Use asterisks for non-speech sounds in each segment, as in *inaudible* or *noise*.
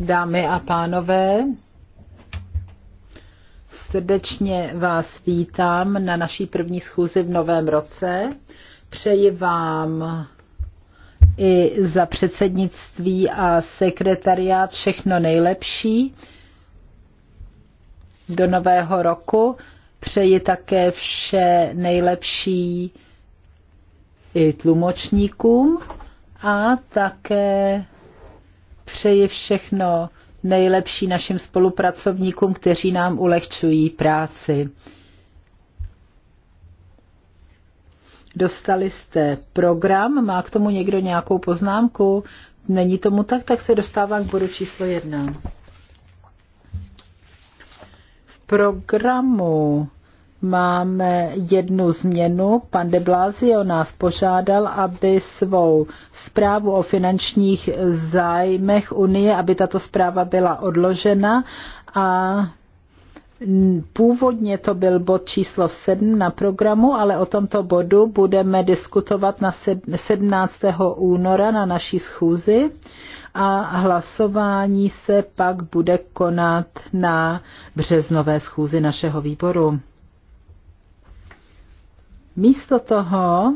Dámy a pánové, srdečně vás vítám na naší první schůzi v novém roce. Přeji vám i za předsednictví a sekretariát všechno nejlepší do nového roku. Přeji také vše nejlepší i tlumočníkům a také přeji všechno nejlepší našim spolupracovníkům, kteří nám ulehčují práci. Dostali jste program, má k tomu někdo nějakou poznámku? Není tomu tak, tak se dostávám k bodu číslo jedna. V programu máme jednu změnu. Pan de Blasio nás požádal, aby svou zprávu o finančních zájmech Unie, aby tato zpráva byla odložena a Původně to byl bod číslo 7 na programu, ale o tomto bodu budeme diskutovat na 17. února na naší schůzi a hlasování se pak bude konat na březnové schůzi našeho výboru. Místo toho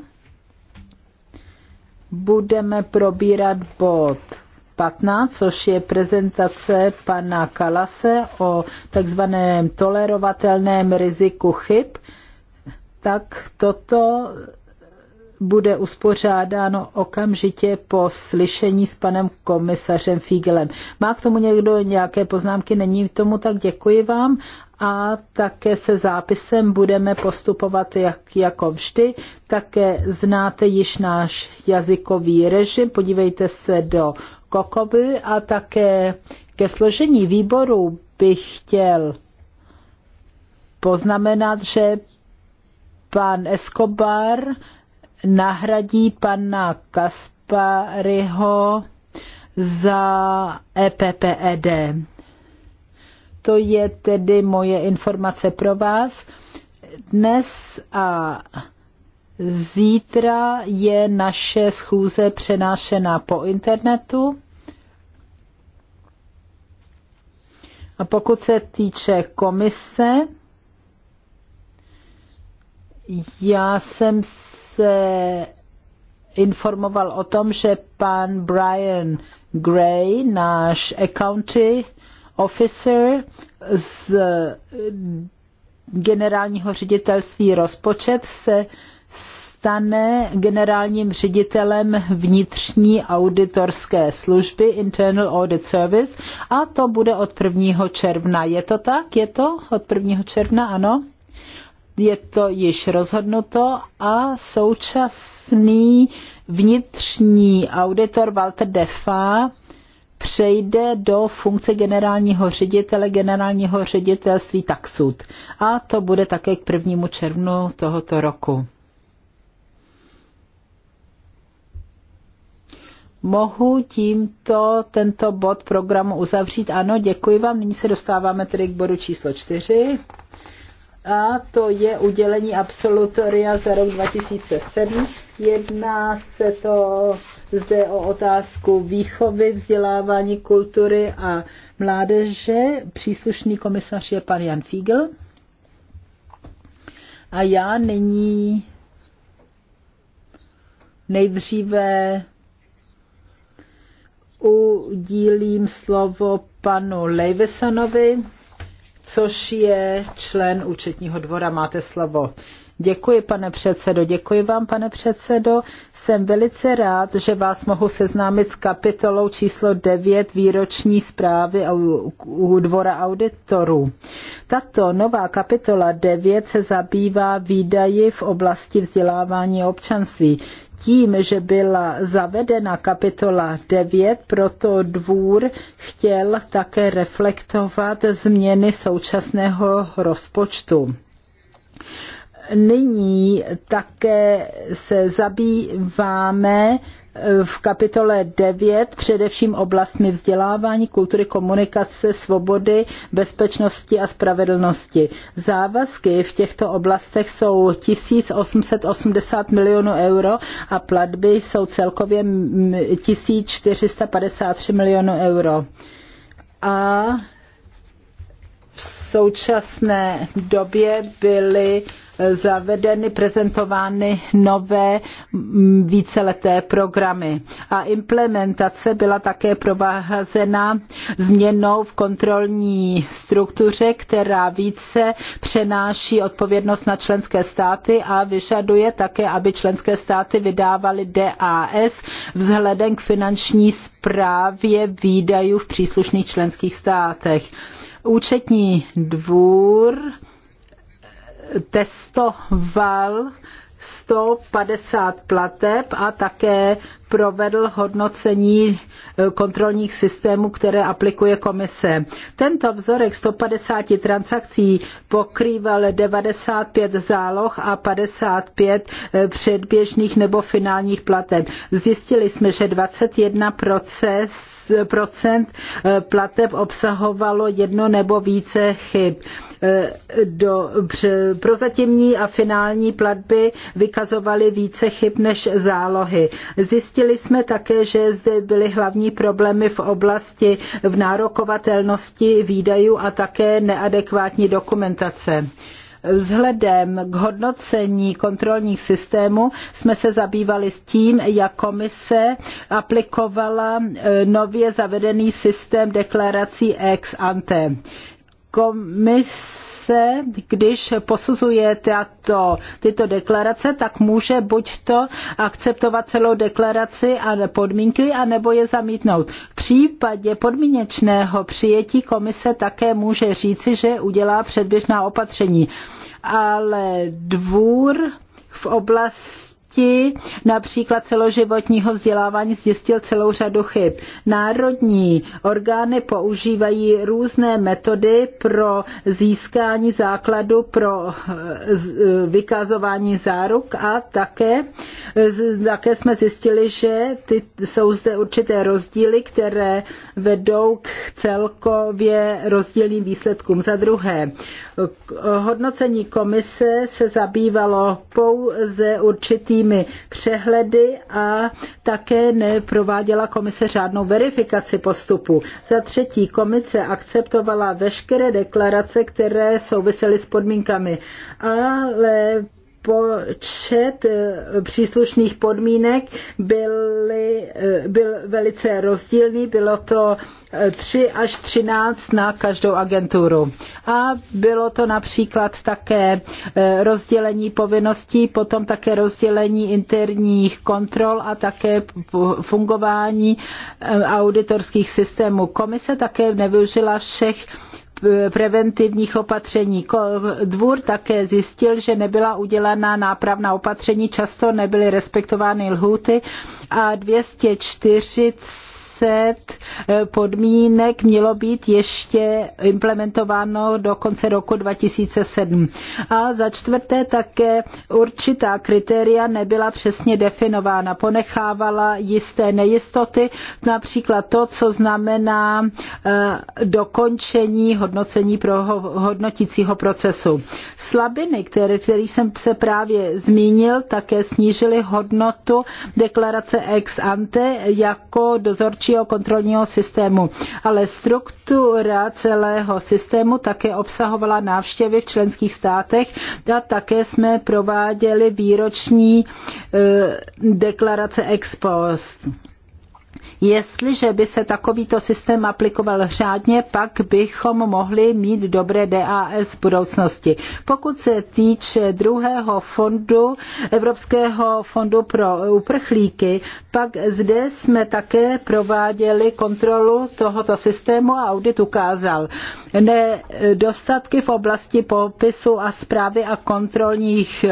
budeme probírat bod 15, což je prezentace pana Kalase o takzvaném tolerovatelném riziku chyb, tak toto bude uspořádáno okamžitě po slyšení s panem komisařem Fígelem. Má k tomu někdo nějaké poznámky? Není tomu tak, děkuji vám. A také se zápisem budeme postupovat jak, jako vždy. Také znáte již náš jazykový režim. Podívejte se do Kokoby a také ke složení výboru bych chtěl poznamenat, že pan Escobar nahradí pana Kaspariho za EPPED. To je tedy moje informace pro vás. Dnes a zítra je naše schůze přenášena po internetu. A pokud se týče komise, já jsem se informoval o tom, že pan Brian Gray, náš accounty officer z generálního ředitelství rozpočet, se stane generálním ředitelem vnitřní auditorské služby Internal Audit Service a to bude od 1. června. Je to tak? Je to od 1. června? Ano? je to již rozhodnuto a současný vnitřní auditor Walter Defa přejde do funkce generálního ředitele generálního ředitelství Taxud. A to bude také k prvnímu červnu tohoto roku. Mohu tímto tento bod programu uzavřít? Ano, děkuji vám. Nyní se dostáváme tedy k bodu číslo čtyři a to je udělení absolutoria za rok 2007. Jedná se to zde o otázku výchovy, vzdělávání kultury a mládeže. Příslušný komisař je pan Jan Fiegel. A já nyní nejdříve udílím slovo panu Leivesanovi což je člen účetního dvora. Máte slovo. Děkuji, pane předsedo. Děkuji vám, pane předsedo. Jsem velice rád, že vás mohu seznámit s kapitolou číslo 9 výroční zprávy u dvora auditorů. Tato nová kapitola 9 se zabývá výdaji v oblasti vzdělávání občanství tím, že byla zavedena kapitola 9, proto dvůr chtěl také reflektovat změny současného rozpočtu. Nyní také se zabýváme v kapitole 9 především oblastmi vzdělávání, kultury, komunikace, svobody, bezpečnosti a spravedlnosti. Závazky v těchto oblastech jsou 1880 milionů euro a platby jsou celkově 1453 milionů euro. A v současné době byly zavedeny, prezentovány nové mm, víceleté programy. A implementace byla také provázena změnou v kontrolní struktuře, která více přenáší odpovědnost na členské státy a vyžaduje také, aby členské státy vydávaly DAS vzhledem k finanční správě výdajů v příslušných členských státech. Účetní dvůr testoval 150 plateb a také provedl hodnocení eh, kontrolních systémů, které aplikuje komise. Tento vzorek 150 transakcí pokrýval 95 záloh a 55 eh, předběžných nebo finálních plateb. Zjistili jsme, že 21 proces procent eh, plateb obsahovalo jedno nebo více chyb. Do, prozatímní a finální platby vykazovaly více chyb než zálohy. Zjistili Zjistili jsme také, že zde byly hlavní problémy v oblasti v nárokovatelnosti výdajů a také neadekvátní dokumentace vzhledem k hodnocení kontrolních systémů jsme se zabývali s tím, jak komise aplikovala e, nově zavedený systém deklarací ex ante. Komise komise, když posuzuje tato, tyto deklarace, tak může buď to akceptovat celou deklaraci a podmínky, anebo je zamítnout. V případě podmínečného přijetí komise také může říci, že udělá předběžná opatření. Ale dvůr v oblasti oblasti například celoživotního vzdělávání zjistil celou řadu chyb. Národní orgány používají různé metody pro získání základu pro eh, eh, vykazování záruk a také, také jsme zjistili, že ty, jsou zde určité rozdíly, které vedou k celkově rozdílným výsledkům. Za druhé, hodnocení komise se zabývalo pouze určitý svými přehledy a také neprováděla komise žádnou verifikaci postupu. Za třetí, komise akceptovala veškeré deklarace, které souvisely s podmínkami, ale počet eh, příslušných podmínek byly, eh, byl velice rozdílný. Bylo to 3 eh, až 13 na každou agenturu. A bylo to například také rozdělení povinností, potom také rozdělení interních kontrol a také fungování auditorských systémů. Komise také nevyužila všech preventivních opatření. Dvůr také zjistil, že nebyla udělaná nápravná opatření, často nebyly respektovány lhůty a 240 20 eh, podmínek mělo být ještě implementováno do konce roku 2007. A za čtvrté také určitá kritéria nebyla přesně definována. Ponechávala jisté nejistoty, například to, co znamená eh, dokončení hodnocení pro hodnotícího procesu. Slabiny, které, který jsem se právě zmínil, také snížily hodnotu deklarace ex ante jako dozorčí vnějšího kontrolního systému. Ale struktura celého systému také obsahovala návštěvy v členských státech a také jsme prováděli výroční eh, deklarace ex post. Jestliže by se takovýto systém aplikoval řádně, pak bychom mohli mít dobré DAS v budoucnosti. Pokud se týče druhého fondu, Evropského fondu pro uprchlíky, pak zde jsme také prováděli kontrolu tohoto systému a audit ukázal nedostatky v oblasti popisu a zprávy a kontrolních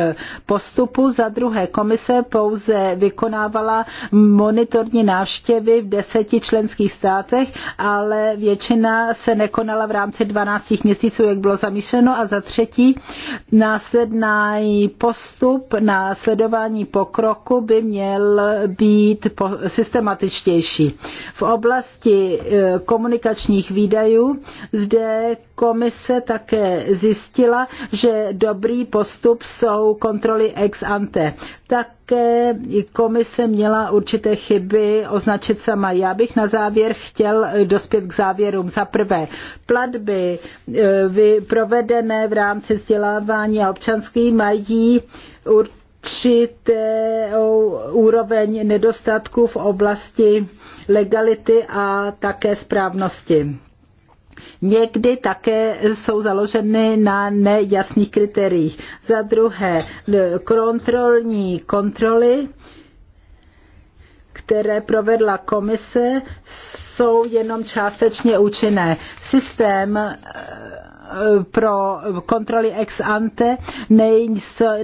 postupů. Za druhé komise pouze vykonávala monitorní návštěvy v deseti členských státech, ale většina se nekonala v rámci 12 měsíců, jak bylo zamýšleno. A za třetí, následný postup na sledování pokroku by měl být systematičtější. V oblasti e, komunikačních výdajů zde komise také zjistila, že dobrý postup jsou kontroly ex ante také komise měla určité chyby označit sama. Já bych na závěr chtěl dospět k závěrům. Za prvé, platby e, provedené v rámci vzdělávání a občanský mají určité úroveň nedostatku v oblasti legality a také správnosti Někdy také jsou založeny na nejasných kritériích. Za druhé, e, kontrolní kontroly, které provedla komise, jsou jenom částečně účinné. Systém e, pro kontroly ex ante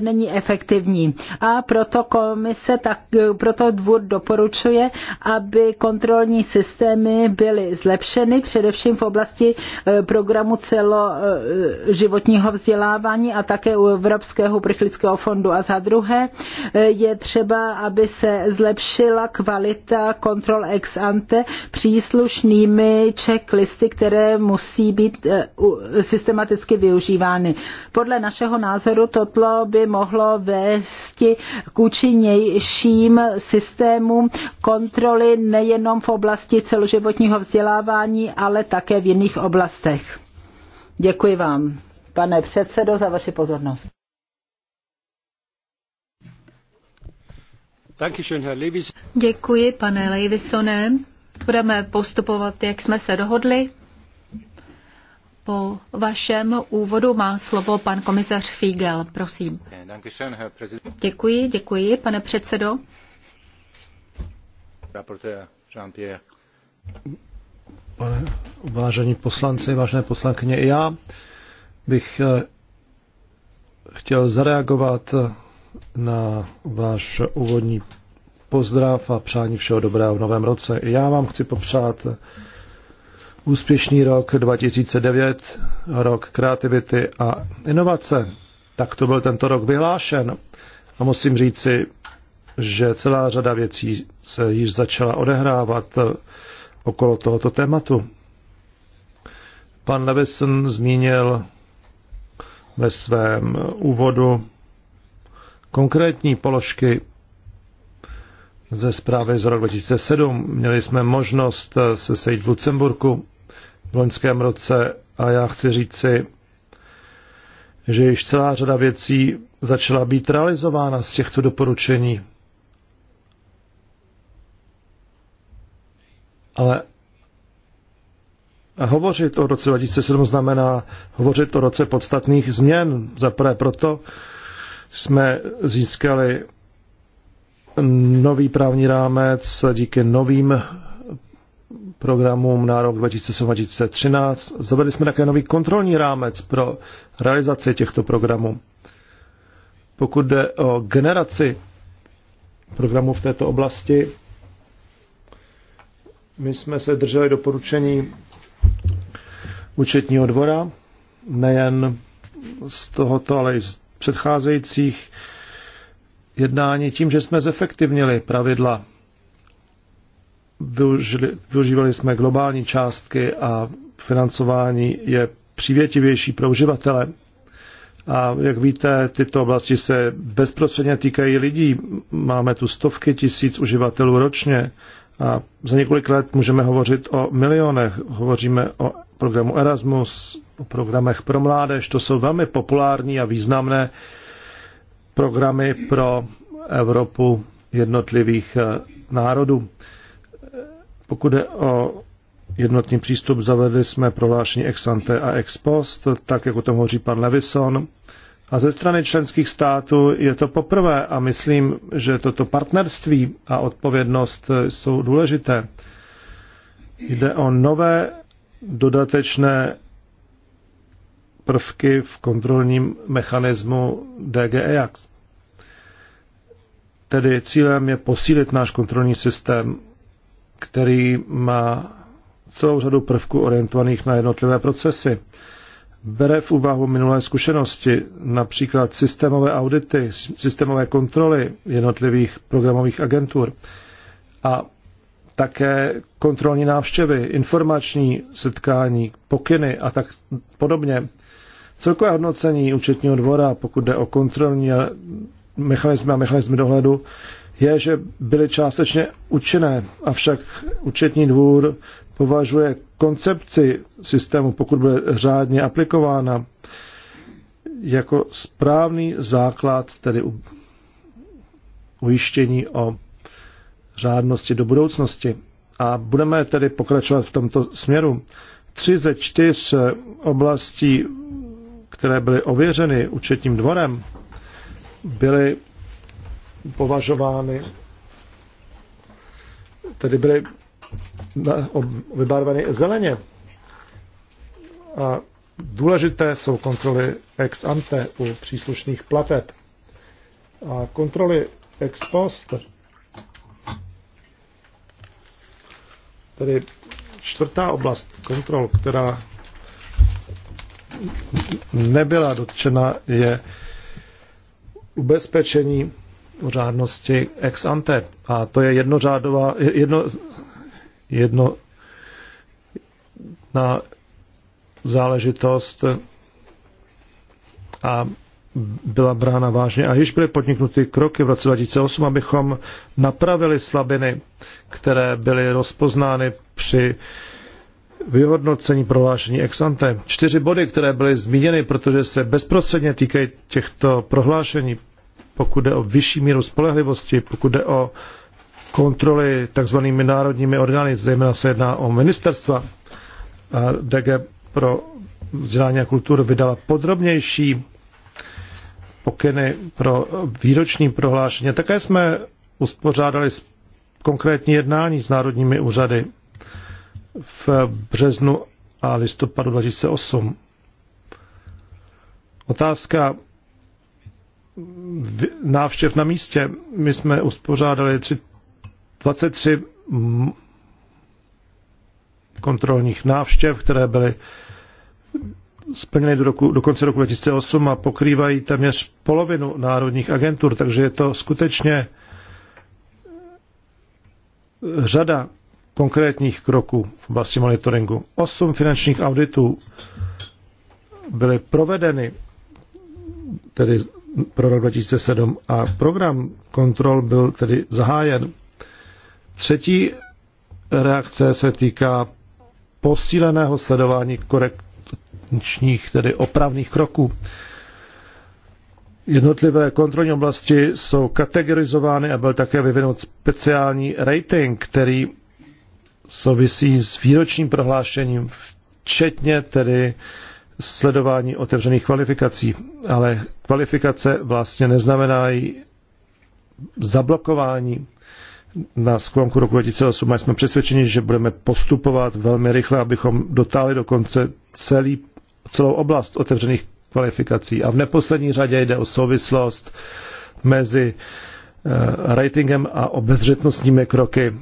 není efektivní. A proto komise, tak, proto dvůr doporučuje, aby kontrolní systémy byly zlepšeny, především v oblasti e, programu celoživotního e, vzdělávání a také u Evropského prchlického fondu. A za druhé e, je třeba, aby se zlepšila kvalita kontrol ex ante příslušnými checklisty, které musí být systematicky využívány. Podle našeho názoru toto by mohlo vést k účinnějším systémům kontroly nejenom v oblasti celoživotního vzdělávání, ale také v jiných oblastech. Děkuji vám, pane předsedo, za vaši pozornost. Děkuji, pane Levisone. Budeme postupovat, jak jsme se dohodli. Po vašem úvodu má slovo pan komisař Fiegel, prosím. Děkuji, děkuji, pane předsedo. Pane, vážení poslanci, vážené poslankyně, i já bych eh, chtěl zareagovat na váš úvodní pozdrav a přání všeho dobrého v novém roce. já vám chci popřát úspěšný rok 2009, rok kreativity a inovace. Tak to byl tento rok vyhlášen. A musím říci, že celá řada věcí se již začala odehrávat okolo tohoto tématu. Pan Levison zmínil ve svém úvodu konkrétní položky ze zprávy z roku 2007. Měli jsme možnost se sejít v Lucemburku v loňském roce a já chci říci, že již celá řada věcí začala být realizována z těchto doporučení. Ale a hovořit o roce 2007 znamená hovořit o roce podstatných změn. Zaprvé proto jsme získali nový právní rámec díky novým programům na rok 2013. Zavedli jsme také nový kontrolní rámec pro realizaci těchto programů. Pokud jde o generaci programů v této oblasti, my jsme se drželi doporučení účetního dvora, nejen z tohoto, ale i z předcházejících jednání, tím, že jsme zefektivnili pravidla využili, využívali jsme globální částky a financování je přívětivější pro uživatele. A jak víte, tyto oblasti se bezprostředně týkají lidí. Máme tu stovky tisíc uživatelů ročně a za několik let můžeme hovořit o milionech. Hovoříme o programu Erasmus, o programech pro mládež. To jsou velmi populární a významné programy pro Evropu jednotlivých eh, národů. Pokud je o jednotný přístup, zavedli jsme prohlášení ex ante a ex post, tak jako tomu hovoří pan Levison. A ze strany členských států je to poprvé a myslím, že toto partnerství a odpovědnost jsou důležité. Jde o nové dodatečné prvky v kontrolním mechanismu DGEAX. Tedy cílem je posílit náš kontrolní systém který má celou řadu prvků orientovaných na jednotlivé procesy. Bere v úvahu minulé zkušenosti, například systémové audity, systémové kontroly jednotlivých programových agentur a také kontrolní návštěvy, informační setkání, pokyny a tak podobně. Celkové hodnocení účetního dvora, pokud jde o kontrolní mechanizmy a mechanizmy dohledu, je, že byly částečně učené, avšak účetní dvůr považuje koncepci systému, pokud bude řádně aplikována, jako správný základ, tedy ujištění o řádnosti do budoucnosti. A budeme tedy pokračovat v tomto směru. Tři ze čtyř oblastí, které byly ověřeny účetním dvorem, byly považovány, tedy byly vybarveny zeleně. A důležité jsou kontroly ex ante u příslušných plateb. A kontroly ex post, tedy čtvrtá oblast kontrol, která nebyla dotčena, je ubezpečení řádnosti ex ante. A to je jednořádová, jedno, jedno na záležitost a byla brána vážně a již byly podniknuty kroky v roce 2008, abychom napravili slabiny, které byly rozpoznány při vyhodnocení prohlášení ex ante. Čtyři body, které byly zmíněny, protože se bezprostředně týkají těchto prohlášení, pokud jde o vyšší míru spolehlivosti, pokud jde o kontroly takzvanými národními orgány, zejména se jedná o ministerstva. DG pro vzdělání a kulturu vydala podrobnější pokyny pro výroční prohlášení. Také jsme uspořádali konkrétní jednání s národními úřady v březnu a listopadu 2008. Otázka návštěv na místě. My jsme uspořádali 23 kontrolních návštěv, které byly splněny do, roku, do konce roku 2008 a pokrývají téměř polovinu národních agentur, takže je to skutečně eh, řada konkrétních kroků v oblasti monitoringu. Osm finančních auditů byly provedeny, tedy pro rok 2007 a program kontrol byl tedy zahájen. Třetí reakce se týká posíleného sledování korekčních, tedy opravných kroků. Jednotlivé kontrolní oblasti jsou kategorizovány a byl také vyvinut speciální rating, který souvisí s výročním prohlášením, včetně tedy uh, sledování otevřených kvalifikací, ale kvalifikace vlastně neznamená i zablokování. Na sklonku roku 2008 jsme přesvědčeni, že budeme postupovat velmi rychle, abychom dotáhli do konce celý, celou oblast otevřených kvalifikací. A v neposlední řadě jde o souvislost mezi eh, ratingem a obezřetnostními kroky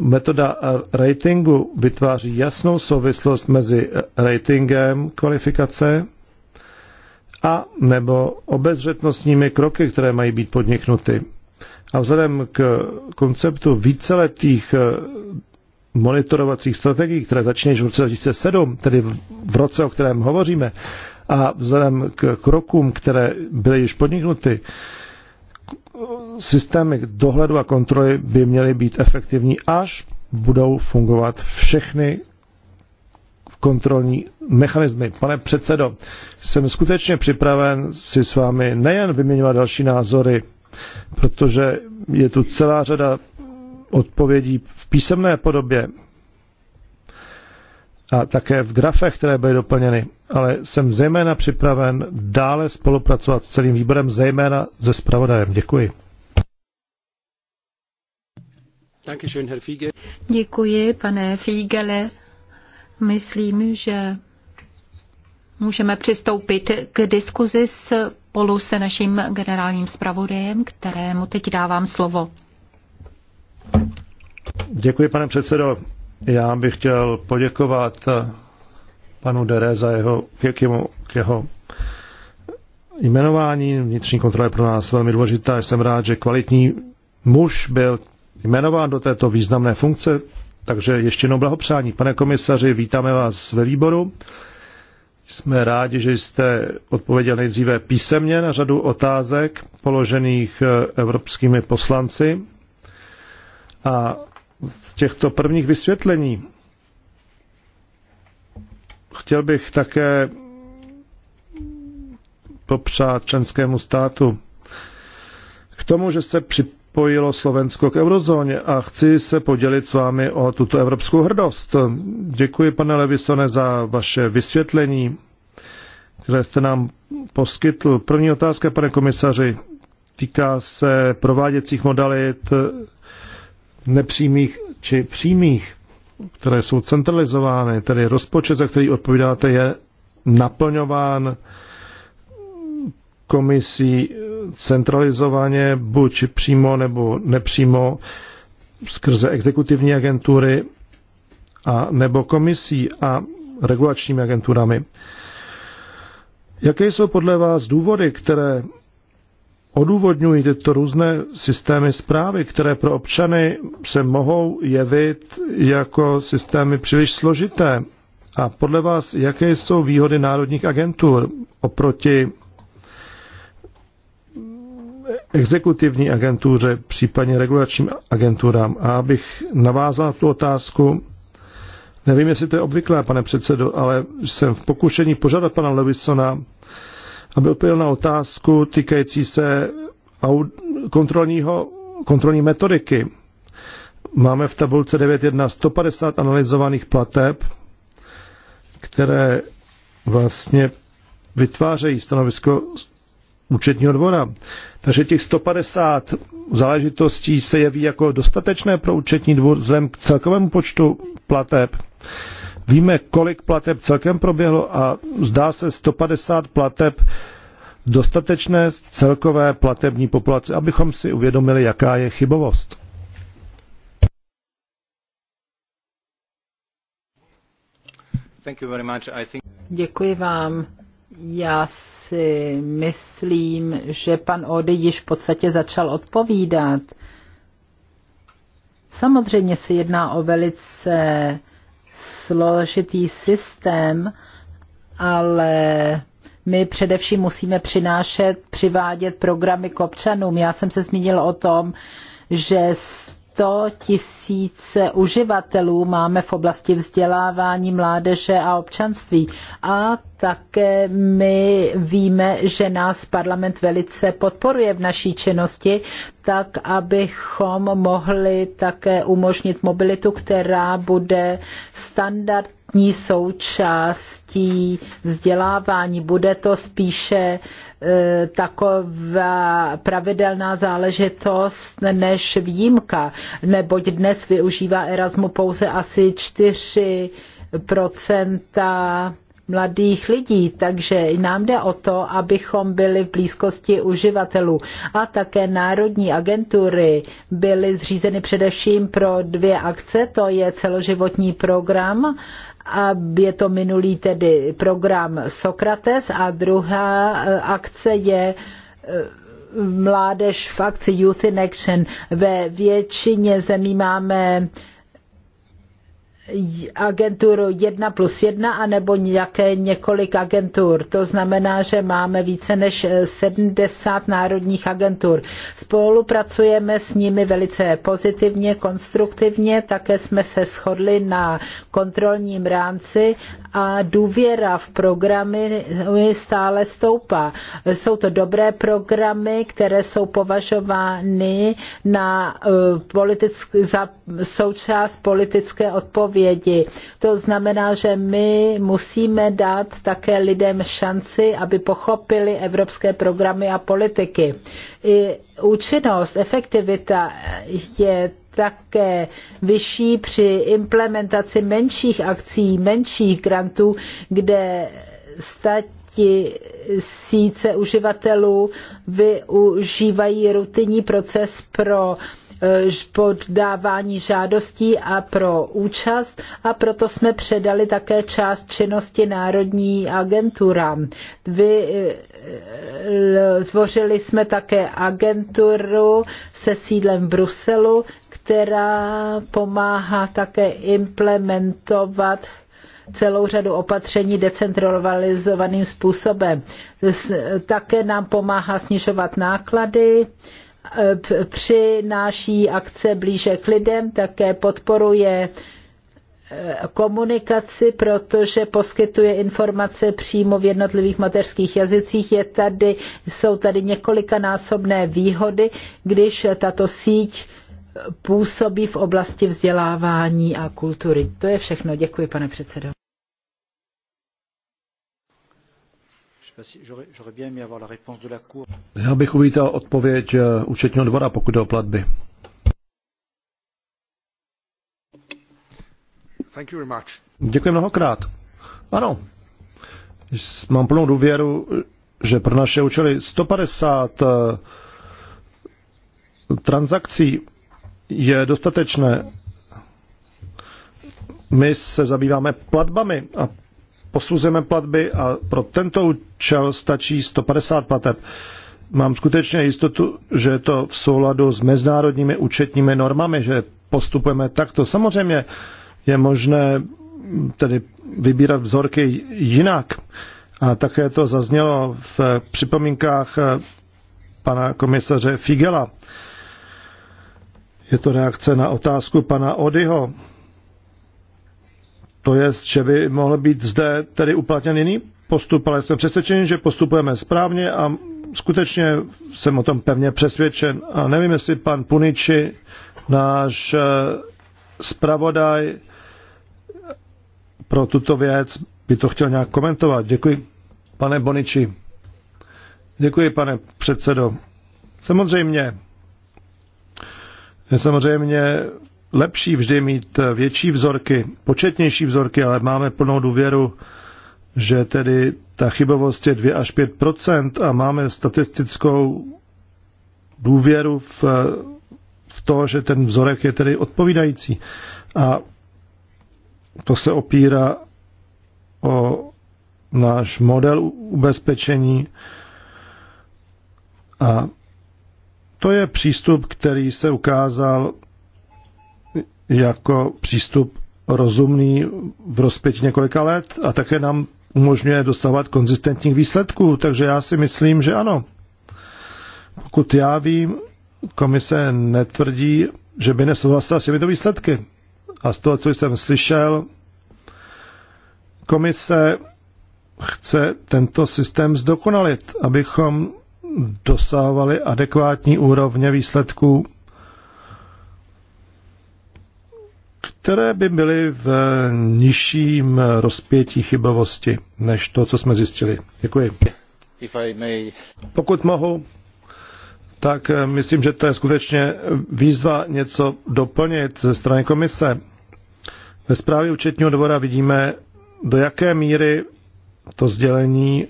Metoda ratingu vytváří jasnou souvislost mezi ratingem kvalifikace a nebo obezřetnostními kroky, které mají být podniknuty. A vzhledem k konceptu víceletých eh, monitorovacích strategií, které začne v roce 2007, tedy v roce, o kterém hovoříme, a vzhledem k krokům, které byly již podniknuty, systémy dohledu a kontroly by měly být efektivní, až budou fungovat všechny kontrolní mechanismy. Pane předsedo, jsem skutečně připraven si s vámi nejen vyměňovat další názory, protože je tu celá řada odpovědí v písemné podobě a také v grafech, které byly doplněny, ale jsem zejména připraven dále spolupracovat s celým výborem, zejména se zpravodajem. Děkuji. Děkuji, pane Fiegele. Myslím, že můžeme přistoupit k diskuzi spolu se naším generálním zpravodajem, kterému teď dávám slovo. Děkuji, pane předsedo. Já bych chtěl poděkovat panu Dere za jeho, k jeho, k jeho jmenování. Vnitřní kontrola je pro nás velmi důležitá. Jsem rád, že kvalitní muž byl jmenován do této významné funkce, takže ještě jednou blahopřání. Pane komisaři, vítáme vás ve výboru. Jsme rádi, že jste odpověděl nejdříve písemně na řadu otázek položených eh, evropskými poslanci. A z těchto prvních vysvětlení chtěl bych také popřát členskému státu k tomu, že se při připojilo Slovensko k eurozóně a chci se podělit s vámi o tuto evropskou hrdost. Děkuji, pane Levisone, za vaše vysvětlení, které jste nám poskytl. První otázka, pane komisaři, týká se prováděcích modalit nepřímých či přímých, které jsou centralizovány, tedy rozpočet, za který odpovídáte, je naplňován komisí centralizovaně, buď přímo nebo nepřímo, skrze exekutivní agentury a nebo komisí a regulačními agenturami. Jaké jsou podle vás důvody, které odůvodňují tyto různé systémy zprávy, které pro občany se mohou jevit jako systémy příliš složité? A podle vás, jaké jsou výhody národních agentur oproti exekutivní agentuře, případně regulačním agenturám. A abych navázal tu otázku, nevím, jestli to je obvyklé, pane předsedo, ale jsem v pokušení požádat pana Levisona, aby odpověděl na otázku týkající se kontrolního, kontrolní metodiky. Máme v tabulce 9.1 150 analyzovaných plateb, které vlastně vytvářejí stanovisko účetního dvora. Takže těch 150 záležitostí se jeví jako dostatečné pro účetní dvůr vzhledem k celkovému počtu plateb. Víme, kolik plateb celkem proběhlo a zdá se 150 plateb dostatečné z celkové platební populace, abychom si uvědomili, jaká je chybovost. Děkuji vám. Já si myslím, že pan Ody již v podstatě začal odpovídat. Samozřejmě se jedná o velice složitý systém, ale my především musíme přinášet, přivádět programy k občanům. Já jsem se zmínil o tom, že 100 tisíce uživatelů máme v oblasti vzdělávání mládeže a občanství. A také my víme, že nás parlament velice podporuje v naší činnosti, tak abychom mohli také umožnit mobilitu, která bude standard ní součástí vzdělávání. Bude to spíše e, taková pravidelná záležitost než výjimka, neboť dnes využívá Erasmu pouze asi 4 procenta mladých lidí, takže nám jde o to, abychom byli v blízkosti uživatelů. A také národní agentury byly zřízeny především pro dvě akce, to je celoživotní program a je to minulý tedy program Sokrates a druhá eh, akce je eh, mládež v akci Youth in Action. Ve většině zemí máme agenturu 1 plus 1 anebo nějaké několik agentur. To znamená, že máme více než 70 národních agentur. Spolupracujeme s nimi velice pozitivně, konstruktivně, také jsme se shodli na kontrolním rámci a důvěra v programy stále stoupá. Jsou to dobré programy, které jsou považovány na eh, politick, za součást politické odpovědnosti odpovědi. To znamená, že my musíme dát také lidem šanci, aby pochopili evropské programy a politiky. I účinnost, efektivita je také vyšší při implementaci menších akcí, menších grantů, kde sice uživatelů využívají rutinní proces pro Eh, poddávání žádostí a pro účast a proto jsme předali také část činnosti Národní agenturám. Vy, eh, tvořili jsme také agenturu se sídlem v Bruselu, která pomáhá také implementovat celou řadu opatření decentralizovaným způsobem. Také nám pomáhá snižovat náklady, Eh, přináší akce blíže k lidem, také podporuje eh, komunikaci, protože poskytuje informace přímo v jednotlivých mateřských jazycích. Je tady, jsou tady několikanásobné výhody, když tato síť působí v oblasti vzdělávání a kultury. To je všechno. Děkuji, pane předsedo. Já bych uvítal odpověď eh, účetního dvora, pokud jde o platby. Děkuji mnohokrát. Ano, mám plnou důvěru, že pro naše účely 150 eh, transakcí je dostatečné. My se zabýváme platbami a posuzujeme platby a pro tento účel stačí 150 plateb. Mám skutečně jistotu, že je to v souladu s mezinárodními účetními normami, že postupujeme takto. Samozřejmě je možné tedy vybírat vzorky jinak. A také to zaznělo v připomínkách eh, pana komisaře Figela. Je to reakce na otázku pana Odyho to je, že by mohl být zde tedy uplatněn jiný postup, ale jsme přesvědčeni, že postupujeme správně a skutečně jsem o tom pevně přesvědčen. A nevím, jestli pan Puniči, náš eh, zpravodaj pro tuto věc, by to chtěl nějak komentovat. Děkuji, pane Boniči. Děkuji, pane předsedo. Samozřejmě, samozřejmě lepší vždy mít eh, větší vzorky, početnější vzorky, ale máme plnou důvěru, že tedy ta chybovost je 2 až 5 a máme statistickou důvěru v, eh, v to, že ten vzorek je tedy odpovídající. A to se opírá o náš model ubezpečení a to je přístup, který se ukázal jako přístup rozumný v rozpětí několika let a také nám umožňuje dostávat konzistentních výsledků. Takže já si myslím, že ano. Pokud já vím, komise netvrdí, že by nesouhlasila s těmito výsledky. A z toho, co jsem slyšel, komise chce tento systém zdokonalit, abychom dosahovali adekvátní úrovně výsledků které by byly v nižším rozpětí chybovosti než to, co jsme zjistili. Děkuji. May... Pokud mohu, tak eh, myslím, že to je skutečně výzva něco doplnit ze strany komise. Ve zprávě účetního dvora vidíme, do jaké míry to sdělení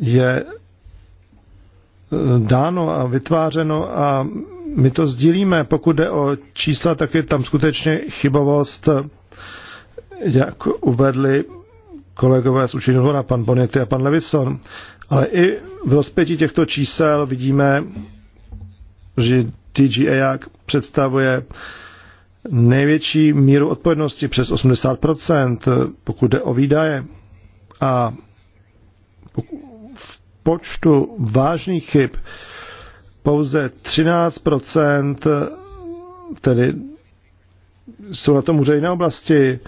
je eh, dáno a vytvářeno a my to sdílíme, pokud jde o čísla, tak je tam skutečně chybovost, jak uvedli kolegové z Učení hora, pan Bonetti a pan Levison. Ale i v rozpětí těchto čísel vidíme, že TGA jak představuje největší míru odpovědnosti přes 80%, pokud jde o výdaje. A v počtu vážných chyb pouze 13 tedy jsou na tom úřejné oblasti,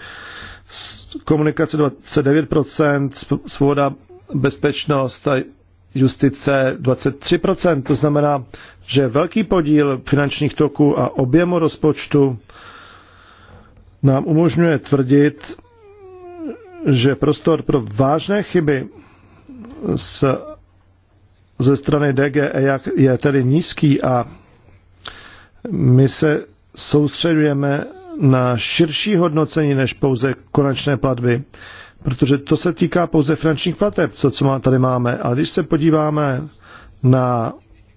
komunikace 29 svoboda, bezpečnost a justice 23 To znamená, že velký podíl finančních toků a objemu rozpočtu nám umožňuje tvrdit, že prostor pro vážné chyby s ze strany DGE jak je tedy nízký a my se soustředujeme na širší hodnocení než pouze konečné platby, protože to se týká pouze finančních plateb, co, co má, tady máme. Ale když se podíváme na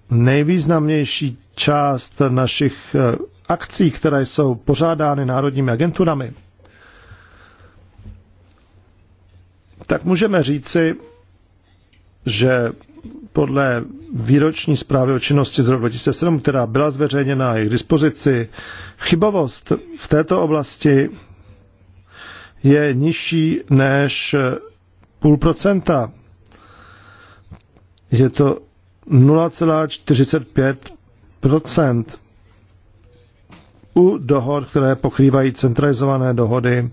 nejvýznamnější část našich eh, akcí, které jsou pořádány národními agenturami, tak můžeme říci, že podle výroční zprávy o činnosti z roku 2007, která byla zveřejněna i k dispozici, chybovost v této oblasti je nižší než půl procenta. Je to 0,45 u dohod, které pokrývají centralizované dohody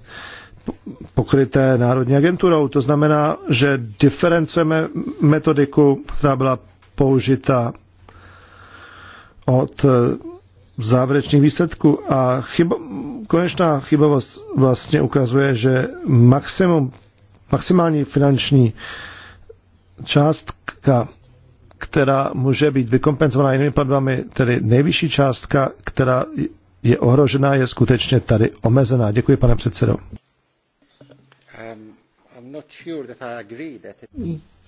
pokryté Národní agenturou. To znamená, že diferencujeme metodiku, která byla použita od eh, závěrečných výsledků a chybo, konečná chybovost vlastně ukazuje, že maximum, maximální finanční částka, která může být vykompenzovaná jinými platbami, tedy nejvyšší částka, která je ohrožená, je skutečně tady omezená. Děkuji, pane předsedo.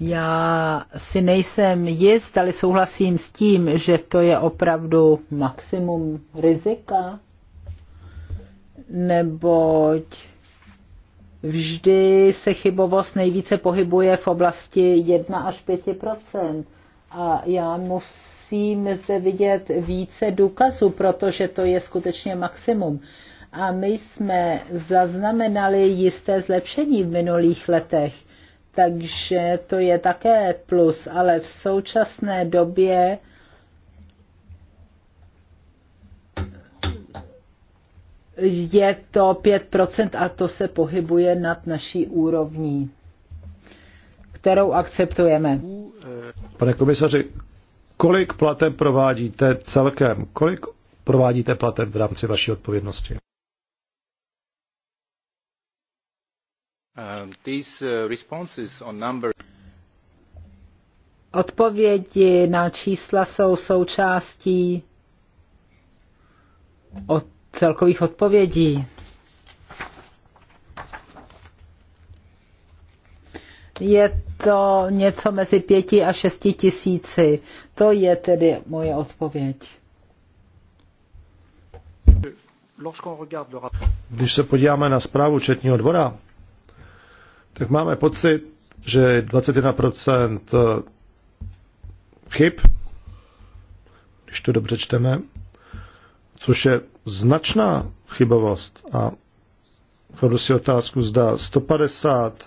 Já si nejsem jist, ale souhlasím s tím, že to je opravdu maximum rizika, neboť vždy se chybovost nejvíce pohybuje v oblasti 1 až 5 A já musím zde vidět více důkazů, protože to je skutečně maximum a my jsme zaznamenali jisté zlepšení v minulých letech, takže to je také plus, ale v současné době je to 5% a to se pohybuje nad naší úrovní, kterou akceptujeme. Pane komisaři, kolik plateb provádíte celkem? Kolik provádíte plateb v rámci vaší odpovědnosti? Um, uh, Odpovědi na čísla jsou součástí od celkových odpovědí. Je to něco mezi pěti a šesti tisíci. To je tedy moje odpověď. Když se podíváme na zprávu Četního dvora, tak máme pocit, že 21% eh, chyb, když to dobře čteme, což je značná chybovost. A kladu si otázku, zda 150,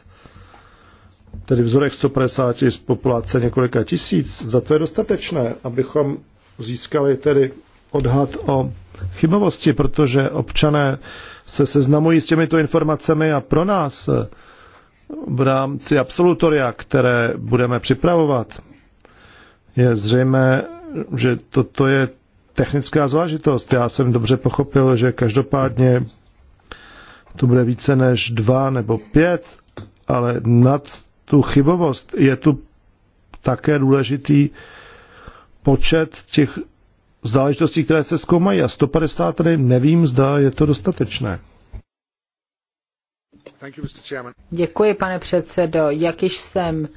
tedy vzorek 150 z populace několika tisíc, za to je dostatečné, abychom získali tedy odhad o chybovosti, protože občané se seznamují s těmito informacemi a pro nás eh, v rámci absolutoria, které budeme připravovat, je zřejmé, že toto je technická záležitost. Já jsem dobře pochopil, že každopádně to bude více než dva nebo pět, ale nad tu chybovost je tu také důležitý počet těch záležitostí, které se zkoumají. A 150 tady nevím, zda je to dostatečné. Děkuji, pane předsedo. Jak již jsem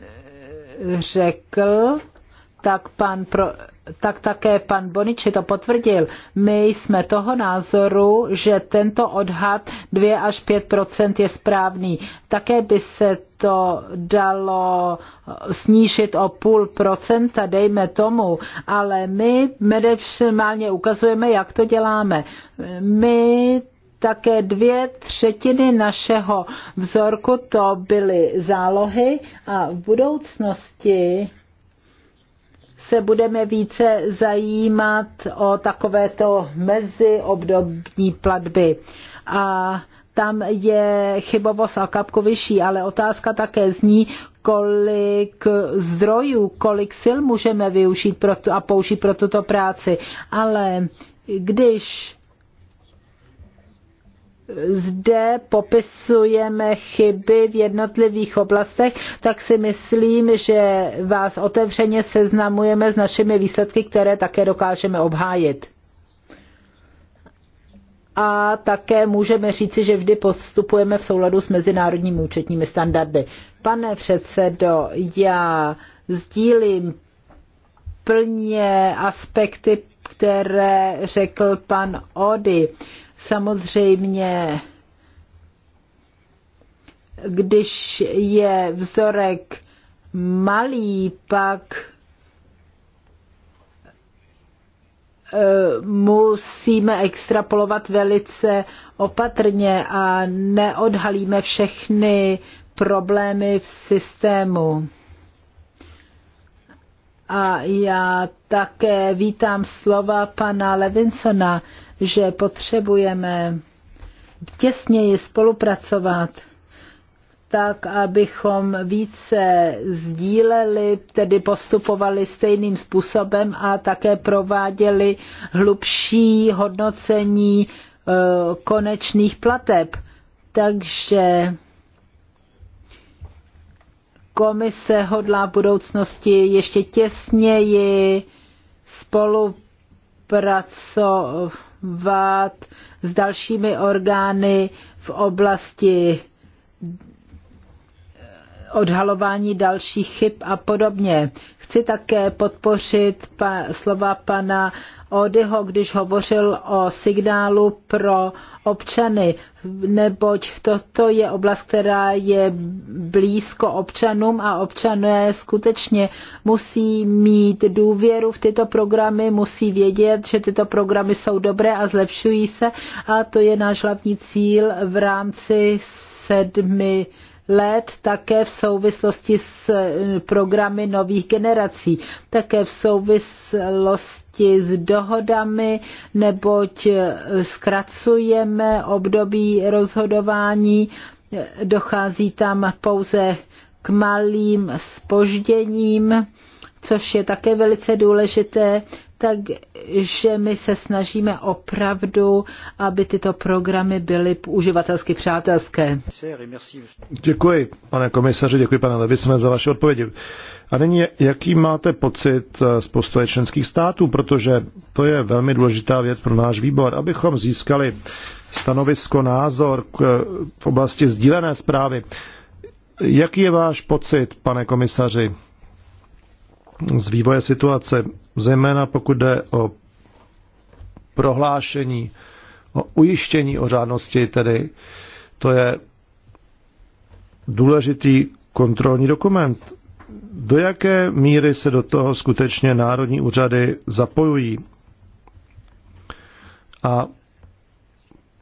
eh, řekl, tak, pan pro, tak také pan Boniči to potvrdil. My jsme toho názoru, že tento odhad 2 až 5 je správný. Také by se to dalo snížit o půl procenta, dejme tomu, ale my maximálně ukazujeme, jak to děláme. My také dvě třetiny našeho vzorku to byly zálohy a v budoucnosti se budeme více zajímat o takovéto meziobdobní platby. A tam je chybovost a kapku vyšší, ale otázka také zní, kolik zdrojů, kolik sil můžeme využít pro tu, a použít pro tuto práci. Ale když zde popisujeme chyby v jednotlivých oblastech, tak si myslím, že vás otevřeně seznamujeme s našimi výsledky, které také dokážeme obhájit. A také můžeme říci, že vždy postupujeme v souladu s mezinárodními účetními standardy. Pane předsedo, já sdílím plně aspekty, které řekl pan Ody. Samozřejmě, když je vzorek malý, pak eh, musíme extrapolovat velice opatrně a neodhalíme všechny problémy v systému. A já také vítám slova pana Levinsona, že potřebujeme těsněji spolupracovat tak, abychom více sdíleli, tedy postupovali stejným způsobem a také prováděli hlubší hodnocení e, konečných plateb. Takže komise hodlá v budoucnosti ještě těsněji spolupracovat vad s dalšími orgány v oblasti odhalování dalších chyb a podobně. Chci také podpořit pa, slova pana Odyho, když hovořil o signálu pro občany, neboť toto je oblast, která je blízko občanům a občané skutečně musí mít důvěru v tyto programy, musí vědět, že tyto programy jsou dobré a zlepšují se a to je náš hlavní cíl v rámci sedmi let také v souvislosti s eh, programy nových generací, také v souvislosti s dohodami, neboť eh, zkracujeme období rozhodování, eh, dochází tam pouze k malým spožděním, což je také velice důležité takže my se snažíme opravdu, aby tyto programy byly uživatelsky přátelské. Děkuji, pane komisaři, děkuji, pane Levisme, za vaše odpovědi. A nyní, jaký máte pocit eh, z postoje členských států, protože to je velmi důležitá věc pro náš výbor, abychom získali stanovisko, názor k, eh, v oblasti sdílené zprávy. Jaký je váš pocit, pane komisaři, z vývoje situace zejména pokud jde o prohlášení, o ujištění o řádnosti, tedy to je důležitý kontrolní dokument. Do jaké míry se do toho skutečně národní úřady zapojují? A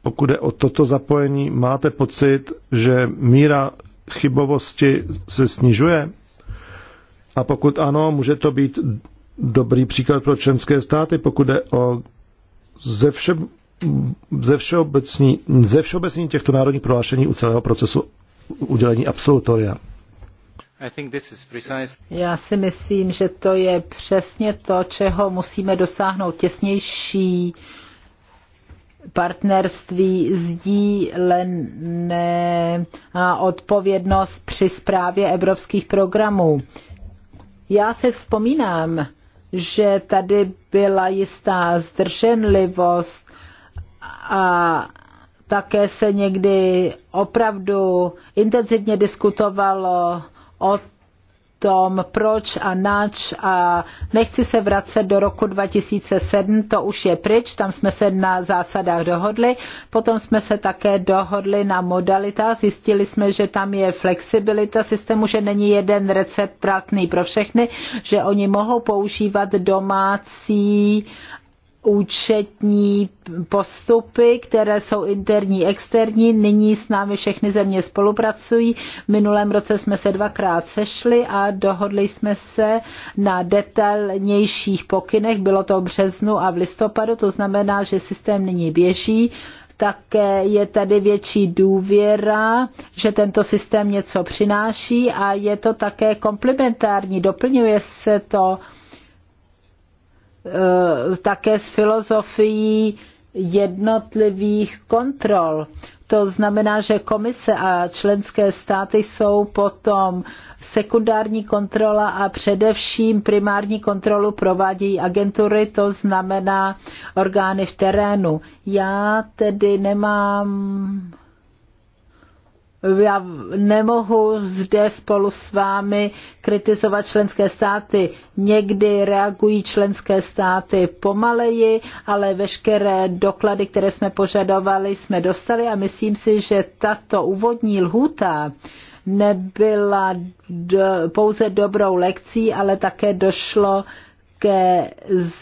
pokud je o toto zapojení, máte pocit, že míra chybovosti se snižuje? A pokud ano, může to být dobrý příklad pro členské státy, pokud jde o ze, vše, ze, všeobecní, ze všeobecní těchto národních prohlášení u celého procesu udělení absolutoria. Já si myslím, že to je přesně to, čeho musíme dosáhnout. Těsnější partnerství, sdílené odpovědnost při zprávě evropských programů. Já se vzpomínám, že tady byla jistá zdrženlivost a také se někdy opravdu intenzivně diskutovalo o tom, proč a nač a nechci se vracet do roku 2007, to už je pryč, tam jsme se na zásadách dohodli, potom jsme se také dohodli na modalita, zjistili jsme, že tam je flexibilita systému, že není jeden recept platný pro všechny, že oni mohou používat domácí účetní postupy, které jsou interní, externí. Nyní s námi všechny země spolupracují. V minulém roce jsme se dvakrát sešli a dohodli jsme se na detailnějších pokynech. Bylo to v březnu a v listopadu, to znamená, že systém nyní běží. Také je tady větší důvěra, že tento systém něco přináší a je to také komplementární, doplňuje se to Eh, také s filozofií jednotlivých kontrol. To znamená, že komise a členské státy jsou potom sekundární kontrola a především primární kontrolu provádějí agentury, to znamená orgány v terénu. Já tedy nemám já nemohu zde spolu s vámi kritizovat členské státy. Někdy reagují členské státy pomaleji, ale veškeré doklady, které jsme požadovali, jsme dostali a myslím si, že tato úvodní lhůta nebyla do, pouze dobrou lekcí, ale také došlo ke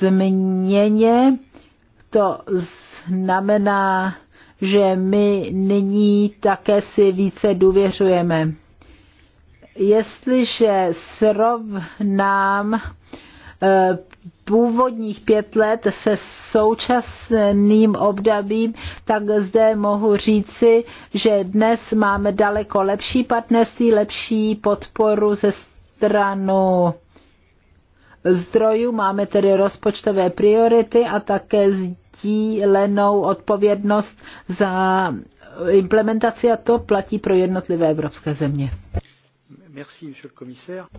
změně. To znamená, že my nyní také si více důvěřujeme. Jestliže srovnám eh, původních pět let se současným obdobím, tak zde mohu říci, že dnes máme daleko lepší partnerství, lepší podporu ze stranu zdrojů, máme tedy rozpočtové priority a také sdílenou odpovědnost za implementaci a to platí pro jednotlivé evropské země.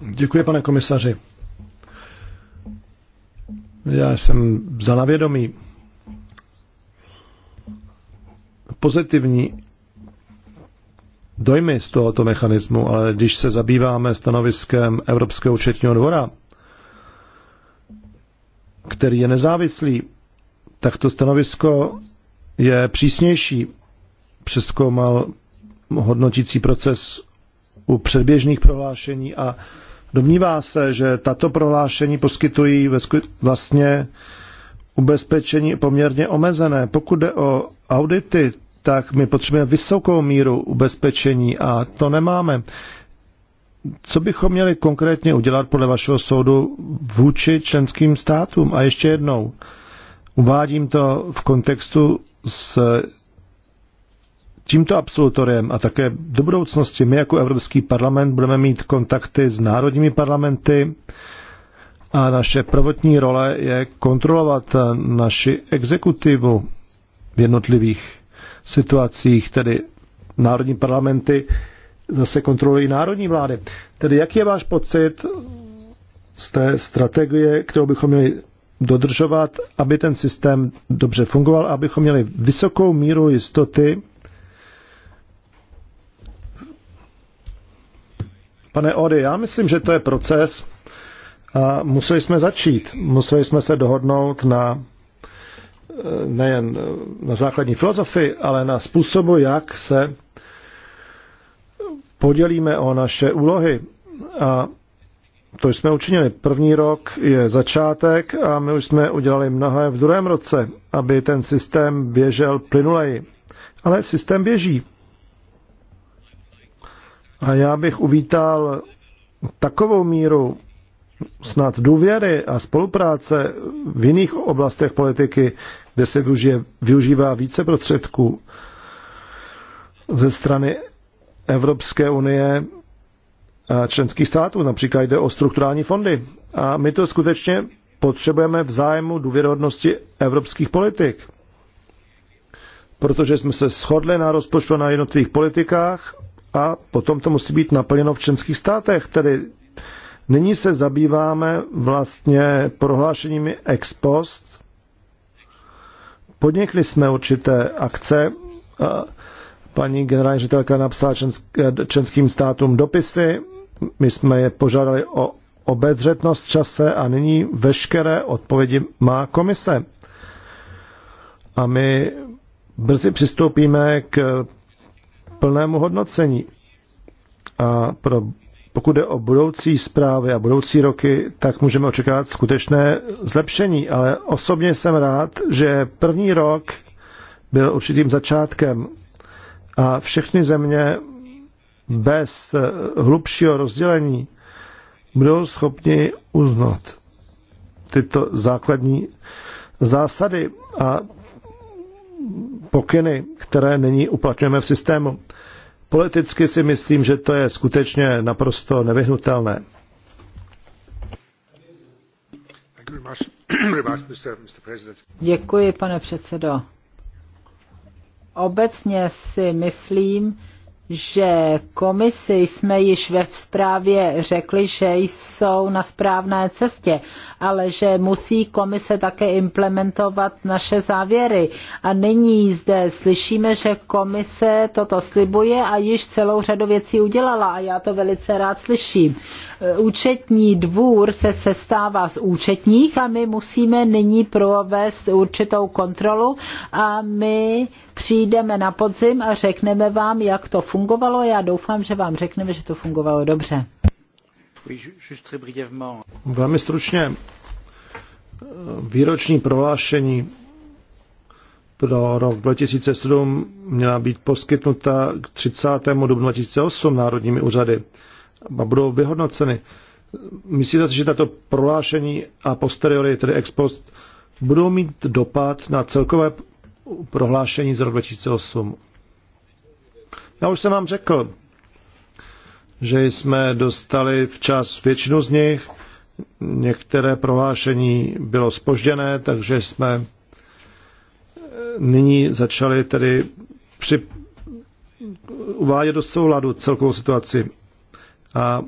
Děkuji, pane komisaři. Já jsem za navědomí. Pozitivní dojmy z tohoto mechanismu, ale když se zabýváme stanoviskem Evropského účetního dvora, který je nezávislý tak to stanovisko je přísnější. Přeskoumal hodnotící proces u předběžných prohlášení a domnívá se, že tato prohlášení poskytují vlastně ubezpečení poměrně omezené. Pokud jde o audity, tak my potřebujeme vysokou míru ubezpečení a to nemáme. Co bychom měli konkrétně udělat podle vašeho soudu vůči členským státům? A ještě jednou, Uvádím to v kontextu s tímto absolutorem a také do budoucnosti my jako Evropský parlament budeme mít kontakty s národními parlamenty a naše prvotní role je kontrolovat naši exekutivu v jednotlivých situacích, tedy národní parlamenty zase kontrolují národní vlády. Tedy jaký je váš pocit z té strategie, kterou bychom měli dodržovat, aby ten systém dobře fungoval, abychom měli vysokou míru jistoty. Pane Ody, já myslím, že to je proces a museli jsme začít. Museli jsme se dohodnout na eh, nejen eh, na základní filozofii, ale na způsobu, jak se podělíme o naše úlohy. A to jsme učinili. První rok je začátek a my už jsme udělali mnohé v druhém roce, aby ten systém běžel plynuleji. Ale systém běží. A já bych uvítal takovou míru snad důvěry a spolupráce v jiných oblastech politiky, kde se využije, využívá více prostředků ze strany Evropské unie členských států, například jde o strukturální fondy. A my to skutečně potřebujeme v zájmu důvěrohodnosti evropských politik. Protože jsme se shodli na rozpočtu na jednotlivých politikách a potom to musí být naplněno v členských státech. Tedy nyní se zabýváme vlastně prohlášeními ex post. Podnikli jsme určité akce. Paní generální ředitelka napsala členským státům dopisy my jsme je požádali o obezřetnost v čase a nyní veškeré odpovědi má komise. A my brzy přistoupíme k plnému hodnocení. A pro, pokud jde o budoucí zprávy a budoucí roky, tak můžeme očekávat skutečné zlepšení. Ale osobně jsem rád, že první rok byl určitým začátkem a všechny země bez eh, hlubšího rozdělení budou schopni uznat tyto základní zásady a pokyny, které nyní uplatňujeme v systému. Politicky si myslím, že to je skutečně naprosto nevyhnutelné. *clears throat* Děkuji, pane předsedo. Obecně si myslím, že komisi jsme již ve zprávě řekli, že jsou na správné cestě, ale že musí komise také implementovat naše závěry. A nyní zde slyšíme, že komise toto slibuje a již celou řadu věcí udělala a já to velice rád slyším. Eh, účetní dvůr se sestává z účetních a my musíme nyní provést určitou kontrolu a my přijdeme na podzim a řekneme vám, jak to fungovalo. Já doufám, že vám řekneme, že to fungovalo dobře. Velmi stručně. Eh, výroční prohlášení pro rok 2007 měla být poskytnuta k 30. dubnu 2008 národními úřady a budou vyhodnoceny. Myslíte si, že tato prohlášení a posteriori, tedy ex post, budou mít dopad na celkové prohlášení z roku 2008? Já už jsem vám řekl, že jsme dostali včas většinu z nich. Některé prohlášení bylo spožděné, takže jsme eh, nyní začali tedy při uvádět do souladu celkovou situaci. A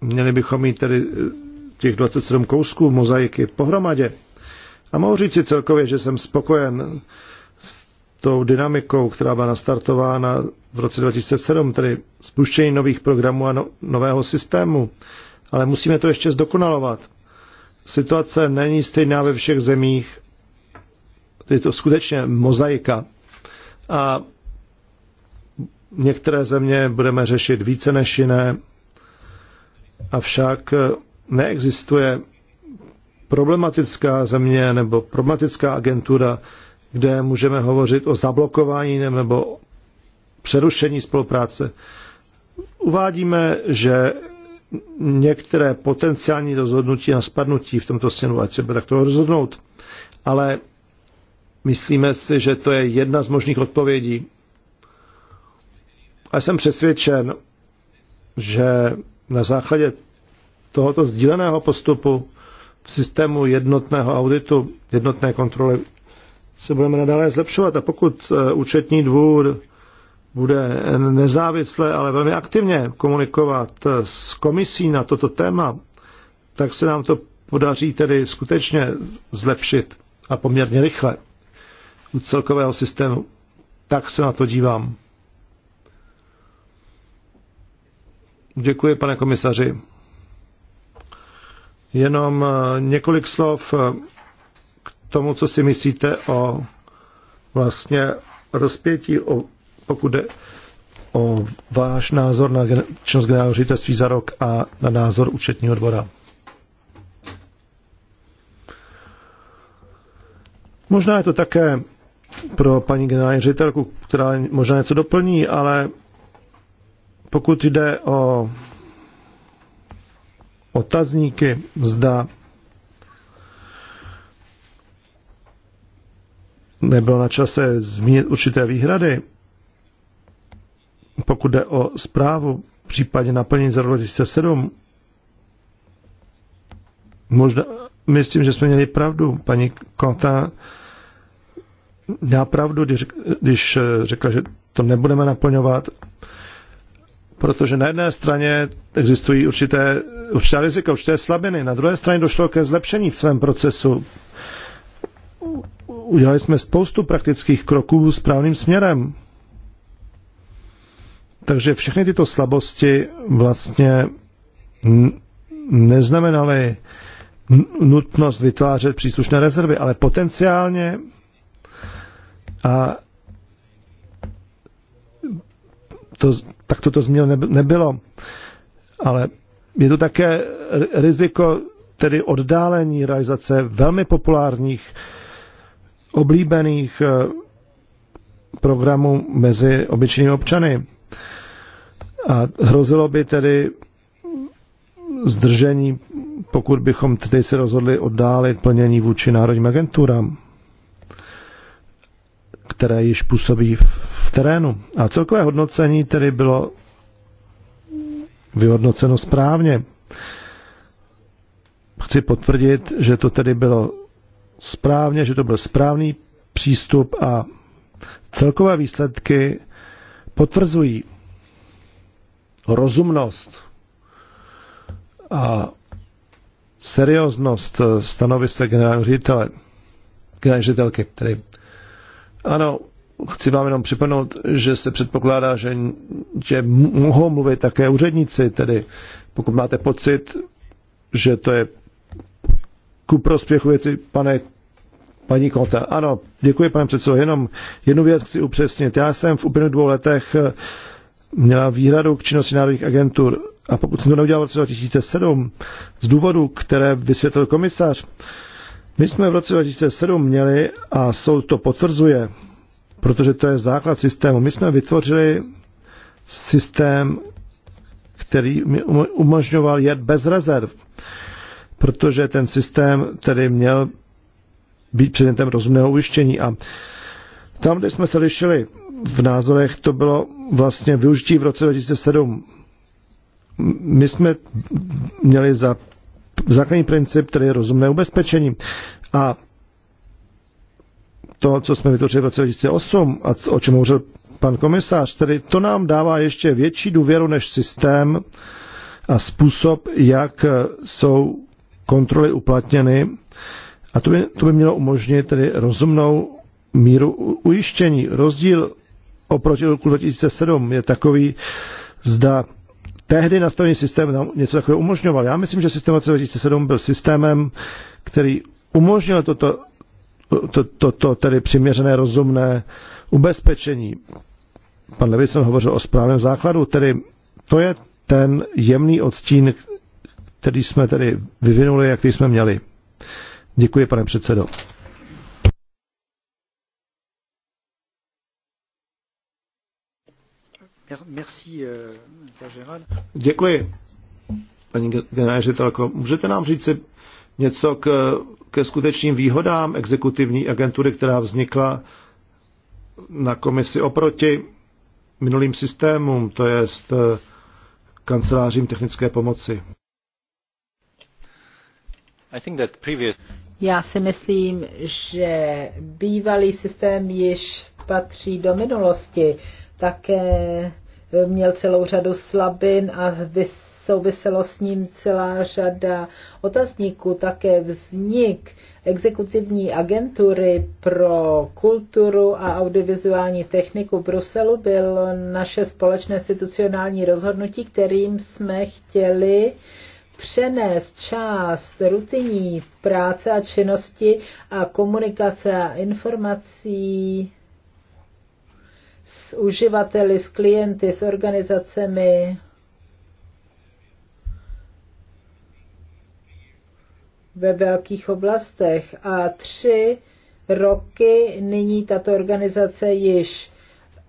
měli bychom mít tedy eh, těch 27 kousků mozaiky pohromadě. A mohu říct si celkově, že jsem spokojen s tou dynamikou, která byla nastartována v roce 2007, tedy spuštění nových programů a no, nového systému. Ale musíme to ještě zdokonalovat. Situace není stejná ve všech zemích. Je to skutečně mozaika. A Některé země budeme řešit více než jiné, avšak eh, neexistuje problematická země nebo problematická agentura, kde můžeme hovořit o zablokování nebo přerušení spolupráce. Uvádíme, že některé potenciální rozhodnutí a spadnutí v tomto směru, ať se bude takto rozhodnout, ale myslíme si, že to je jedna z možných odpovědí. A jsem přesvědčen, že na základě tohoto sdíleného postupu v systému jednotného auditu, jednotné kontroly, se budeme nadále zlepšovat. A pokud e, účetní dvůr bude nezávisle, ale velmi aktivně komunikovat e, s komisí na toto téma, tak se nám to podaří tedy skutečně zlepšit a poměrně rychle u celkového systému. Tak se na to dívám. Děkuji, pane komisaři. Jenom eh, několik slov eh, k tomu, co si myslíte o vlastně rozpětí, o, pokud jde o váš názor na činnost generálního ředitelství za rok a na názor účetního dvora. Možná je to také pro paní generální ředitelku, která možná něco doplní, ale pokud jde o otazníky, zda nebylo na čase zmínit určité výhrady, pokud jde o zprávu, případně naplnění za rok 2007, možná, myslím, že jsme měli pravdu. Paní Kota měla pravdu, když, když eh, řekla, že to nebudeme naplňovat protože na jedné straně existují určité, určitá rizika, určité slabiny, na druhé straně došlo ke zlepšení v svém procesu. Udělali jsme spoustu praktických kroků správným směrem. Takže všechny tyto slabosti vlastně neznamenaly nutnost vytvářet příslušné rezervy, ale potenciálně a to, tak toto změno nebylo. Ale je to také riziko tedy oddálení realizace velmi populárních, oblíbených eh, programů mezi obyčejnými občany. A hrozilo by tedy zdržení, pokud bychom tedy se rozhodli oddálit plnění vůči národním agenturám které již působí v terénu. A celkové hodnocení tedy bylo vyhodnoceno správně. Chci potvrdit, že to tedy bylo správně, že to byl správný přístup a celkové výsledky potvrzují rozumnost a serióznost stanovisek generálního ředitele, generální ředitelky, tedy ano, chci vám jenom připomenout, že se předpokládá, že, že mohou mluvit také úředníci, tedy pokud máte pocit, že to je ku prospěchu věci, pane paní Kota. Ano, děkuji, pane předsedo. Jenom jednu věc chci upřesnit. Já jsem v úplně dvou letech eh, měla výhradu k činnosti národních agentur a pokud jsem to neudělal v roce 2007 z důvodu, které vysvětlil komisař, my jsme v roce 2007 měli, a soud to potvrzuje, protože to je základ systému, my jsme vytvořili systém, který mi umožňoval jet bez rezerv, protože ten systém tedy měl být předmětem rozumného ujištění. A tam, kde jsme se lišili v názorech, to bylo vlastně využití v roce 2007. My jsme měli za základní princip, který je rozumné ubezpečení. A to, co jsme vytvořili v roce 2008 a o čem hovořil pan komisář, tedy to nám dává ještě větší důvěru než systém a způsob, jak jsou kontroly uplatněny. A to by, to by mělo umožnit tedy rozumnou míru ujištění. Rozdíl oproti roku 2007 je takový, zda tehdy nastavený systém nám něco takového umožňoval. Já myslím, že systém 2007 byl systémem, který umožnil toto, to, to, to, tedy přiměřené rozumné ubezpečení. Pan Levison hovořil o správném základu, tedy to je ten jemný odstín, který jsme tedy vyvinuli, jaký jsme měli. Děkuji, pane předsedo. Merci, euh, Děkuji. Paní generální ředitelko, můžete nám říct si něco k, ke skutečným výhodám exekutivní agentury, která vznikla na komisi oproti minulým systémům, to jest eh, kancelářím technické pomoci? Já si myslím, že bývalý systém již patří do minulosti také eh, měl celou řadu slabin a souviselo s ním celá řada otazníků, také vznik exekutivní agentury pro kulturu a audiovizuální techniku v Bruselu byl naše společné institucionální rozhodnutí, kterým jsme chtěli přenést část rutinní práce a činnosti a komunikace a informací s uživateli, s klienty, s organizacemi. ve velkých oblastech a tři roky nyní tato organizace již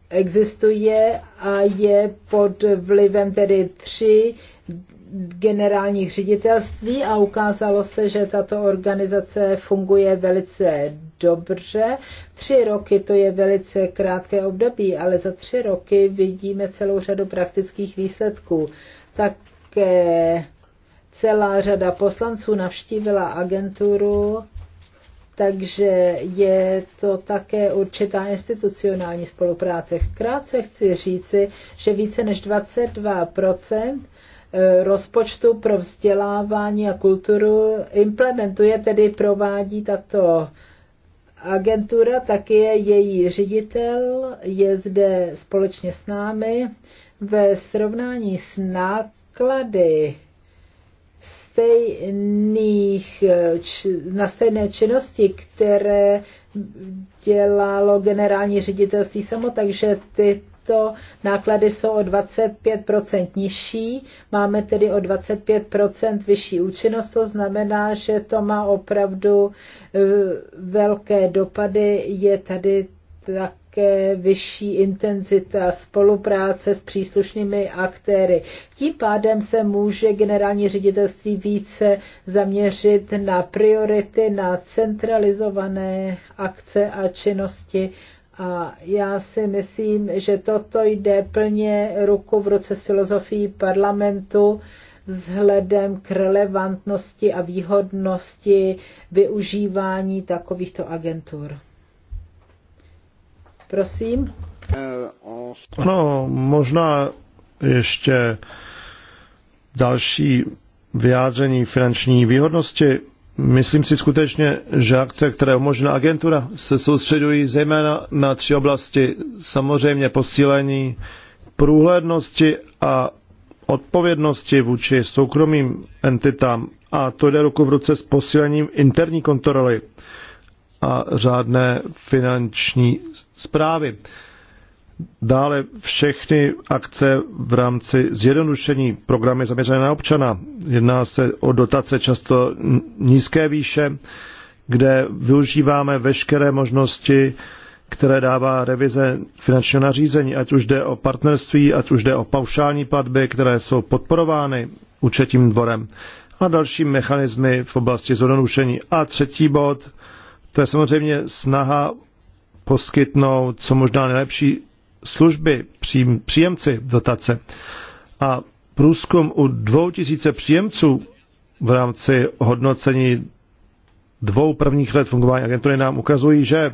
existuje a je pod vlivem tedy tři generálních ředitelství a ukázalo se, že tato organizace funguje velice dobře. Tři roky to je velice krátké období, ale za tři roky vidíme celou řadu praktických výsledků. Také celá řada poslanců navštívila agenturu, takže je to také určitá institucionální spolupráce. Krátce chci říci, že více než 22 E, rozpočtu pro vzdělávání a kulturu implementuje, tedy provádí tato agentura, tak je její ředitel, je zde společně s námi. Ve srovnání s náklady stejných, na stejné činnosti, které dělalo generální ředitelství samo, takže ty přesto náklady jsou o 25% nižší, máme tedy o 25% vyšší účinnost, to znamená, že to má opravdu eh, velké dopady, je tady tak také vyšší intenzita spolupráce s příslušnými aktéry. Tím pádem se může generální ředitelství více zaměřit na priority, na centralizované akce a činnosti a já si myslím, že toto jde plně ruku v ruce s filozofií parlamentu vzhledem k relevantnosti a výhodnosti využívání takovýchto agentur. Prosím. No, možná ještě další vyjádření finanční výhodnosti Myslím si skutečně, že akce, které umožná agentura, se soustředují zejména na tři oblasti. Samozřejmě posílení průhlednosti a odpovědnosti vůči soukromým entitám. A to jde ruku v ruce s posílením interní kontroly a řádné finanční zprávy. Dále všechny akce v rámci zjednodušení programy zaměřené na občana. Jedná se o dotace často nízké výše, kde využíváme veškeré možnosti, které dává revize finančního nařízení, ať už jde o partnerství, ať už jde o paušální platby, které jsou podporovány účetním dvorem a další mechanismy v oblasti zjednodušení. A třetí bod, to je samozřejmě snaha poskytnout co možná nejlepší služby přím, příjemci dotace. A průzkum u 2000 příjemců v rámci hodnocení dvou prvních let fungování agentury nám ukazují, že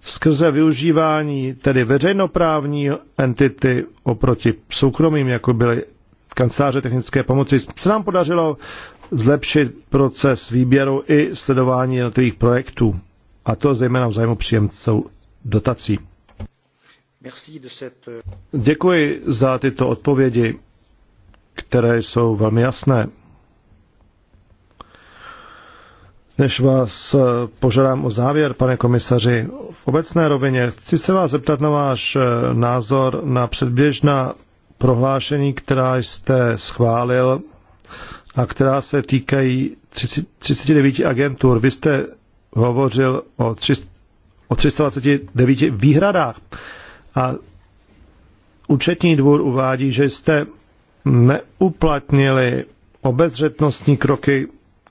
skrze využívání tedy veřejnoprávní entity oproti soukromým, jako byly kanceláře technické pomoci, se nám podařilo zlepšit proces výběru i sledování jednotlivých projektů. A to zejména v zájmu příjemců dotací. Euh, Děkuji za tyto odpovědi, které jsou velmi jasné. Než vás eh, požádám o závěr, pane komisaři, v obecné rovině chci se vás zeptat na váš eh, názor na předběžná prohlášení, která jste schválil a která se týkají 39 agentur. Vy jste hovořil o 329 výhradách. A účetní dvůr uvádí, že jste neuplatnili obezřetnostní kroky,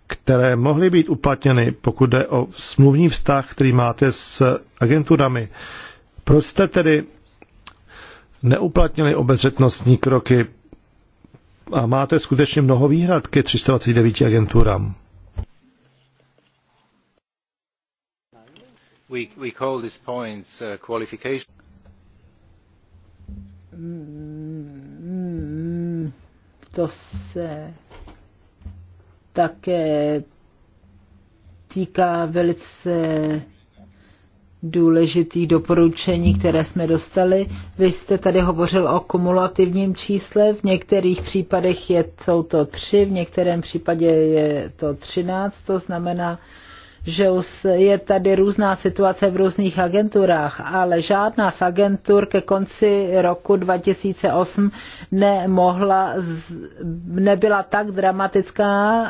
které mohly být uplatněny, pokud jde o smluvní vztah, který máte s agenturami. Proč jste tedy neuplatnili obezřetnostní kroky a máte skutečně mnoho výhrad ke 329 agenturám? We, we call these points uh, qualification to se také týká velice důležitých doporučení, které jsme dostali. Vy jste tady hovořil o kumulativním čísle, v některých případech je, jsou to tři, v některém případě je to třináct, to znamená, že je tady různá situace v různých agenturách, ale žádná z agentur ke konci roku 2008 nemohla, nebyla tak dramatická,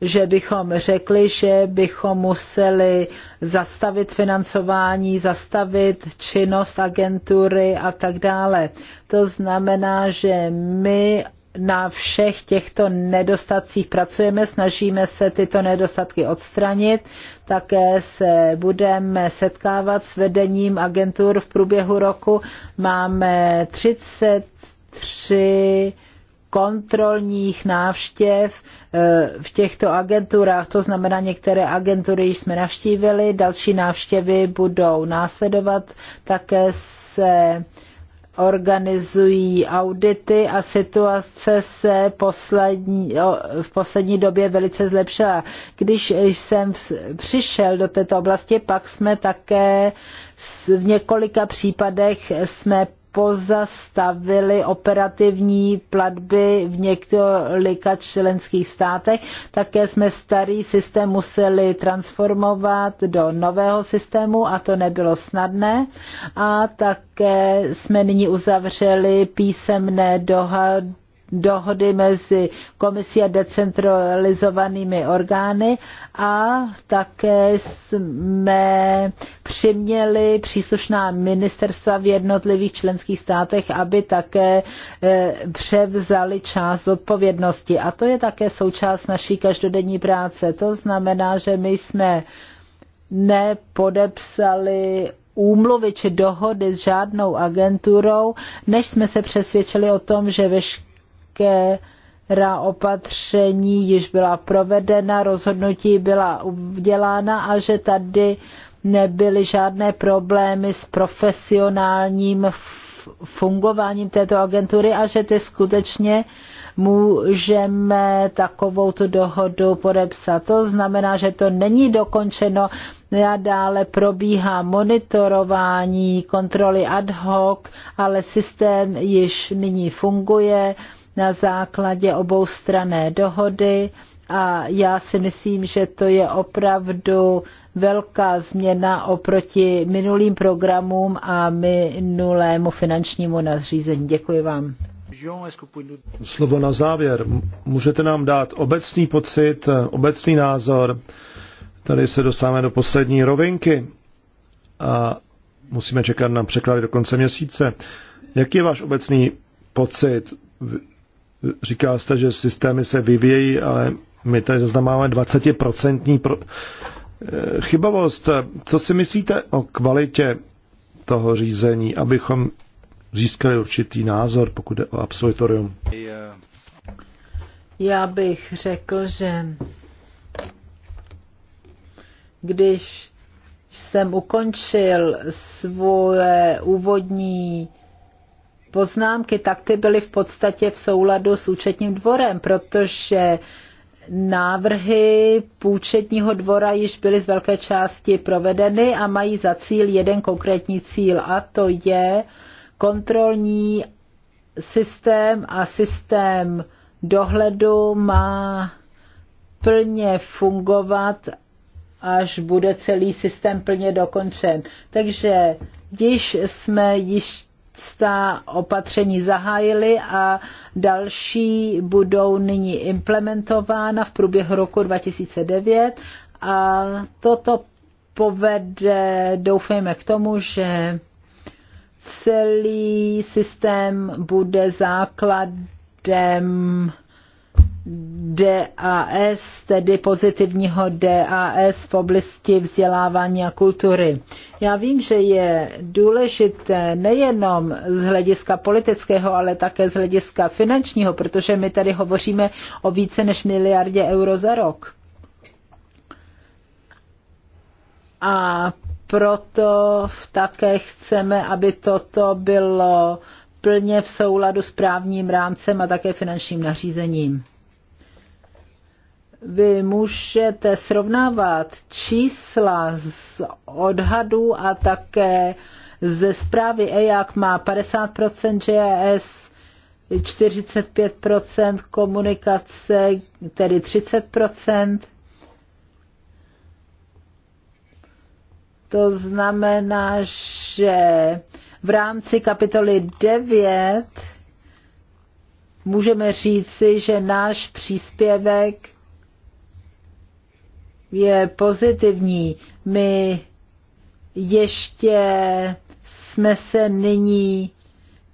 že bychom řekli, že bychom museli zastavit financování, zastavit činnost agentury a tak dále. To znamená, že my na všech těchto nedostatcích pracujeme, snažíme se tyto nedostatky odstranit. Také se budeme setkávat s vedením agentur v průběhu roku. Máme 33 kontrolních návštěv eh, v těchto agenturách, to znamená některé agentury jsme navštívili, další návštěvy budou následovat, také se organizují audity a situace se poslední, v poslední době velice zlepšila. Když jsem přišel do této oblasti, pak jsme také v několika případech jsme pozastavili operativní platby v několika členských státech. Také jsme starý systém museli transformovat do nového systému a to nebylo snadné. A také jsme nyní uzavřeli písemné dohody dohody mezi komisí a decentralizovanými orgány a také jsme přiměli příslušná ministerstva v jednotlivých členských státech, aby také eh, převzali část odpovědnosti. A to je také součást naší každodenní práce. To znamená, že my jsme nepodepsali úmluvy či dohody s žádnou agenturou, než jsme se přesvědčili o tom, že veškeré veškerá opatření již byla provedena, rozhodnutí byla udělána a že tady nebyly žádné problémy s profesionálním fungováním této agentury a že ty skutečně můžeme takovou tu dohodu podepsat. To znamená, že to není dokončeno Já dále probíhá monitorování, kontroly ad hoc, ale systém již nyní funguje na základě oboustrané dohody a já si myslím, že to je opravdu velká změna oproti minulým programům a minulému finančnímu nařízení. Děkuji vám. Slovo na závěr. Můžete nám dát obecný pocit, obecný názor. Tady se dostáváme do poslední rovinky a musíme čekat na překlady do konce měsíce. Jaký je váš obecný pocit? Říká jste, že systémy se vyvíjejí, ale my tady zaznamenáme 20% pro... Eh, chybovost. Co si myslíte o kvalitě toho řízení, abychom získali určitý názor, pokud jde o absolutorium? Já bych řekl, že když jsem ukončil svoje úvodní poznámky, tak ty byly v podstatě v souladu s účetním dvorem, protože návrhy půčetního dvora již byly z velké části provedeny a mají za cíl jeden konkrétní cíl a to je kontrolní systém a systém dohledu má plně fungovat, až bude celý systém plně dokončen. Takže když jsme již opatření zahájili a další budou nyní implementována v průběhu roku 2009 a toto povede, doufejme, k tomu, že celý systém bude základem DAS, tedy pozitivního DAS v oblasti vzdělávání a kultury. Já vím, že je důležité nejenom z hlediska politického, ale také z hlediska finančního, protože my tady hovoříme o více než miliardě euro za rok. A proto také chceme, aby toto bylo plně v souladu s právním rámcem a také finančním nařízením vy můžete srovnávat čísla z odhadů a také ze zprávy EJAK má 50% GS, 45% komunikace, tedy 30%. To znamená, že v rámci kapitoly 9 můžeme říci, že náš příspěvek je pozitivní. My ještě jsme se nyní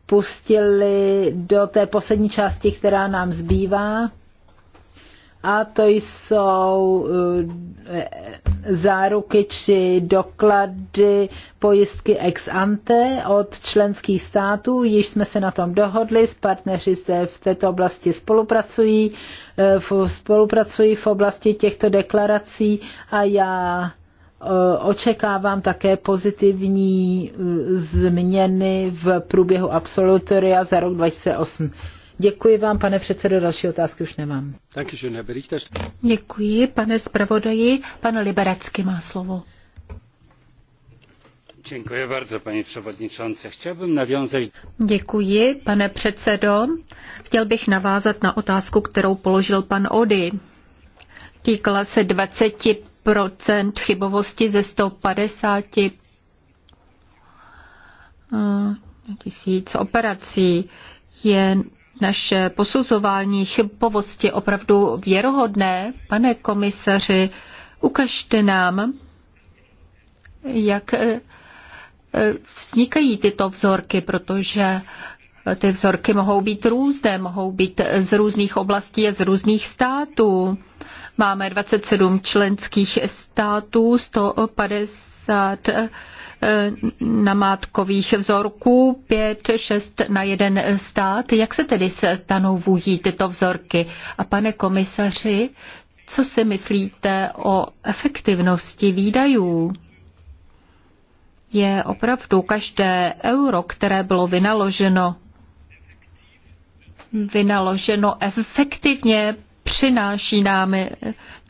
pustili do té poslední části, která nám zbývá a to jsou eh, záruky či doklady pojistky ex ante od členských států. Již jsme se na tom dohodli, s partneři zde v této oblasti spolupracují, eh, spolupracují v oblasti těchto deklarací a já eh, očekávám také pozitivní změny v průběhu absolutoria za rok 2008. Děkuji vám, pane předsedo, další otázky už nemám. Děkuji, pane zpravodaji. Pan Liberacky má slovo. Děkuji bardzo, paní předsedající. Chciałbym nawiązać... Děkuji, pane předsedo. Chtěl bych navázat na otázku, kterou položil pan Ody. Týkala se 20% chybovosti ze 150 eh, tisíc operací. Je naše posuzování chybovosti opravdu věrohodné. Pane komisaři, ukažte nám, jak eh, vznikají tyto vzorky, protože ty vzorky mohou být různé, mohou být z různých oblastí a z různých států. Máme 27 členských států, 150 Eh, namátkových vzorků, 5, 6 na jeden stát. Jak se tedy stanovují tyto vzorky? A pane komisaři, co si myslíte o efektivnosti výdajů? Je opravdu každé euro, které bylo vynaloženo, vynaloženo efektivně, přináší nám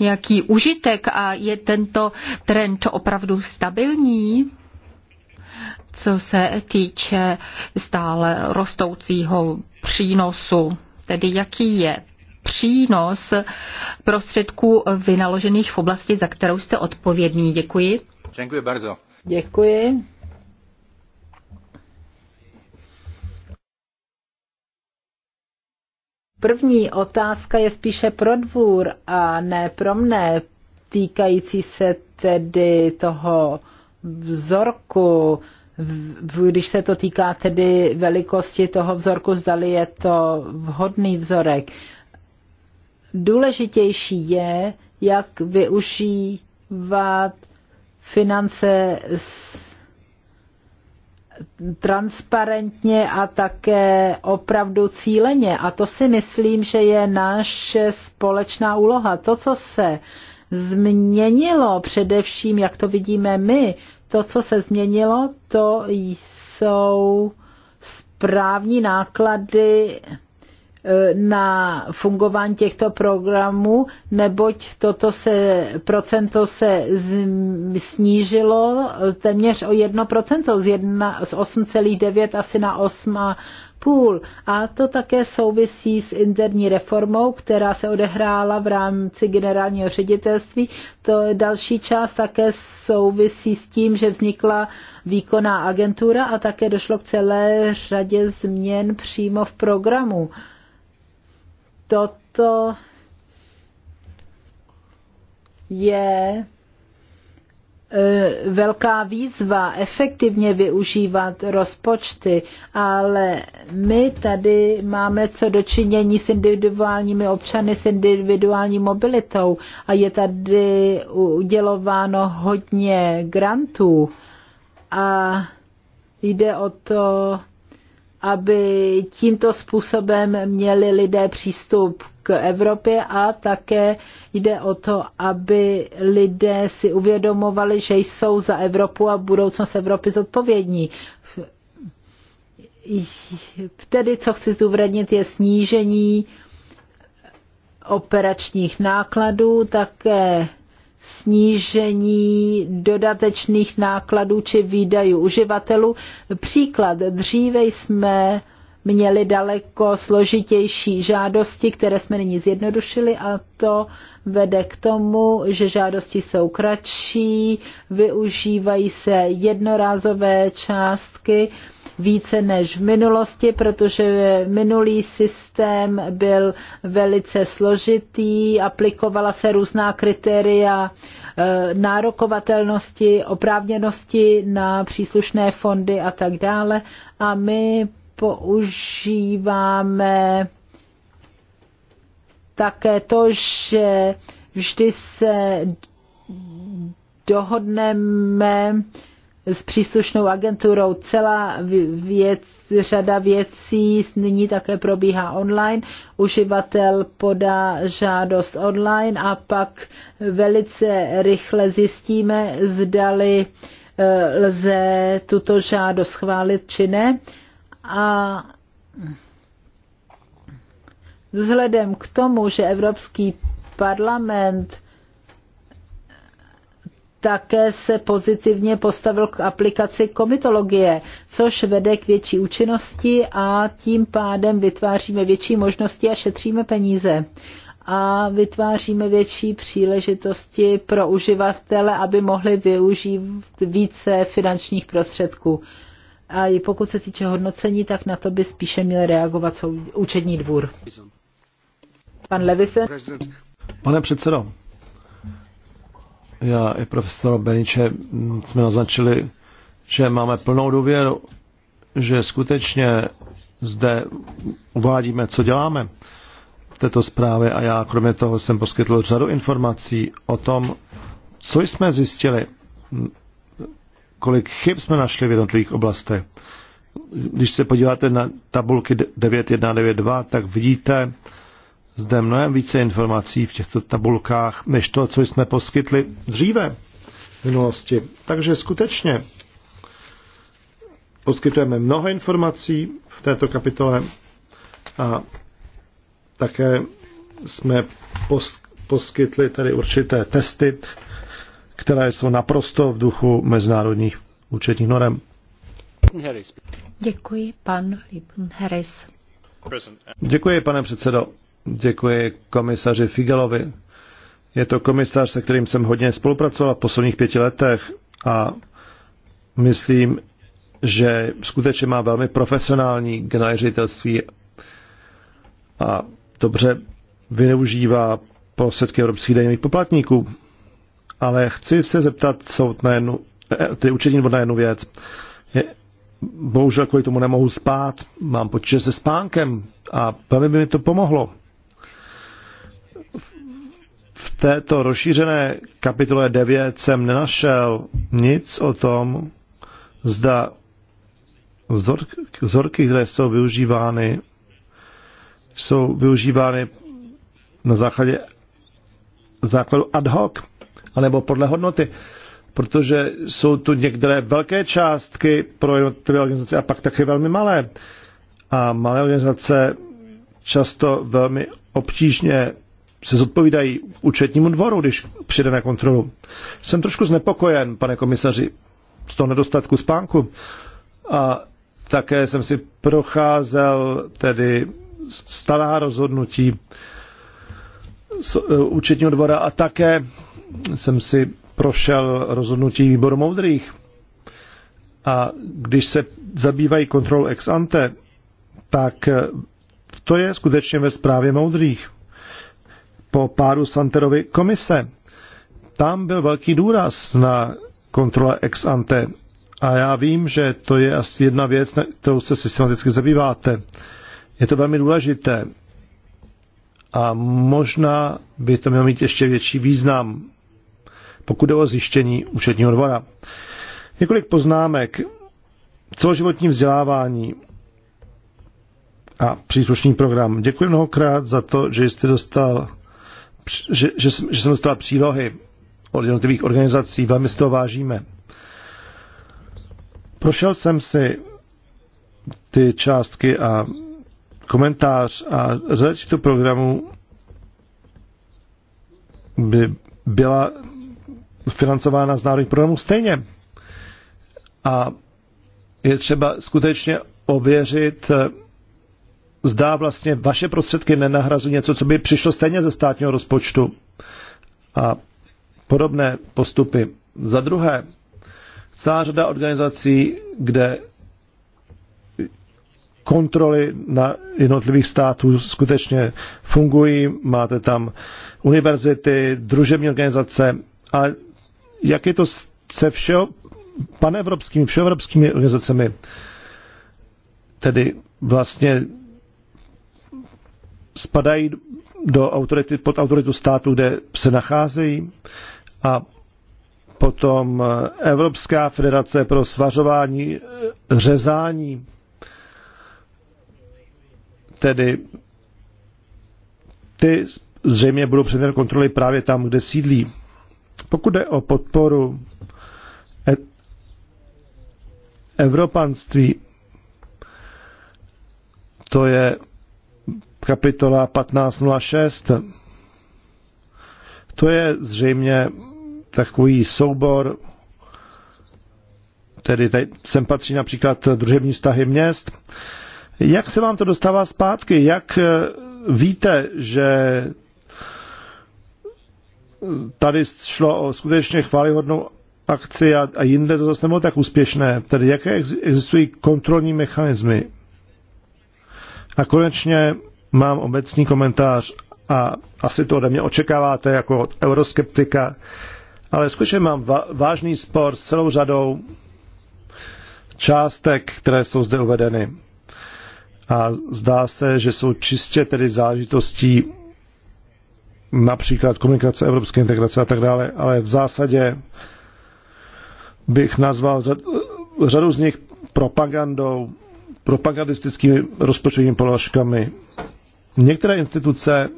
nějaký užitek a je tento trend opravdu stabilní? co se týče stále rostoucího přínosu, tedy jaký je přínos prostředků vynaložených v oblasti, za kterou jste odpovědní. Děkuji. Děkuji bardzo. Děkuji. První otázka je spíše pro dvůr a ne pro mne, týkající se tedy toho vzorku, když se to týká tedy velikosti toho vzorku, zdali je to vhodný vzorek. Důležitější je, jak využívat finance transparentně a také opravdu cíleně. A to si myslím, že je naše společná úloha. To, co se změnilo, především jak to vidíme my, to, co se změnilo, to jsou správní náklady e, na fungování těchto programů, neboť toto se, procento se snížilo téměř o 1%, z, 1, z 8,9 asi na 8, půl. A to také souvisí s interní reformou, která se odehrála v rámci generálního ředitelství. To další část také souvisí s tím, že vznikla výkonná agentura a také došlo k celé řadě změn přímo v programu. Toto je Eh, velká výzva efektivně využívat rozpočty, ale my tady máme co dočinění s individuálními občany, s individuální mobilitou a je tady udělováno hodně grantů a jde o to, aby tímto způsobem měli lidé přístup k Evropě a také jde o to, aby lidé si uvědomovali, že jsou za Evropu a budoucnost Evropy zodpovědní. Tedy, co chci zdůvodnit, je snížení operačních nákladů, také snížení dodatečných nákladů či výdajů uživatelů. Příklad, dříve jsme měli daleko složitější žádosti, které jsme nyní zjednodušili a to vede k tomu, že žádosti jsou kratší, využívají se jednorázové částky, více než v minulosti, protože minulý systém byl velice složitý, aplikovala se různá kritéria eh, nárokovatelnosti, oprávněnosti na příslušné fondy a tak dále. A my používáme také to, že vždy se dohodneme s příslušnou agenturou. Celá věc, řada věcí nyní také probíhá online. Uživatel podá žádost online a pak velice rychle zjistíme, zdali e, lze tuto žádost schválit či ne. A vzhledem k tomu, že Evropský parlament také se pozitivně postavil k aplikaci komitologie, což vede k větší účinnosti a tím pádem vytváříme větší možnosti a šetříme peníze. A vytváříme větší příležitosti pro uživatele, aby mohli využít více finančních prostředků. A i pokud se týče hodnocení, tak na to by spíše měl reagovat sou, účetní dvůr. Pan Levisen. Pane předsedo, já i profesor Beniče mm, jsme naznačili, že máme plnou důvěru, že skutečně zde uvádíme, co děláme v této zprávě a já kromě toho jsem poskytl řadu informací o tom, co jsme zjistili, mm, kolik chyb jsme našli v jednotlivých oblastech. Když se podíváte na tabulky 9192, tak vidíte, zde mnohem více informací v těchto tabulkách, než to, co jsme poskytli dříve v minulosti. Takže skutečně poskytujeme mnoho informací v této kapitole a také jsme poskytli tady určité testy, které jsou naprosto v duchu mezinárodních účetních norem. Děkuji, pan Lipn Harris. Děkuji, pane předsedo. Děkuji komisaři Figelovi. Je to komisař, se kterým jsem hodně spolupracoval v posledních pěti letech a myslím, že skutečně má velmi profesionální generální a dobře využívá prostředky evropských daňových poplatníků. Ale chci se zeptat co na jednu, eh, tedy učení na jednu věc. Je, bohužel kvůli tomu nemohu spát, mám počítač se spánkem a velmi by mi to pomohlo této rozšířené kapitole 9 jsem nenašel nic o tom, zda vzorky, které jsou využívány, jsou využívány na základě základu ad hoc, anebo podle hodnoty, protože jsou tu některé velké částky pro jednotlivé organizace a pak také velmi malé. A malé organizace často velmi obtížně se zodpovídají účetnímu dvoru, když přijde na kontrolu. Jsem trošku znepokojen, pane komisaři, z toho nedostatku spánku. A také jsem si procházel tedy stará rozhodnutí z e, účetního dvora a také jsem si prošel rozhodnutí výboru moudrých. A když se zabývají kontrolou ex ante, tak to je skutečně ve zprávě moudrých po pádu Santerovi komise. Tam byl velký důraz na kontrole ex ante. A já vím, že to je asi jedna věc, na kterou se systematicky zabýváte. Je to velmi důležité. A možná by to mělo mít ještě větší význam, pokud jde o zjištění účetního dvora. Několik poznámek. Celoživotní vzdělávání a příslušný program. Děkuji mnohokrát za to, že jste dostal že, že, že jsem dostal přílohy od jednotlivých organizací, velmi si toho vážíme. Prošel jsem si ty částky a komentář a řada tu programu by byla financována z národních programů stejně. A je třeba skutečně ověřit zdá vlastně vaše prostředky nenahrazují něco, co by přišlo stejně ze státního rozpočtu a podobné postupy. Za druhé, celá řada organizací, kde kontroly na jednotlivých států skutečně fungují. Máte tam univerzity, družební organizace a jak je to se všeho, panevropskými, všeevropskými organizacemi, tedy vlastně spadají do autority, pod autoritu státu, kde se nacházejí a potom eh, Evropská federace pro svařování eh, řezání, tedy ty zřejmě budou předmětem kontroly právě tam, kde sídlí. Pokud jde o podporu evropanství, to je kapitola 1506. To je zřejmě takový soubor, tedy tady sem patří například družební vztahy měst. Jak se vám to dostává zpátky? Jak eh, víte, že tady šlo o skutečně chválihodnou akci a, a jinde to zase nebylo tak úspěšné. Tedy jaké existují kontrolní mechanismy? A konečně Mám obecný komentář a asi to ode mě očekáváte jako od euroskeptika, ale skutečně mám vážný spor s celou řadou částek, které jsou zde uvedeny. A zdá se, že jsou čistě tedy zážitostí například komunikace, evropské integrace a tak dále, ale v zásadě bych nazval řadu z nich propagandou, propagandistickými rozpočtovými položkami Některé instituce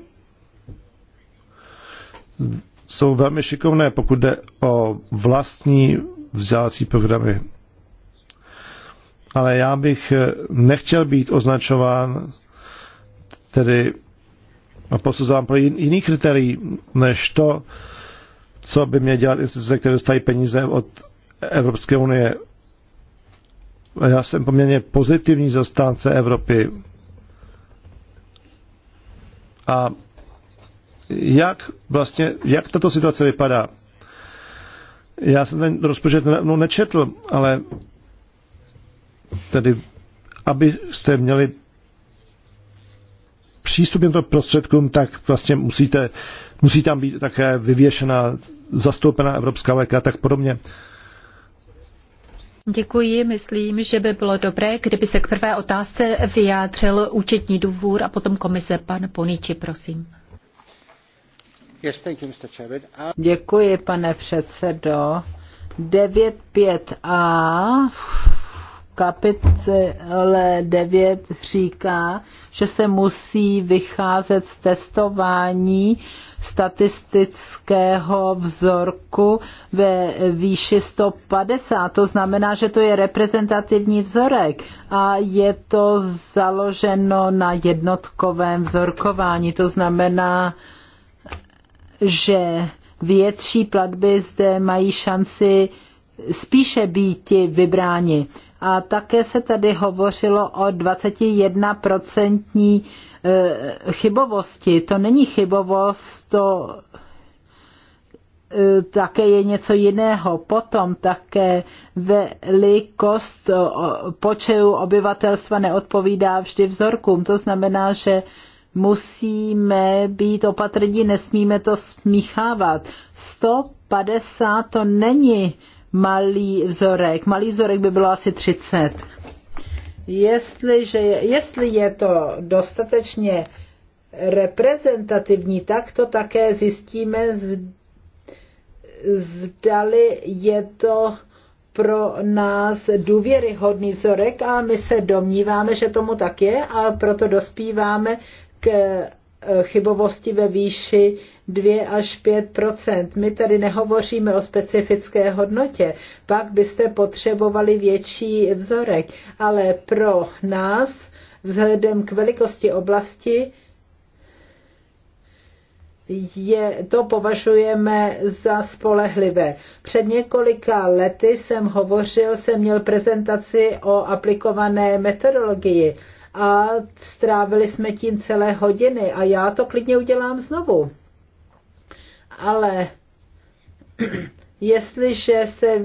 jsou velmi šikovné, pokud jde o vlastní vzdělávací programy. Ale já bych eh, nechtěl být označován tedy a posuzován pro jiný kritérií, než to, co by mě dělat instituce, které dostají peníze od Evropské unie. Já jsem poměrně pozitivní zastánce Evropy a jak vlastně, jak tato situace vypadá? Já jsem ten rozpočet no, nečetl, ale tedy, abyste měli přístup k prostředkům, tak vlastně musíte, musí tam být také vyvěšena, zastoupená Evropská léka a tak podobně. Uh, Děkuji. Myslím, že by bylo dobré, kdyby se k prvé otázce vyjádřil účetní důvůr a potom komise. Pan Poníči, prosím. Uh, Děkuji, pane předsedo. 9.5a kapitole 9 říká, že se musí vycházet z testování statistického vzorku ve výši 150. To znamená, že to je reprezentativní vzorek a je to založeno na jednotkovém vzorkování. To znamená, že větší platby zde mají šanci spíše být vybráni. A také se tady hovořilo o 21% Eh, chybovosti. To není chybovost, to eh, také je něco jiného. Potom také velikost počtu obyvatelstva neodpovídá vždy vzorkům. To znamená, že musíme být opatrní, nesmíme to smíchávat. 150 to není malý vzorek. Malý vzorek by bylo asi 30. Jestliže, jestli je to dostatečně reprezentativní, tak to také zjistíme, zdali je to pro nás důvěryhodný vzorek a my se domníváme, že tomu tak je a proto dospíváme k eh, chybovosti ve výši 2 až 5 My tady nehovoříme o specifické hodnotě, pak byste potřebovali větší vzorek, ale pro nás, vzhledem k velikosti oblasti, je, to považujeme za spolehlivé. Před několika lety jsem hovořil, jsem měl prezentaci o aplikované metodologii a strávili jsme tím celé hodiny a já to klidně udělám znovu. Ale jestliže se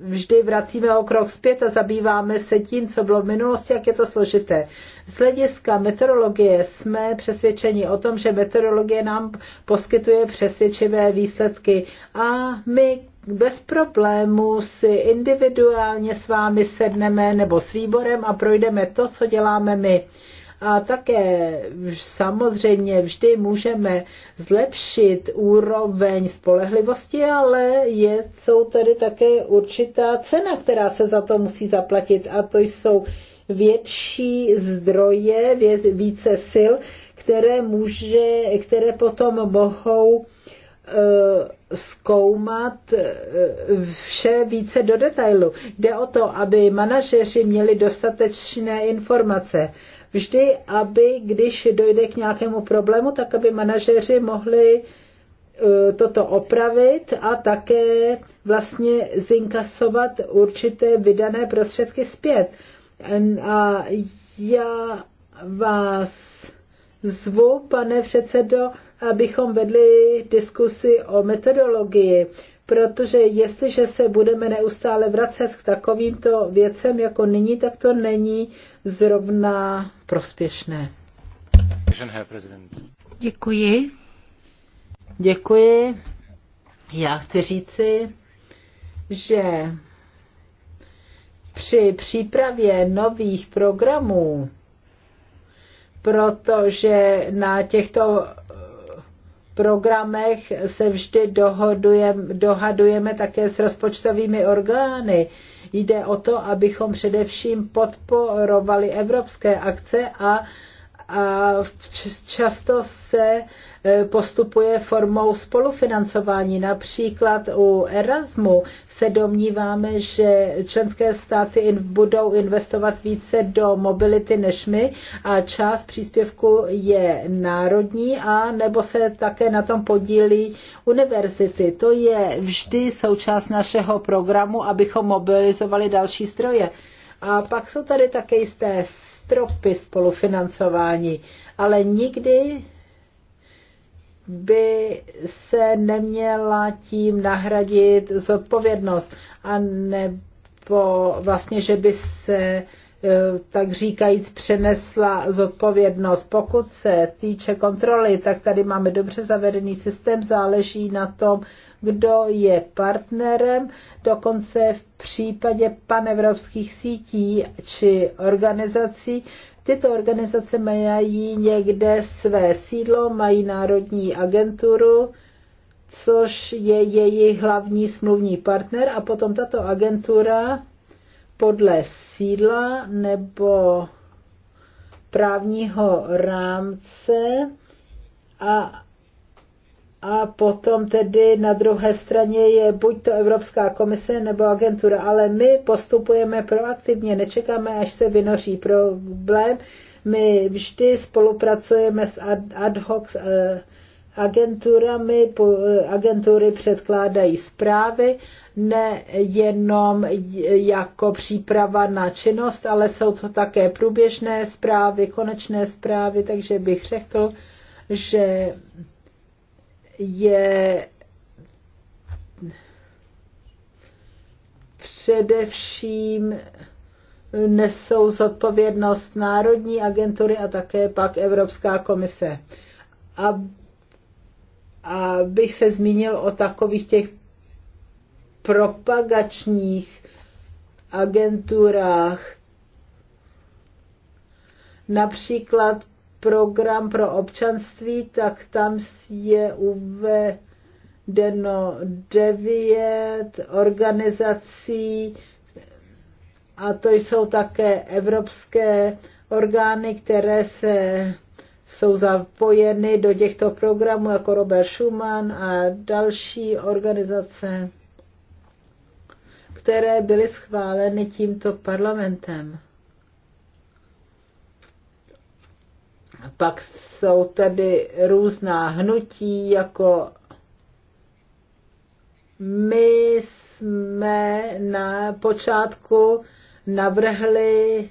vždy vracíme o krok zpět a zabýváme se tím, co bylo v minulosti, jak je to složité. Z hlediska meteorologie jsme přesvědčeni o tom, že meteorologie nám poskytuje přesvědčivé výsledky a my bez problému si individuálně s vámi sedneme nebo s výborem a projdeme to, co děláme my. A také samozřejmě vždy můžeme zlepšit úroveň spolehlivosti, ale je, jsou tady také určitá cena, která se za to musí zaplatit a to jsou větší zdroje, více sil, které, může, které potom mohou eh, zkoumat eh, vše více do detailu. Jde o to, aby manažeři měli dostatečné informace vždy, aby když dojde k nějakému problému, tak aby manažeři mohli eh, toto opravit a také vlastně zinkasovat určité vydané prostředky zpět. A já vás zvu, pane předsedo, abychom vedli diskusi o metodologii, protože jestliže se budeme neustále vracet k takovýmto věcem jako nyní, tak to není zrovna prospěšné. Děkuji. Děkuji. Já chci říci, že při přípravě nových programů, protože na těchto eh, programech se vždy dohodujeme, dohadujeme také s rozpočtovými orgány, Jde o to, abychom především podporovali evropské akce a a často se e, postupuje formou spolufinancování. Například u Erasmu se domníváme, že členské státy budou investovat více do mobility než my a část příspěvku je národní a nebo se také na tom podílí univerzity. To je vždy součást našeho programu, abychom mobilizovali další stroje. A pak jsou tady také jisté stropy spolufinancování, ale nikdy by se neměla tím nahradit zodpovědnost a nebo vlastně, že by se eh, tak říkajíc přenesla zodpovědnost. Pokud se týče kontroly, tak tady máme dobře zavedený systém, záleží na tom, kdo je partnerem, dokonce v případě panevropských sítí či organizací Tyto organizace mají někde své sídlo, mají národní agenturu, což je jejich hlavní smluvní partner a potom tato agentura podle sídla nebo právního rámce a a potom tedy na druhé straně je buď to Evropská komise nebo agentura, ale my postupujeme proaktivně, nečekáme, až se vynoří problém. My vždy spolupracujeme s ad hoc eh, agenturami, eh, agentury předkládají zprávy, nejenom jako příprava na činnost, ale jsou to také průběžné zprávy, konečné zprávy, takže bych řekl, že je především nesou zodpovědnost národní agentury a také pak Evropská komise. A, a bych se zmínil o takových těch propagačních agenturách, například program pro občanství, tak tam je uvedeno devět organizací a to jsou také evropské orgány, které se jsou zapojeny do těchto programů, jako Robert Schumann a další organizace, které byly schváleny tímto parlamentem. Pak jsou tady různá hnutí, jako my jsme na počátku navrhli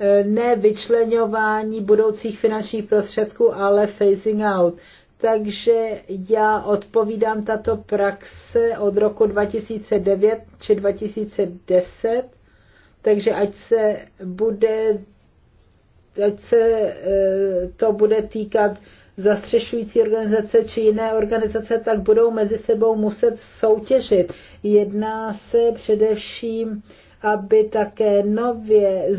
eh, nevyčlenování budoucích finančních prostředků, ale phasing out. Takže já odpovídám tato praxe od roku 2009 či 2010, takže ať se bude ať se eh, to bude týkat zastřešující organizace či jiné organizace, tak budou mezi sebou muset soutěžit. Jedná se především, aby také nově eh,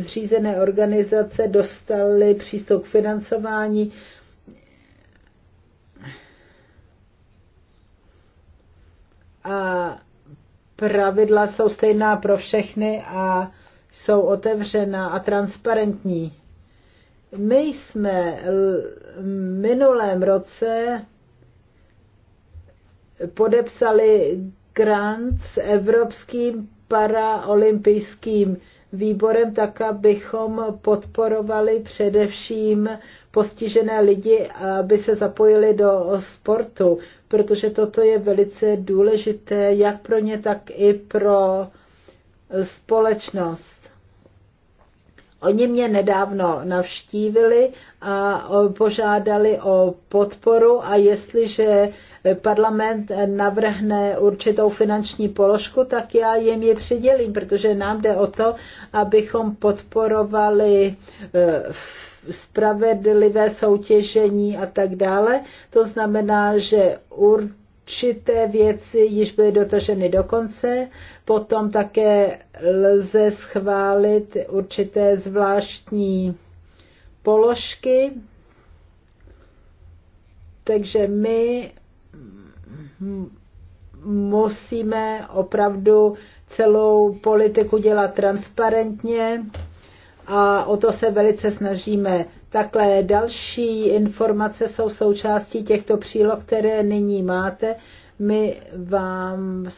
zřízené organizace dostaly přístup k financování. A pravidla jsou stejná pro všechny a jsou otevřená a transparentní. My jsme v minulém roce podepsali grant s Evropským paraolympijským výborem, tak abychom podporovali především postižené lidi, aby se zapojili do sportu, protože toto je velice důležité jak pro ně, tak i pro společnost. Oni mě nedávno navštívili a požádali o podporu a jestliže parlament navrhne určitou finanční položku, tak já jim ji přidělím, protože nám jde o to, abychom podporovali e, spravedlivé soutěžení a tak dále. To znamená, že určitě určité věci již byly dotaženy do konce, potom také lze schválit určité zvláštní položky, takže my musíme opravdu celou politiku dělat transparentně a o to se velice snažíme. Takhle další informace jsou součástí těchto příloh, které nyní máte. My vám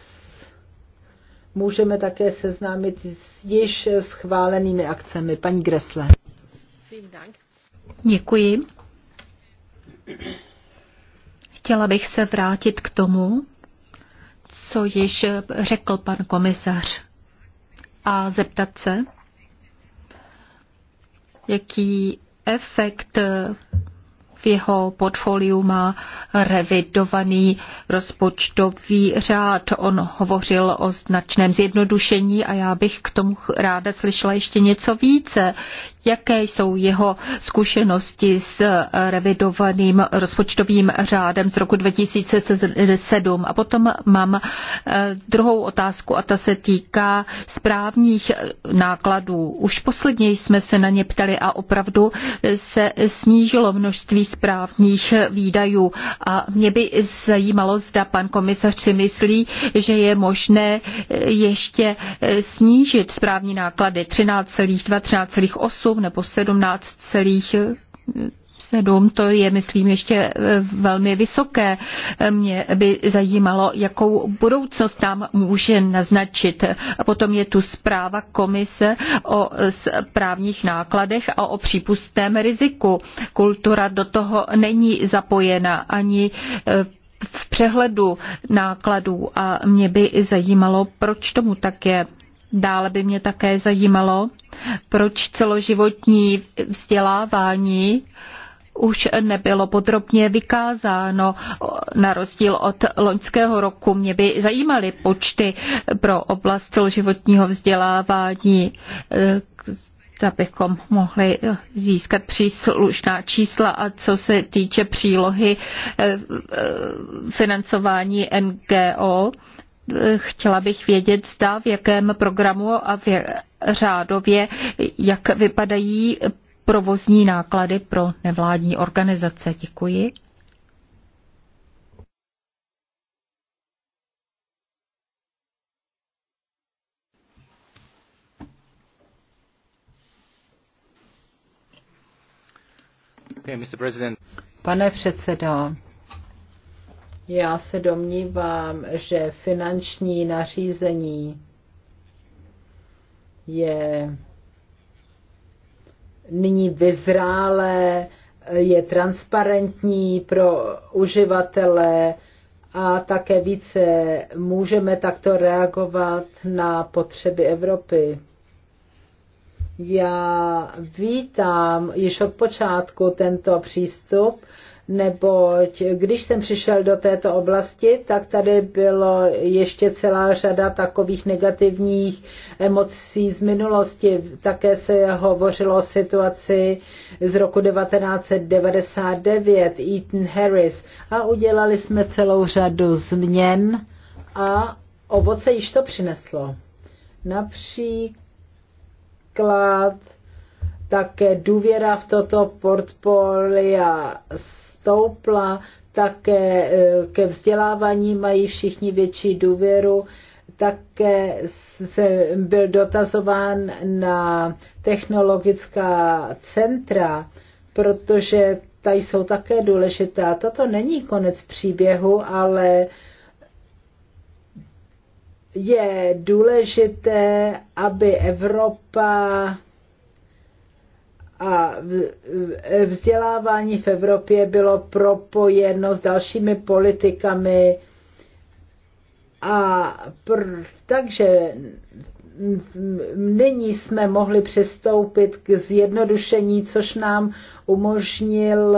můžeme také seznámit s již schválenými akcemi. Paní Gresle. Děkuji. Chtěla bych se vrátit k tomu, co již řekl pan komisař a zeptat se, jaký efekt v jeho portfoliu má revidovaný rozpočtový řád. On hovořil o značném zjednodušení a já bych k tomu ráda slyšela ještě něco více. Jaké jsou jeho zkušenosti s eh, revidovaným rozpočtovým řádem z roku 2007? A potom mám eh, druhou otázku a ta se týká správních eh, nákladů. Už posledně jsme se na ně ptali a opravdu se snížilo množství správních výdajů. A mě by zajímalo, zda pan komisař si myslí, že je možné ještě snížit správní náklady 13,2, 13,8 8 nebo 17,7, to je, myslím, ještě eh, velmi vysoké. Eh, mě by zajímalo, jakou budoucnost tam může naznačit. A potom je tu zpráva komise o správních nákladech a o přípustném riziku. Kultura do toho není zapojena ani eh, v přehledu nákladů a mě by zajímalo, proč tomu tak je. Dále by mě také zajímalo, proč celoživotní vzdělávání už nebylo podrobně vykázáno. Na rozdíl od loňského roku mě by zajímaly počty pro oblast celoživotního vzdělávání, eh, abychom mohli získat příslušná čísla a co se týče přílohy eh, eh, financování NGO, chtěla bych vědět, zda v jakém programu a v řádově, jak vypadají provozní náklady pro nevládní organizace. Děkuji. Pane předsedo, já se domnívám, že finanční nařízení je nyní vyzrálé, je transparentní pro uživatele a také více můžeme takto reagovat na potřeby Evropy. Já vítám již od počátku tento přístup, neboť když jsem přišel do této oblasti, tak tady bylo ještě celá řada takových negativních emocí z minulosti. Také se hovořilo o situaci z roku 1999, Ethan Harris, a udělali jsme celou řadu změn a ovoce již to přineslo. Například také důvěra v toto portfolia stoupla, také eh, ke vzdělávání mají všichni větší důvěru. Také se byl dotazován na technologická centra, protože ta jsou také důležitá. Toto není konec příběhu, ale je důležité, aby Evropa a vzdělávání v Evropě bylo propojeno s dalšími politikami a pr- takže nyní jsme mohli přestoupit k zjednodušení, což nám umožnil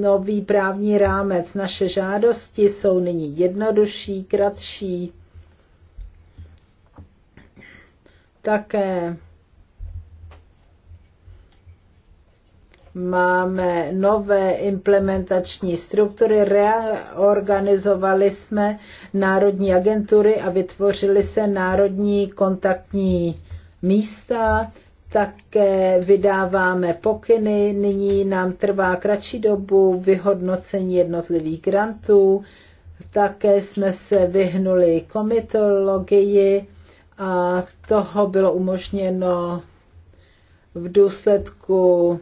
nový právní rámec. Naše žádosti jsou nyní jednodušší, kratší. Také máme nové implementační struktury, reorganizovali jsme národní agentury a vytvořili se národní kontaktní místa, také vydáváme pokyny, nyní nám trvá kratší dobu vyhodnocení jednotlivých grantů, také jsme se vyhnuli komitologii a toho bylo umožněno v důsledku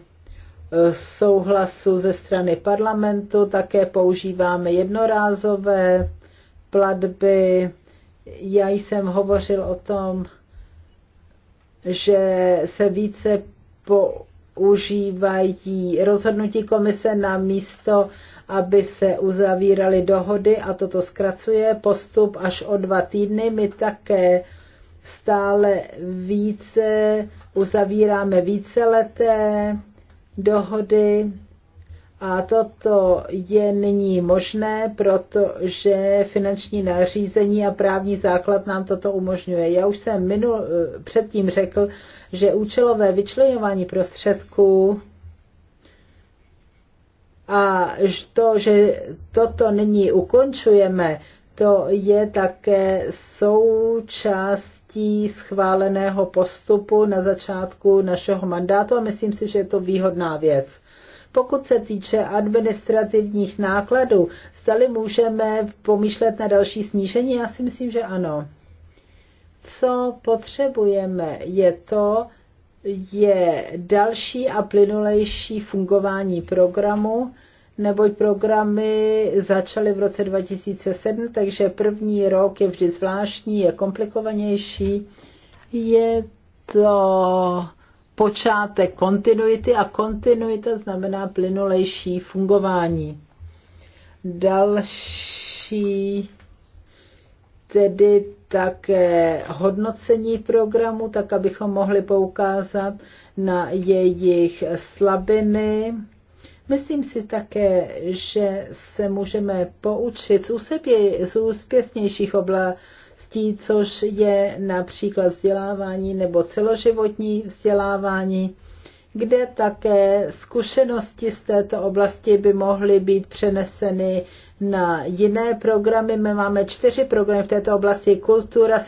souhlasu ze strany parlamentu, také používáme jednorázové platby. Já jsem hovořil o tom, že se více používají rozhodnutí komise na místo, aby se uzavíraly dohody a toto zkracuje postup až o dva týdny. My také stále více uzavíráme víceleté dohody a toto je nyní možné, protože finanční nařízení a právní základ nám toto umožňuje. Já už jsem minul, předtím řekl, že účelové vyčlenování prostředků a to, že toto nyní ukončujeme, to je také součást platí schváleného postupu na začátku našeho mandátu a myslím si, že je to výhodná věc. Pokud se týče administrativních nákladů, zdali můžeme pomýšlet na další snížení? Já si myslím, že ano. Co potřebujeme, je to, je další a plynulejší fungování programu, neboť programy začaly v roce 2007, takže první rok je vždy zvláštní, je komplikovanější. Je to počátek kontinuity a kontinuita znamená plynulejší fungování. Další tedy také hodnocení programu, tak abychom mohli poukázat na jejich slabiny Myslím si také, že se můžeme poučit z, úsebě, z úspěšnějších oblastí, což je například vzdělávání nebo celoživotní vzdělávání, kde také zkušenosti z této oblasti by mohly být přeneseny na jiné programy. My máme čtyři programy v této oblasti. Kultura,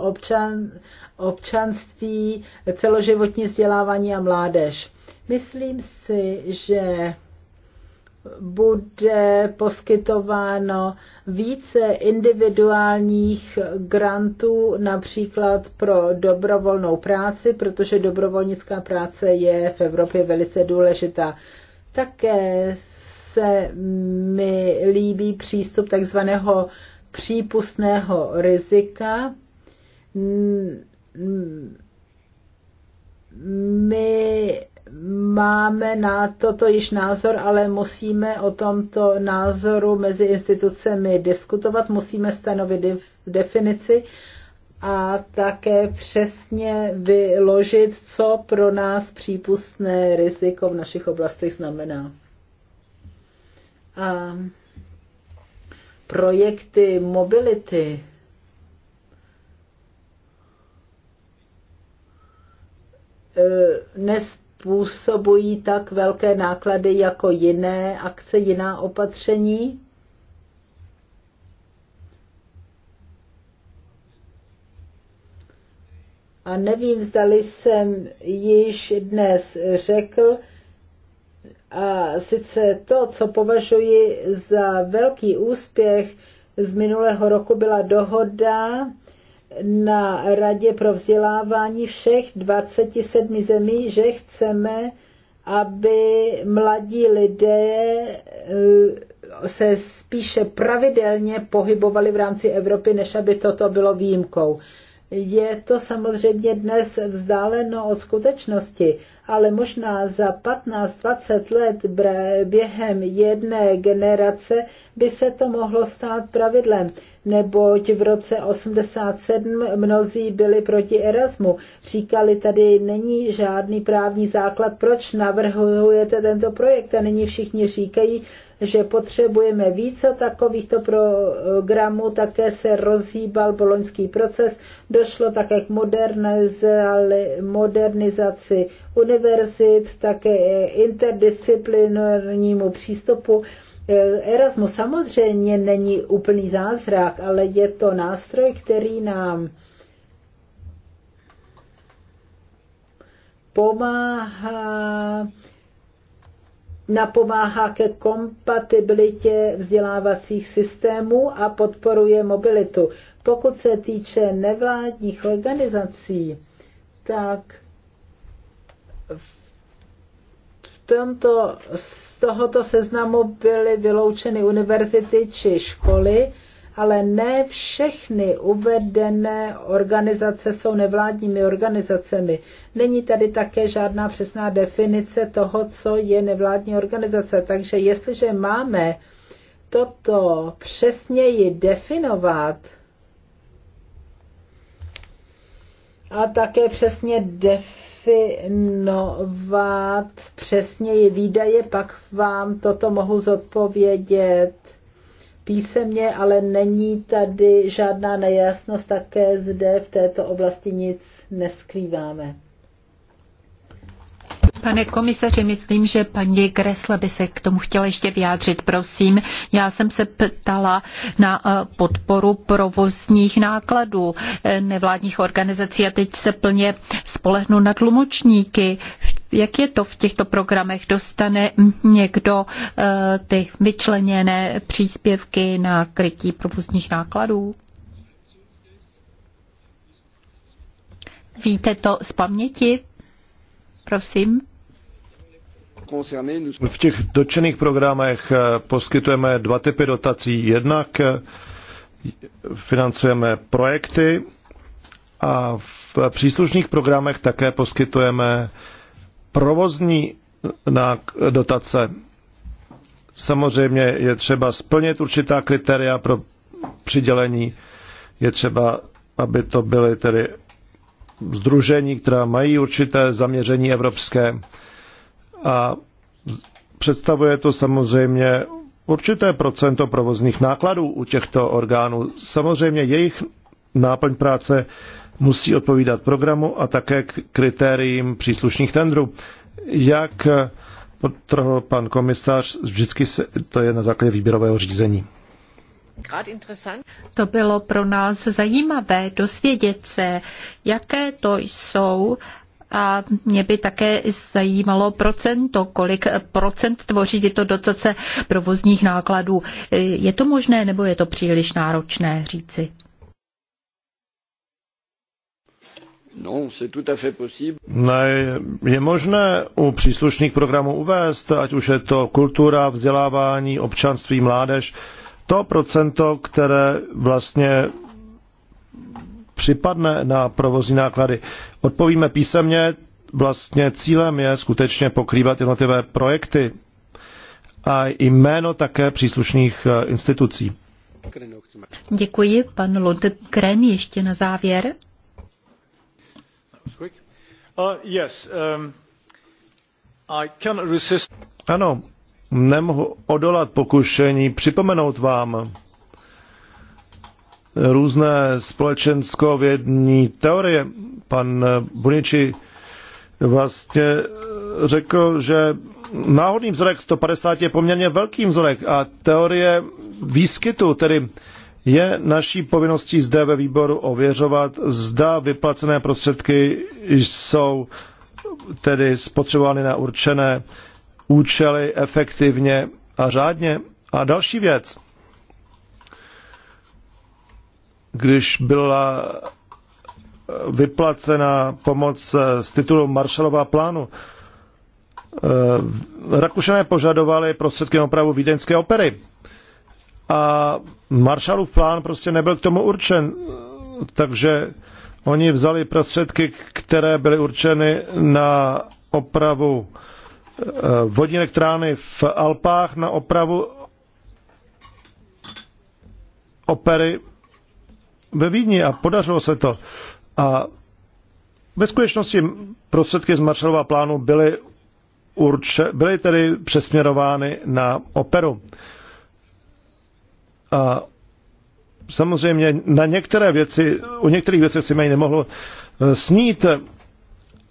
občan, občanství, celoživotní vzdělávání a mládež. Myslím si, že bude poskytováno více individuálních grantů, například pro dobrovolnou práci, protože dobrovolnická práce je v Evropě velice důležitá. Také se mi líbí přístup takzvaného přípustného rizika. My máme na toto již názor, ale musíme o tomto názoru mezi institucemi diskutovat, musíme stanovit definici a také přesně vyložit, co pro nás přípustné riziko v našich oblastech znamená. A projekty mobility nes způsobují tak velké náklady jako jiné akce, jiná opatření? A nevím, zdali jsem již dnes řekl, a sice to, co považuji za velký úspěch z minulého roku, byla dohoda na Radě pro vzdělávání všech 27 zemí, že chceme, aby mladí lidé eh, se spíše pravidelně pohybovali v rámci Evropy, než aby toto bylo výjimkou. Je to samozřejmě dnes vzdáleno od skutečnosti, ale možná za 15-20 let během jedné generace by se to mohlo stát pravidlem neboť v roce 87 mnozí byli proti Erasmu. Říkali, tady není žádný právní základ, proč navrhujete tento projekt a nyní všichni říkají, že potřebujeme více takovýchto programů, také se rozhýbal boloňský proces, došlo také k modernizaci univerzit, také interdisciplinárnímu přístupu E, Erasmus samozřejmě není úplný zázrak, ale je to nástroj, který nám pomáhá napomáhá ke kompatibilitě vzdělávacích systémů a podporuje mobilitu. Pokud se týče nevládních organizací, tak v tomto tohoto seznamu byly vyloučeny univerzity či školy, ale ne všechny uvedené organizace jsou nevládními organizacemi. Není tady také žádná přesná definice toho, co je nevládní organizace. Takže jestliže máme toto přesněji definovat a také přesně definovat, definovat přesněji výdaje, pak vám toto mohu zodpovědět písemně, ale není tady žádná nejasnost, také zde v této oblasti nic neskrýváme. Pane komisaři, myslím, že paní Gresle by se k tomu chtěla ještě vyjádřit, prosím. Já jsem se ptala na eh, podporu provozních nákladů eh, nevládních organizací a teď se plně spolehnu na tlumočníky. Jak je to v těchto programech? Dostane někdo eh, ty vyčleněné příspěvky na krytí provozních nákladů? Víte to z paměti? Prosím. V těch dotčených programech eh, poskytujeme dva typy dotací. Jednak eh, financujeme projekty a v příslušných programech také poskytujeme provozní dotace. Samozřejmě je třeba splnit určitá kritéria pro přidělení. Je třeba, aby to byly tedy združení, která mají určité zaměření evropské a představuje to samozřejmě určité procento provozních nákladů u těchto orgánů. Samozřejmě jejich náplň práce musí odpovídat programu a také k kritériím příslušných tendrů. Jak potrhl pan komisař, vždycky se, to je na základě výběrového řízení. To bylo pro nás zajímavé dosvědět se, jaké to jsou a mě by také zajímalo procento, kolik procent tvoří tyto dotace provozních nákladů. Je to možné nebo je to příliš náročné říci? Ne, je možné u příslušných programů uvést, ať už je to kultura, vzdělávání, občanství, mládež, to procento, které vlastně připadne na provozní náklady. Odpovíme písemně, vlastně cílem je skutečně pokrývat jednotlivé projekty a jméno také příslušných eh, institucí. Děkuji. Pan Lundgren ještě na závěr. Uh, um, ano, nemohu odolat pokušení připomenout vám různé společenskovědní teorie. Pan Buniči vlastně řekl, že náhodný vzorek 150 je poměrně velký vzorek a teorie výskytu, tedy je naší povinností zde ve výboru ověřovat, zda vyplacené prostředky jsou tedy spotřebovány na určené účely efektivně a řádně. A další věc, když byla vyplacena pomoc eh, z titulu Marshallova plánu. Eh, Rakušané požadovali prostředky na opravu vídeňské opery. A Marshallův plán prostě nebyl k tomu určen. Takže oni vzali prostředky, které byly určeny na opravu eh, vodní elektrány v Alpách, na opravu opery Vídni a podařilo se to. A ve skutečnosti prostředky z Marshallova plánu byly, urče, byly tedy přesměrovány na operu. A samozřejmě na některé věci, u některých věcí si mají nemohlo eh, snít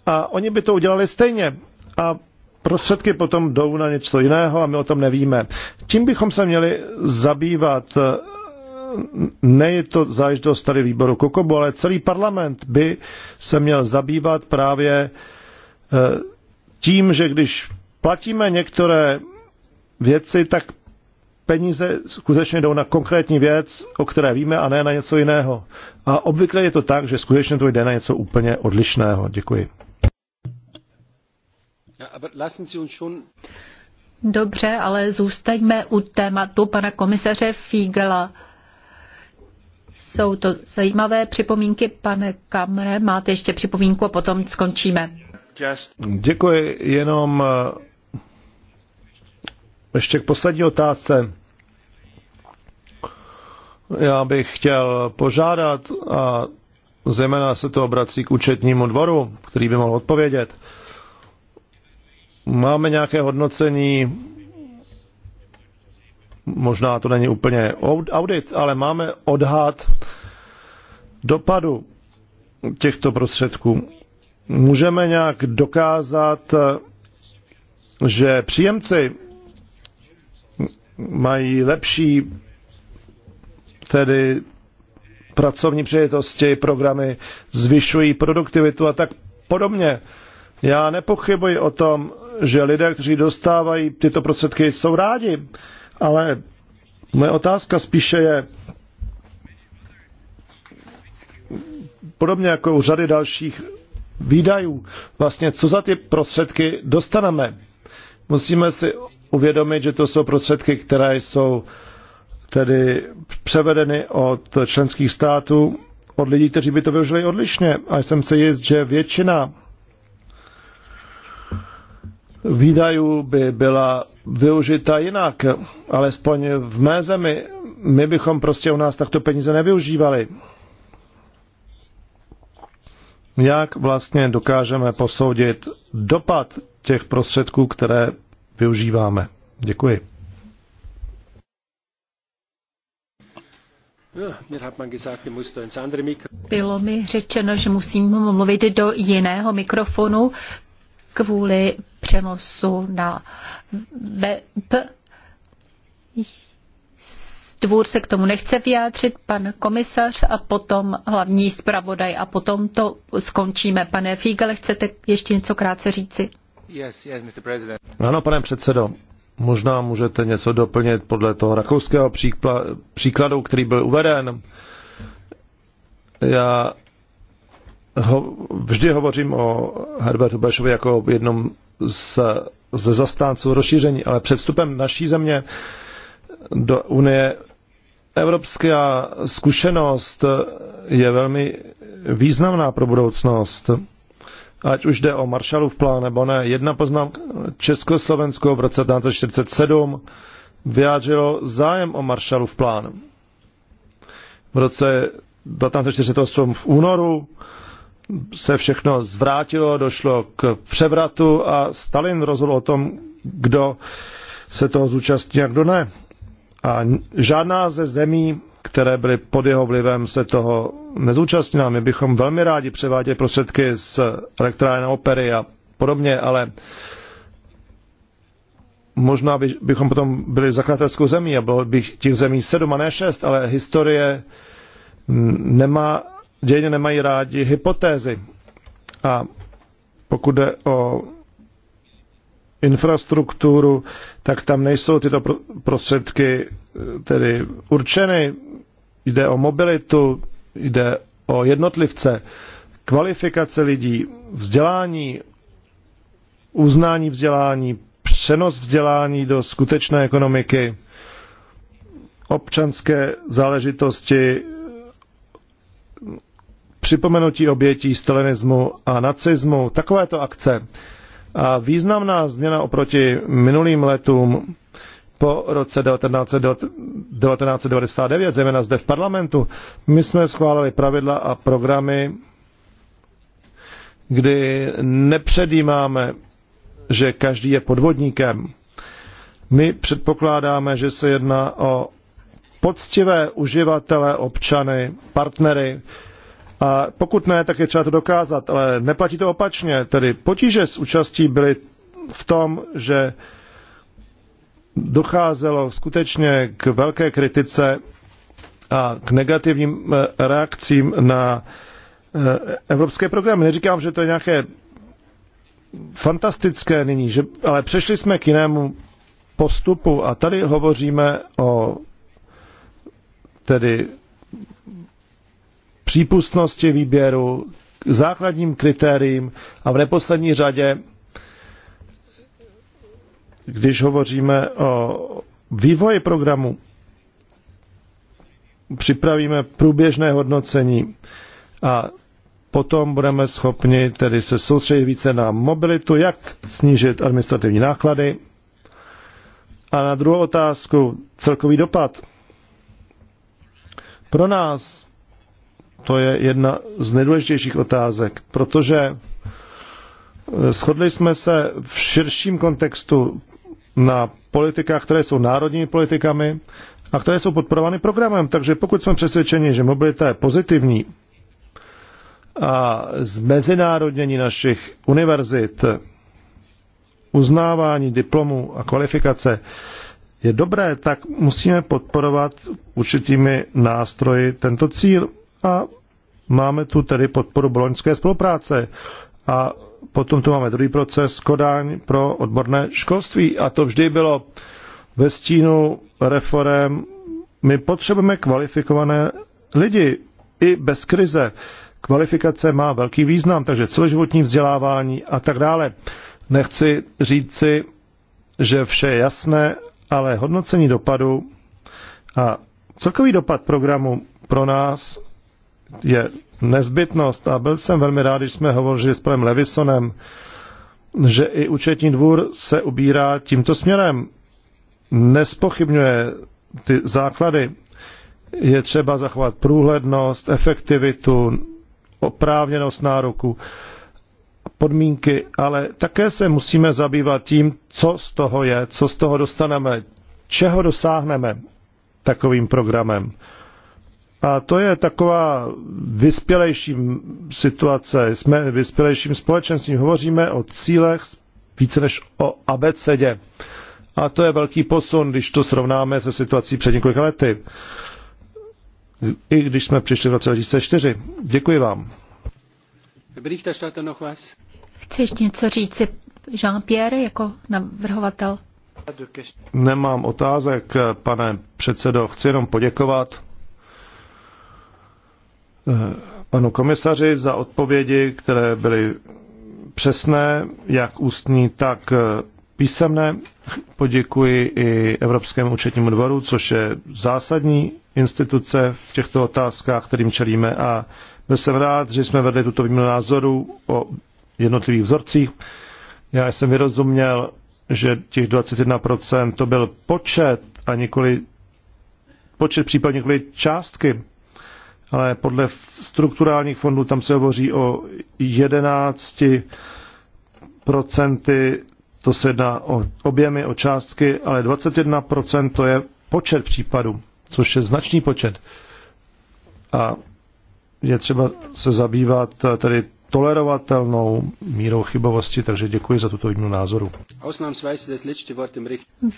a oni by to udělali stejně. A prostředky potom jdou na něco jiného a my o tom nevíme. Tím bychom se měli zabývat eh, neje to záležitost tady výboru Kokobu, ale celý parlament by se měl zabývat právě eh, tím, že když platíme některé věci, tak peníze skutečně jdou na konkrétní věc, o které víme, a ne na něco jiného. A obvykle je to tak, že skutečně to jde na něco úplně odlišného. Děkuji. Dobře, ale zůstaňme u tématu pana komisaře Fígela. Jsou to zajímavé připomínky, pane Kamre. Máte ještě připomínku a potom skončíme. Děkuji, jenom eh, ještě k poslední otázce. Já bych chtěl požádat, a zejména se to obrací k účetnímu dvoru, který by mohl odpovědět. Máme nějaké hodnocení možná to není úplně audit, ale máme odhad dopadu těchto prostředků. Můžeme nějak dokázat, že příjemci mají lepší tedy pracovní příležitosti, programy zvyšují produktivitu a tak podobně. Já nepochybuji o tom, že lidé, kteří dostávají tyto prostředky, jsou rádi, ale moje otázka spíše je, podobně jako u řady dalších výdajů, vlastně co za ty prostředky dostaneme. Musíme si uvědomit, že to jsou prostředky, které jsou tedy převedeny od členských států, od lidí, kteří by to využili odlišně. A jsem si jist, že většina výdajů by byla využita jinak. Alespoň v mé zemi my bychom prostě u nás takto peníze nevyužívali. Jak vlastně dokážeme posoudit dopad těch prostředků, které využíváme? Děkuji. Bylo mi řečeno, že musím mluvit do jiného mikrofonu kvůli přenosu na web. Dvůr se k tomu nechce vyjádřit, pan komisař a potom hlavní zpravodaj a potom to skončíme. Pane Fígele, chcete ještě něco krátce říci? Ano, pane předsedo, možná můžete něco doplnit podle toho rakouského příkla, příkladu, který byl uveden. Já ho, vždy hovořím o Herbertu Bešovi jako jednom z, ze zastánců rozšíření, ale před vstupem naší země do Unie evropská zkušenost je velmi významná pro budoucnost. Ať už jde o Marshallův plán nebo ne, jedna poznámka Československo v roce 1947 vyjádřilo zájem o Marshallův plán. V roce 1948 v únoru se všechno zvrátilo, došlo k převratu a Stalin rozhodl o tom, kdo se toho zúčastní a kdo ne. A žádná ze zemí, které byly pod jeho vlivem, se toho nezúčastnila. My bychom velmi rádi převáděli prostředky z elektrárny opery a podobně, ale možná by, bychom potom byli zakladatelskou zemí a bylo by těch zemí sedm a ne šest, ale historie nemá dějiny nemají rádi hypotézy. A pokud jde o infrastrukturu, tak tam nejsou tyto prostředky eh, tedy určeny. Jde o mobilitu, jde o jednotlivce, kvalifikace lidí, vzdělání, uznání vzdělání, přenos vzdělání do skutečné ekonomiky, občanské záležitosti, připomenutí obětí stalinismu a nacismu, takovéto akce. A významná změna oproti minulým letům po roce 1999, zejména zde v parlamentu, my jsme schválili pravidla a programy, kdy nepředjímáme, že každý je podvodníkem. My předpokládáme, že se jedná o poctivé uživatele, občany, partnery, a pokud ne, tak je třeba to dokázat, ale neplatí to opačně. Tedy potíže s účastí byly v tom, že docházelo skutečně k velké kritice a k negativním eh, reakcím na eh, evropské programy. Neříkám, že to je nějaké fantastické nyní, že, ale přešli jsme k jinému postupu a tady hovoříme o tedy přípustnosti výběru, k základním kritériím a v neposlední řadě, když hovoříme o vývoji programu, připravíme průběžné hodnocení a potom budeme schopni tedy se soustředit více na mobilitu, jak snížit administrativní náklady. A na druhou otázku, celkový dopad. Pro nás to je jedna z nejdůležitějších otázek, protože eh, shodli jsme se v širším kontextu na politikách, které jsou národními politikami a které jsou podporovány programem. Takže pokud jsme přesvědčeni, že mobilita je pozitivní a zmezinárodnění našich univerzit, uznávání diplomů a kvalifikace je dobré, tak musíme podporovat určitými nástroji tento cíl. A máme tu tedy podporu boloňské spolupráce. A potom tu máme druhý proces Kodáň pro odborné školství. A to vždy bylo ve stínu reform. My potřebujeme kvalifikované lidi i bez krize. Kvalifikace má velký význam, takže celoživotní vzdělávání a tak dále. Nechci říci, že vše je jasné, ale hodnocení dopadu a celkový dopad programu pro nás je nezbytnost a byl jsem velmi rád, když jsme hovořili s panem Levisonem, že i účetní dvůr se ubírá tímto směrem. Nespochybňuje ty základy. Je třeba zachovat průhlednost, efektivitu, oprávněnost nároku, podmínky, ale také se musíme zabývat tím, co z toho je, co z toho dostaneme, čeho dosáhneme takovým programem. A to je taková vyspělejší situace, jsme vyspělejším společenstvím, hovoříme o cílech více než o abecedě. A to je velký posun, když to srovnáme se situací před několika lety. I když jsme přišli v roce 2004. Děkuji vám. Chceš něco říci, Jean-Pierre, jako navrhovatel? Nemám otázek, pane předsedo. Chci jenom poděkovat panu komisaři za odpovědi, které byly přesné, jak ústní, tak eh, písemné. Poděkuji i Evropskému účetnímu dvoru, což je zásadní instituce v těchto otázkách, kterým čelíme a byl jsem rád, že jsme vedli tuto výměnu názoru o jednotlivých vzorcích. Já jsem vyrozuměl, že těch 21% to byl počet a nikoli počet případně nikoli částky ale podle strukturálních fondů tam se hovoří o 11 procenty, to se jedná o objemy, o částky, ale 21% to je počet případů, což je značný počet. A je třeba se zabývat tedy tolerovatelnou mírou chybovosti, takže děkuji za tuto výměnu názoru.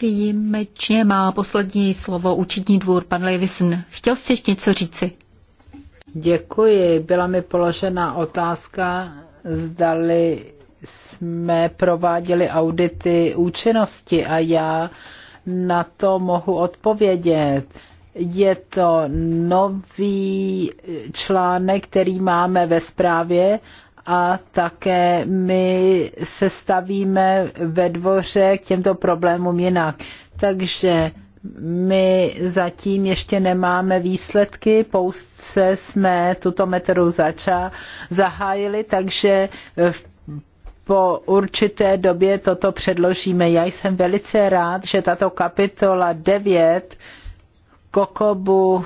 Výjimečně má poslední slovo účetní dvůr, pan Levison. Chtěl jste ještě něco říci? Děkuji. Byla mi položena otázka, zdali jsme prováděli audity účinnosti a já na to mohu odpovědět. Je to nový článek, který máme ve zprávě a také my se stavíme ve dvoře k těmto problémům jinak. Takže my zatím ještě nemáme výsledky, pouze jsme tuto metodu zača, zahájili, takže v po určité době toto předložíme. Já jsem velice rád, že tato kapitola 9 Kokobu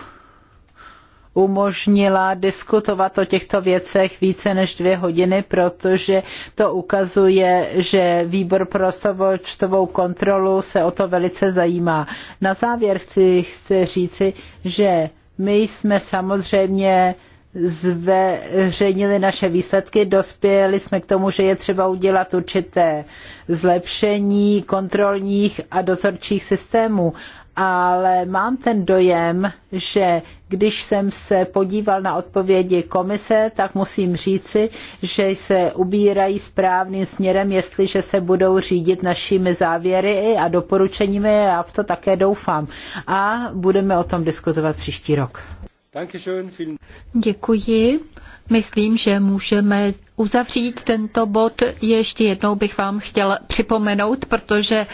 umožnila diskutovat o těchto věcech více než dvě hodiny, protože to ukazuje, že výbor pro rozpočtovou kontrolu se o to velice zajímá. Na závěr chci, chci říci, že my jsme samozřejmě zveřejnili naše výsledky, dospěli jsme k tomu, že je třeba udělat určité zlepšení kontrolních a dozorčích systémů, ale mám ten dojem, že když jsem se podíval na odpovědi komise, tak musím říci, že se ubírají správným směrem, jestliže se budou řídit našimi závěry a doporučeními. Já v to také doufám. A budeme o tom diskutovat příští rok. Děkuji. Myslím, že můžeme uzavřít tento bod. Ještě jednou bych vám chtěl připomenout, protože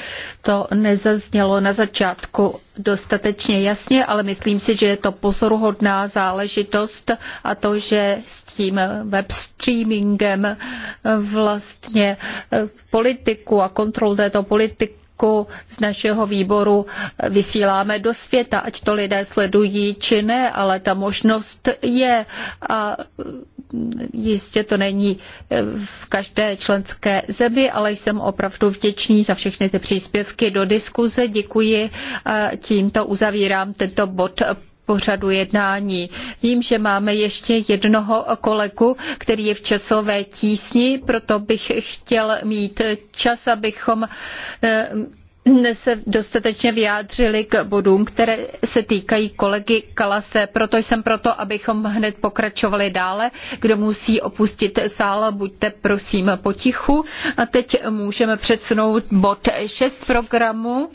to nezaznělo na začátku dostatečně jasně, ale myslím si, že je to pozoruhodná záležitost a to, že s tím web streamingem vlastně politiku a kontrol této politiky politiku z našeho výboru vysíláme do světa, ať to lidé sledují či ne, ale ta možnost je a mm, jistě to není e, v každé členské zemi, ale jsem opravdu vděčný za všechny ty příspěvky do diskuze. Děkuji. Tímto uzavírám tento bod pořadu jednání. Vím, že máme ještě jednoho kolegu, který je v časové tísni, proto bych chtěl mít čas, abychom eh, se dostatečně vyjádřili k bodům, které se týkají kolegy Kalase. Proto jsem proto, abychom hned pokračovali dále. Kdo musí opustit sál, buďte prosím potichu. A teď můžeme předsunout bod 6 programu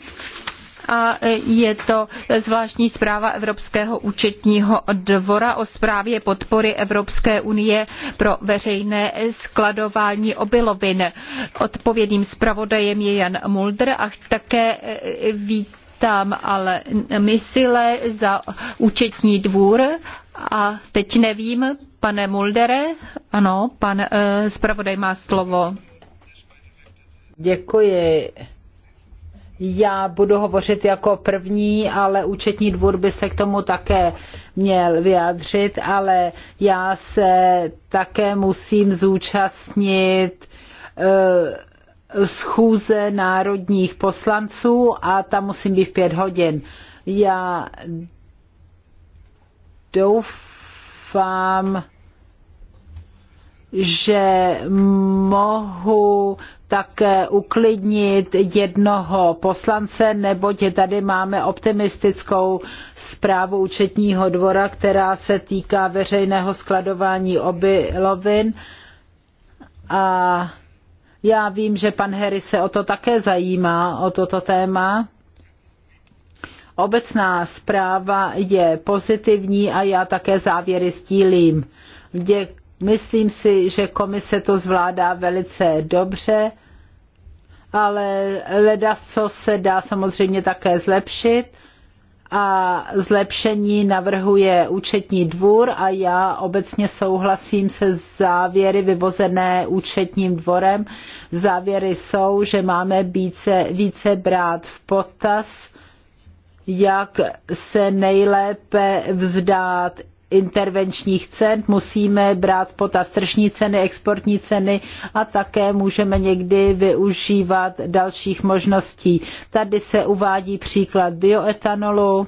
a je to zvláštní zpráva Evropského účetního dvora o zprávě podpory Evropské unie pro veřejné skladování obilovin. Odpovědným zpravodajem je Jan Mulder a také eh, vítám ale misile za účetní dvůr a teď nevím, pane Muldere, ano, pan eh, zpravodaj má slovo. Děkuji. Já budu hovořit jako první, ale účetní dvůr by se k tomu také měl vyjádřit, ale já se také musím zúčastnit eh, schůze národních poslanců a tam musím být v pět hodin. Já doufám, že mohu také uklidnit jednoho poslance, neboť tady máme optimistickou zprávu účetního dvora, která se týká veřejného skladování obilovin. A já vím, že pan Harry se o to také zajímá, o toto téma. Obecná zpráva je pozitivní a já také závěry stílím. Děk, Myslím si, že komise to zvládá velice dobře, ale leda, co se dá samozřejmě také zlepšit a zlepšení navrhuje účetní dvůr a já obecně souhlasím se závěry vyvozené účetním dvorem. Závěry jsou, že máme více, více brát v potaz, jak se nejlépe vzdát intervenčních cen, musíme brát v potaz tržní ceny, exportní ceny a také můžeme někdy využívat dalších možností. Tady se uvádí příklad bioetanolu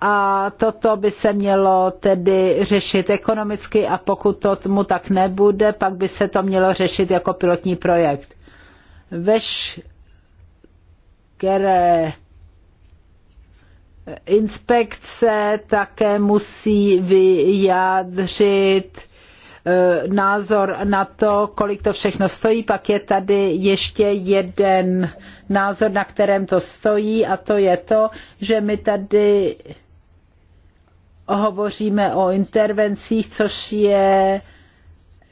a toto by se mělo tedy řešit ekonomicky a pokud to tomu tak nebude, pak by se to mělo řešit jako pilotní projekt. které Inspekce také musí vyjádřit e, názor na to, kolik to všechno stojí. Pak je tady ještě jeden názor, na kterém to stojí a to je to, že my tady hovoříme o intervencích, což je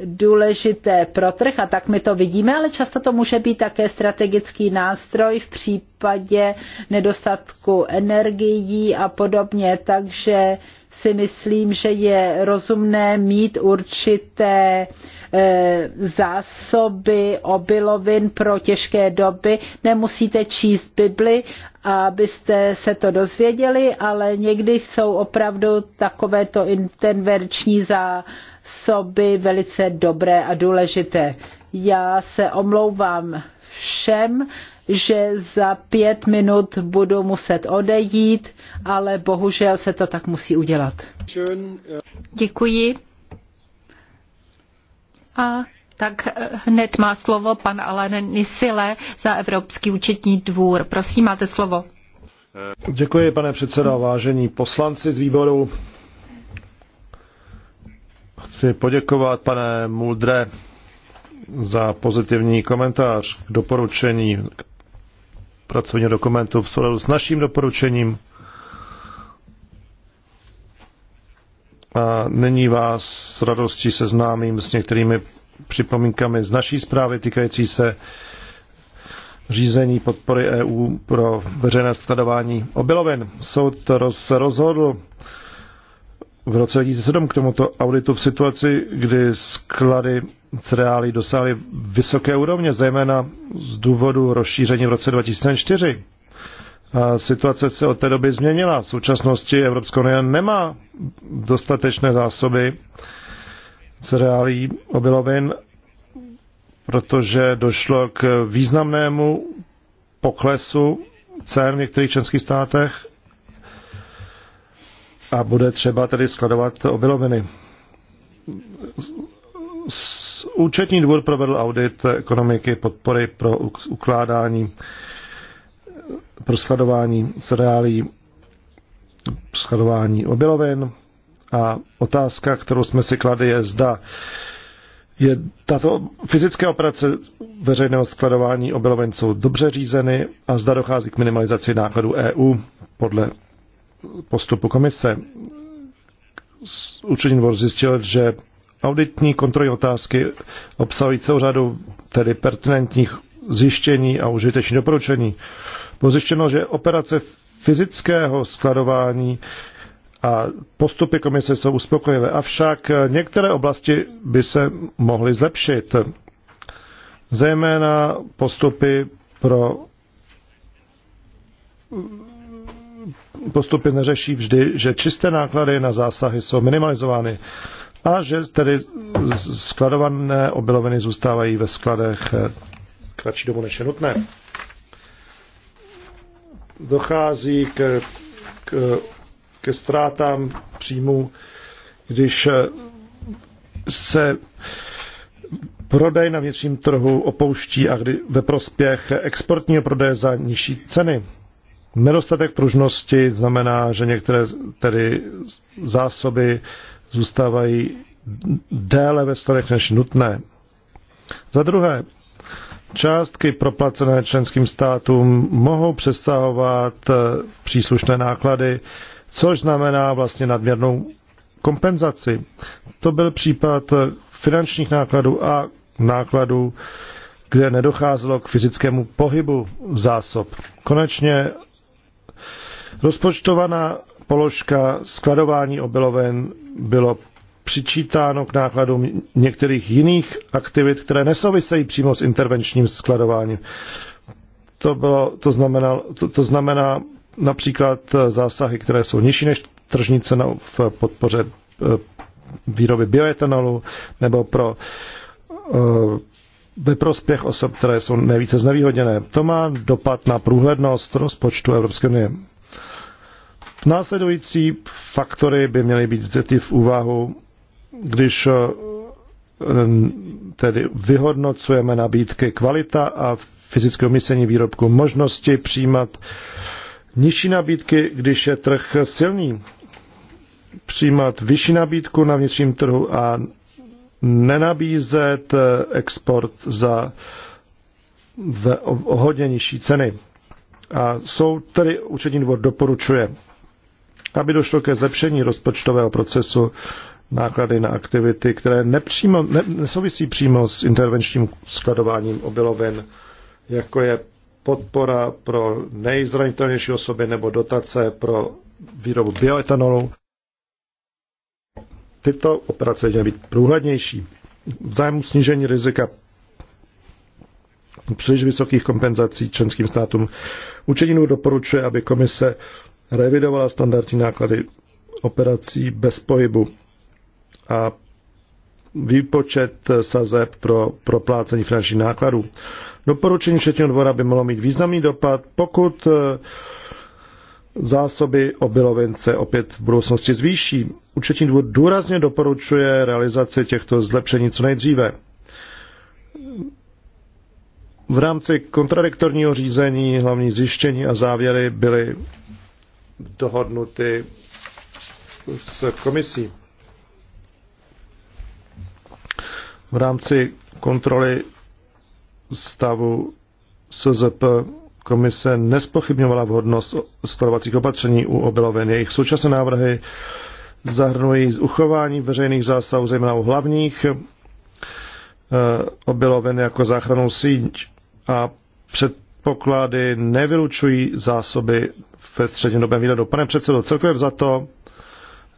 důležité pro trh a tak my to vidíme, ale často to může být také strategický nástroj v případě nedostatku energií a podobně, takže si myslím, že je rozumné mít určité e, zásoby obilovin pro těžké doby. Nemusíte číst Bibli, abyste se to dozvěděli, ale někdy jsou opravdu takovéto intervenční zásoby soby velice dobré a důležité. Já se omlouvám všem, že za pět minut budu muset odejít, ale bohužel se to tak musí udělat. Děkuji. A tak hned má slovo pan Alan Nisile za Evropský účetní dvůr. Prosím, máte slovo. Děkuji, pane předsedo. Vážení poslanci z výboru Chci poděkovat, pane Muldre, za pozitivní komentář k doporučení k pracovního dokumentu v souladu s naším doporučením. A nyní vás s radostí seznámím s některými připomínkami z naší zprávy týkající se řízení podpory EU pro veřejné skladování obilovin. Soud se rozhodl v roce 2007 k tomuto auditu v situaci, kdy sklady cereálí dosáhly vysoké úrovně, zejména z důvodu rozšíření v roce 2004. A situace se od té doby změnila. V současnosti Evropská unie nemá dostatečné zásoby cereálí obilovin, protože došlo k významnému poklesu cen v některých členských státech a bude třeba tedy skladovat obiloviny. Účetní dvůr provedl audit ekonomiky podpory pro ukládání, pro skladování cereálí, skladování obilovin a otázka, kterou jsme si kladli, je zda je tato fyzické operace veřejného skladování obilovin jsou dobře řízeny a zda dochází k minimalizaci nákladů EU podle postupu komise. Účetní dvor zjistil, že auditní kontrolní otázky obsahují celou řadu tedy pertinentních zjištění a užitečných doporučení. Bylo zjištěno, že operace fyzického skladování a postupy komise jsou uspokojivé, avšak některé oblasti by se mohly zlepšit. Zejména postupy pro postupy neřeší vždy, že čisté náklady na zásahy jsou minimalizovány a že tedy skladované obiloviny zůstávají ve skladech eh, kratší dobu než je nutné. Dochází k, k, ke ztrátám příjmů, když eh, se prodej na vnitřním trhu opouští a kdy ve prospěch exportního prodeje za nižší ceny. Nedostatek pružnosti znamená, že některé tedy zásoby zůstávají déle ve starech než nutné. Za druhé, částky proplacené členským státům mohou přesahovat eh, příslušné náklady, což znamená vlastně nadměrnou kompenzaci. To byl případ eh, finančních nákladů a nákladů, kde nedocházelo k fyzickému pohybu zásob. Konečně Rozpočtovaná položka skladování obiloven bylo přičítáno k nákladům některých jiných aktivit, které nesouvisejí přímo s intervenčním skladováním. To, bylo, to, znamená, to, to znamená například zásahy, které jsou nižší než tržní cena v podpoře eh, výroby bioetanolu nebo pro eh, ve prospěch osob, které jsou nejvíce znevýhodněné. To má dopad na průhlednost rozpočtu Evropské unie. Následující faktory by měly být vzaty v úvahu, když eh, tedy vyhodnocujeme nabídky kvalita a fyzické umístění výrobku, možnosti přijímat nižší nabídky, když je trh silný, přijímat vyšší nabídku na vnitřním trhu a nenabízet eh, export za v, o, o hodně nižší ceny. A jsou tedy určitý důvod doporučuje aby došlo ke zlepšení rozpočtového procesu náklady na aktivity, které nepřímo, ne, nesouvisí přímo s intervenčním skladováním obilovin, jako je podpora pro nejzranitelnější osoby nebo dotace pro výrobu bioetanolu. Tyto operace měly být průhlednější. V zájmu snížení rizika příliš vysokých kompenzací členským státům. Učeninu doporučuje, aby komise revidovala standardní náklady operací bez pohybu a výpočet sazeb pro proplácení finančních nákladů. Doporučení všetního dvora by mohlo mít významný dopad, pokud eh, zásoby obilovin se opět v budoucnosti zvýší. Účetní dvůr důrazně doporučuje realizaci těchto zlepšení co nejdříve. V rámci kontradiktorního řízení hlavní zjištění a závěry byly dohodnuty s komisí. V rámci kontroly stavu SZP komise nespochybňovala vhodnost skladovacích opatření u obilovin. Jejich současné návrhy zahrnují uchování veřejných zásahů, zejména u hlavních eh, obilovin jako záchranou síť a před předpoklady nevylučují zásoby ve střednědobém výhledu. Pane předsedo, celkově za to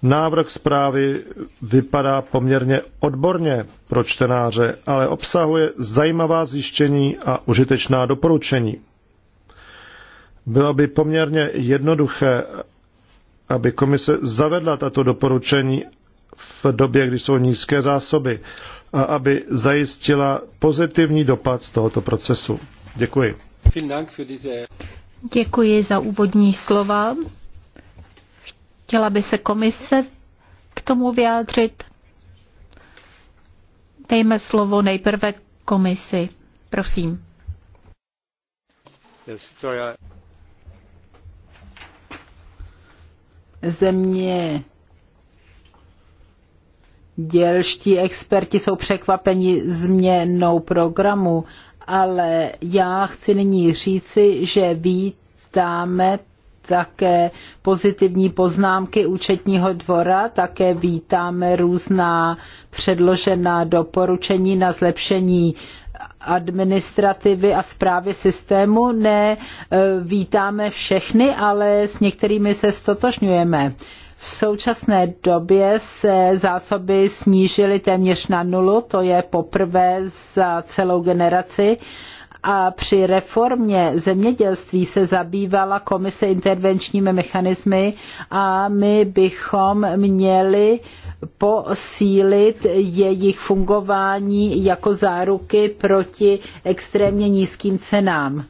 návrh zprávy vypadá poměrně odborně pro čtenáře, ale obsahuje zajímavá zjištění a užitečná doporučení. Bylo by poměrně jednoduché, aby komise zavedla tato doporučení v době, kdy jsou nízké zásoby a aby zajistila pozitivní dopad z tohoto procesu. Děkuji. Děkuji za úvodní slova. Chtěla by se komise k tomu vyjádřit? Dejme slovo nejprve komisi. Prosím. Země dělští experti jsou překvapeni změnou programu ale já chci nyní říci, že vítáme také pozitivní poznámky účetního dvora, také vítáme různá předložená doporučení na zlepšení administrativy a zprávy systému. Ne, eh, vítáme všechny, ale s některými se stotožňujeme. V současné době se zásoby snížily téměř na nulu, to je poprvé za celou generaci a při reformě zemědělství se zabývala komise intervenčními mechanismy a my bychom měli posílit jejich fungování jako záruky proti extrémně nízkým cenám.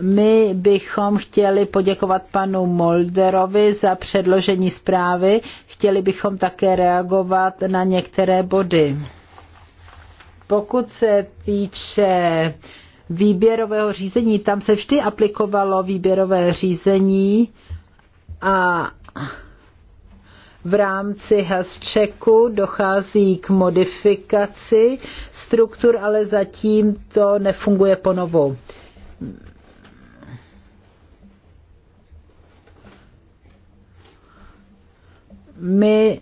My bychom chtěli poděkovat panu Molderovi za předložení zprávy. Chtěli bychom také reagovat na některé body. Pokud se týče výběrového řízení, tam se vždy aplikovalo výběrové řízení a v rámci hasčeku dochází k modifikaci struktur, ale zatím to nefunguje po novou. My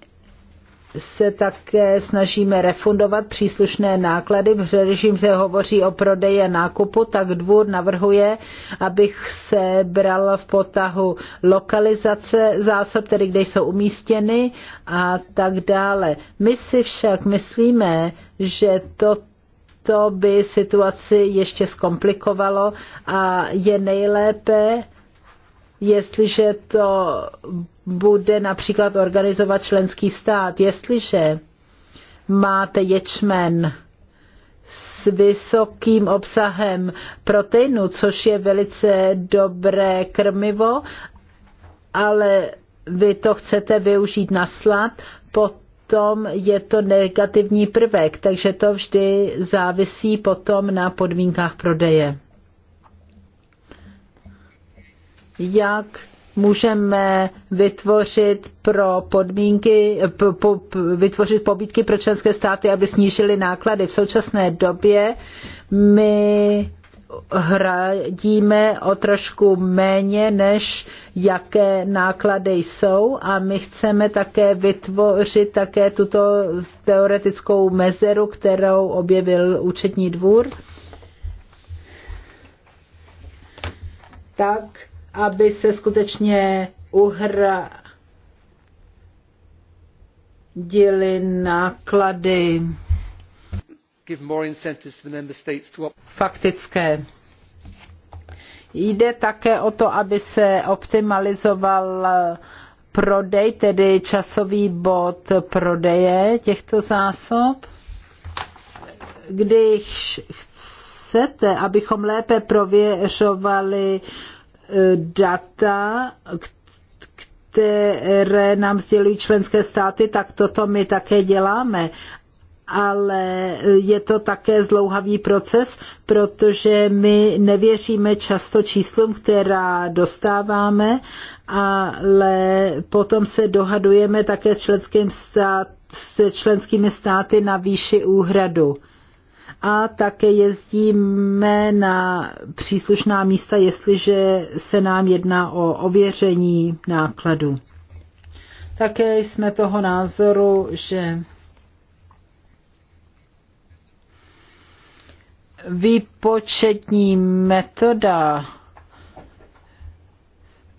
se také snažíme refundovat příslušné náklady, především se hovoří o prodeji a nákupu, tak dvůr navrhuje, abych se bral v potahu lokalizace zásob, tedy kde jsou umístěny a tak dále. My si však myslíme, že to to by situaci ještě zkomplikovalo a je nejlépe, jestliže to bude například organizovat členský stát. Jestliže máte ječmen s vysokým obsahem proteinu, což je velice dobré krmivo, ale vy to chcete využít na slad, potom je to negativní prvek, takže to vždy závisí potom na podmínkách prodeje. Jak můžeme vytvořit pro podmínky, po, po, vytvořit pobídky pro členské státy, aby snížily náklady. V současné době my hradíme o trošku méně, než jaké náklady jsou a my chceme také vytvořit také tuto teoretickou mezeru, kterou objevil účetní dvůr. Tak, aby se skutečně uhra díly náklady faktické. Jde také o to, aby se optimalizoval eh, prodej, tedy časový bod prodeje těchto zásob. Když chcete, abychom lépe prověřovali data, které nám sdělují členské státy, tak toto my také děláme ale je to také zlouhavý proces, protože my nevěříme často číslům, která dostáváme, ale potom se dohadujeme také s, členským stát, s členskými státy na výši úhradu a také jezdíme na příslušná místa, jestliže se nám jedná o ověření nákladu. Také jsme toho názoru, že výpočetní metoda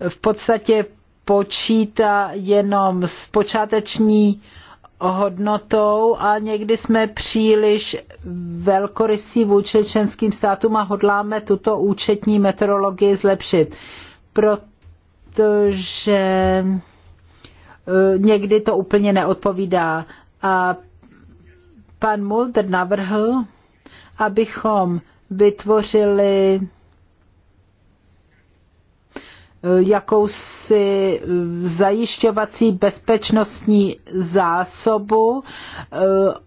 v podstatě počítá jenom z počáteční hodnotou a někdy jsme příliš velkorysí vůči členským státům a hodláme tuto účetní meteorologii zlepšit, protože eh, někdy to úplně neodpovídá. A pan Mulder navrhl, abychom vytvořili Eh, jakousi eh, zajišťovací bezpečnostní zásobu eh,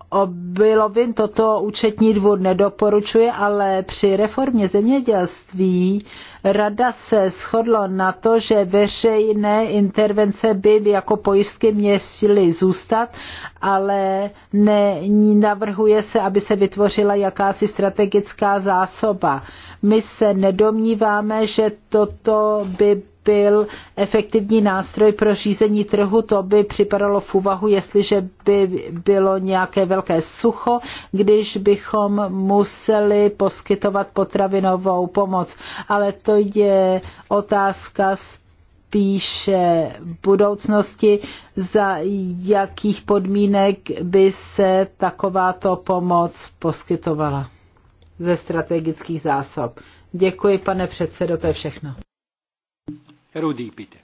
obilovin. Toto účetní dvůr nedoporučuje, ale při reformě zemědělství Rada se shodlo na to, že veřejné intervence by jako pojistky měly zůstat, ale ne, navrhuje se, aby se vytvořila jakási strategická zásoba. My se nedomníváme, že toto by byl efektivní nástroj pro řízení trhu, to by připadalo v úvahu, jestliže by bylo nějaké velké sucho, když bychom museli poskytovat potravinovou pomoc. Ale to je otázka spíše budoucnosti, za jakých podmínek by se takováto pomoc poskytovala ze strategických zásob. Děkuji, pane předsedo, to je všechno. Rudý, píte.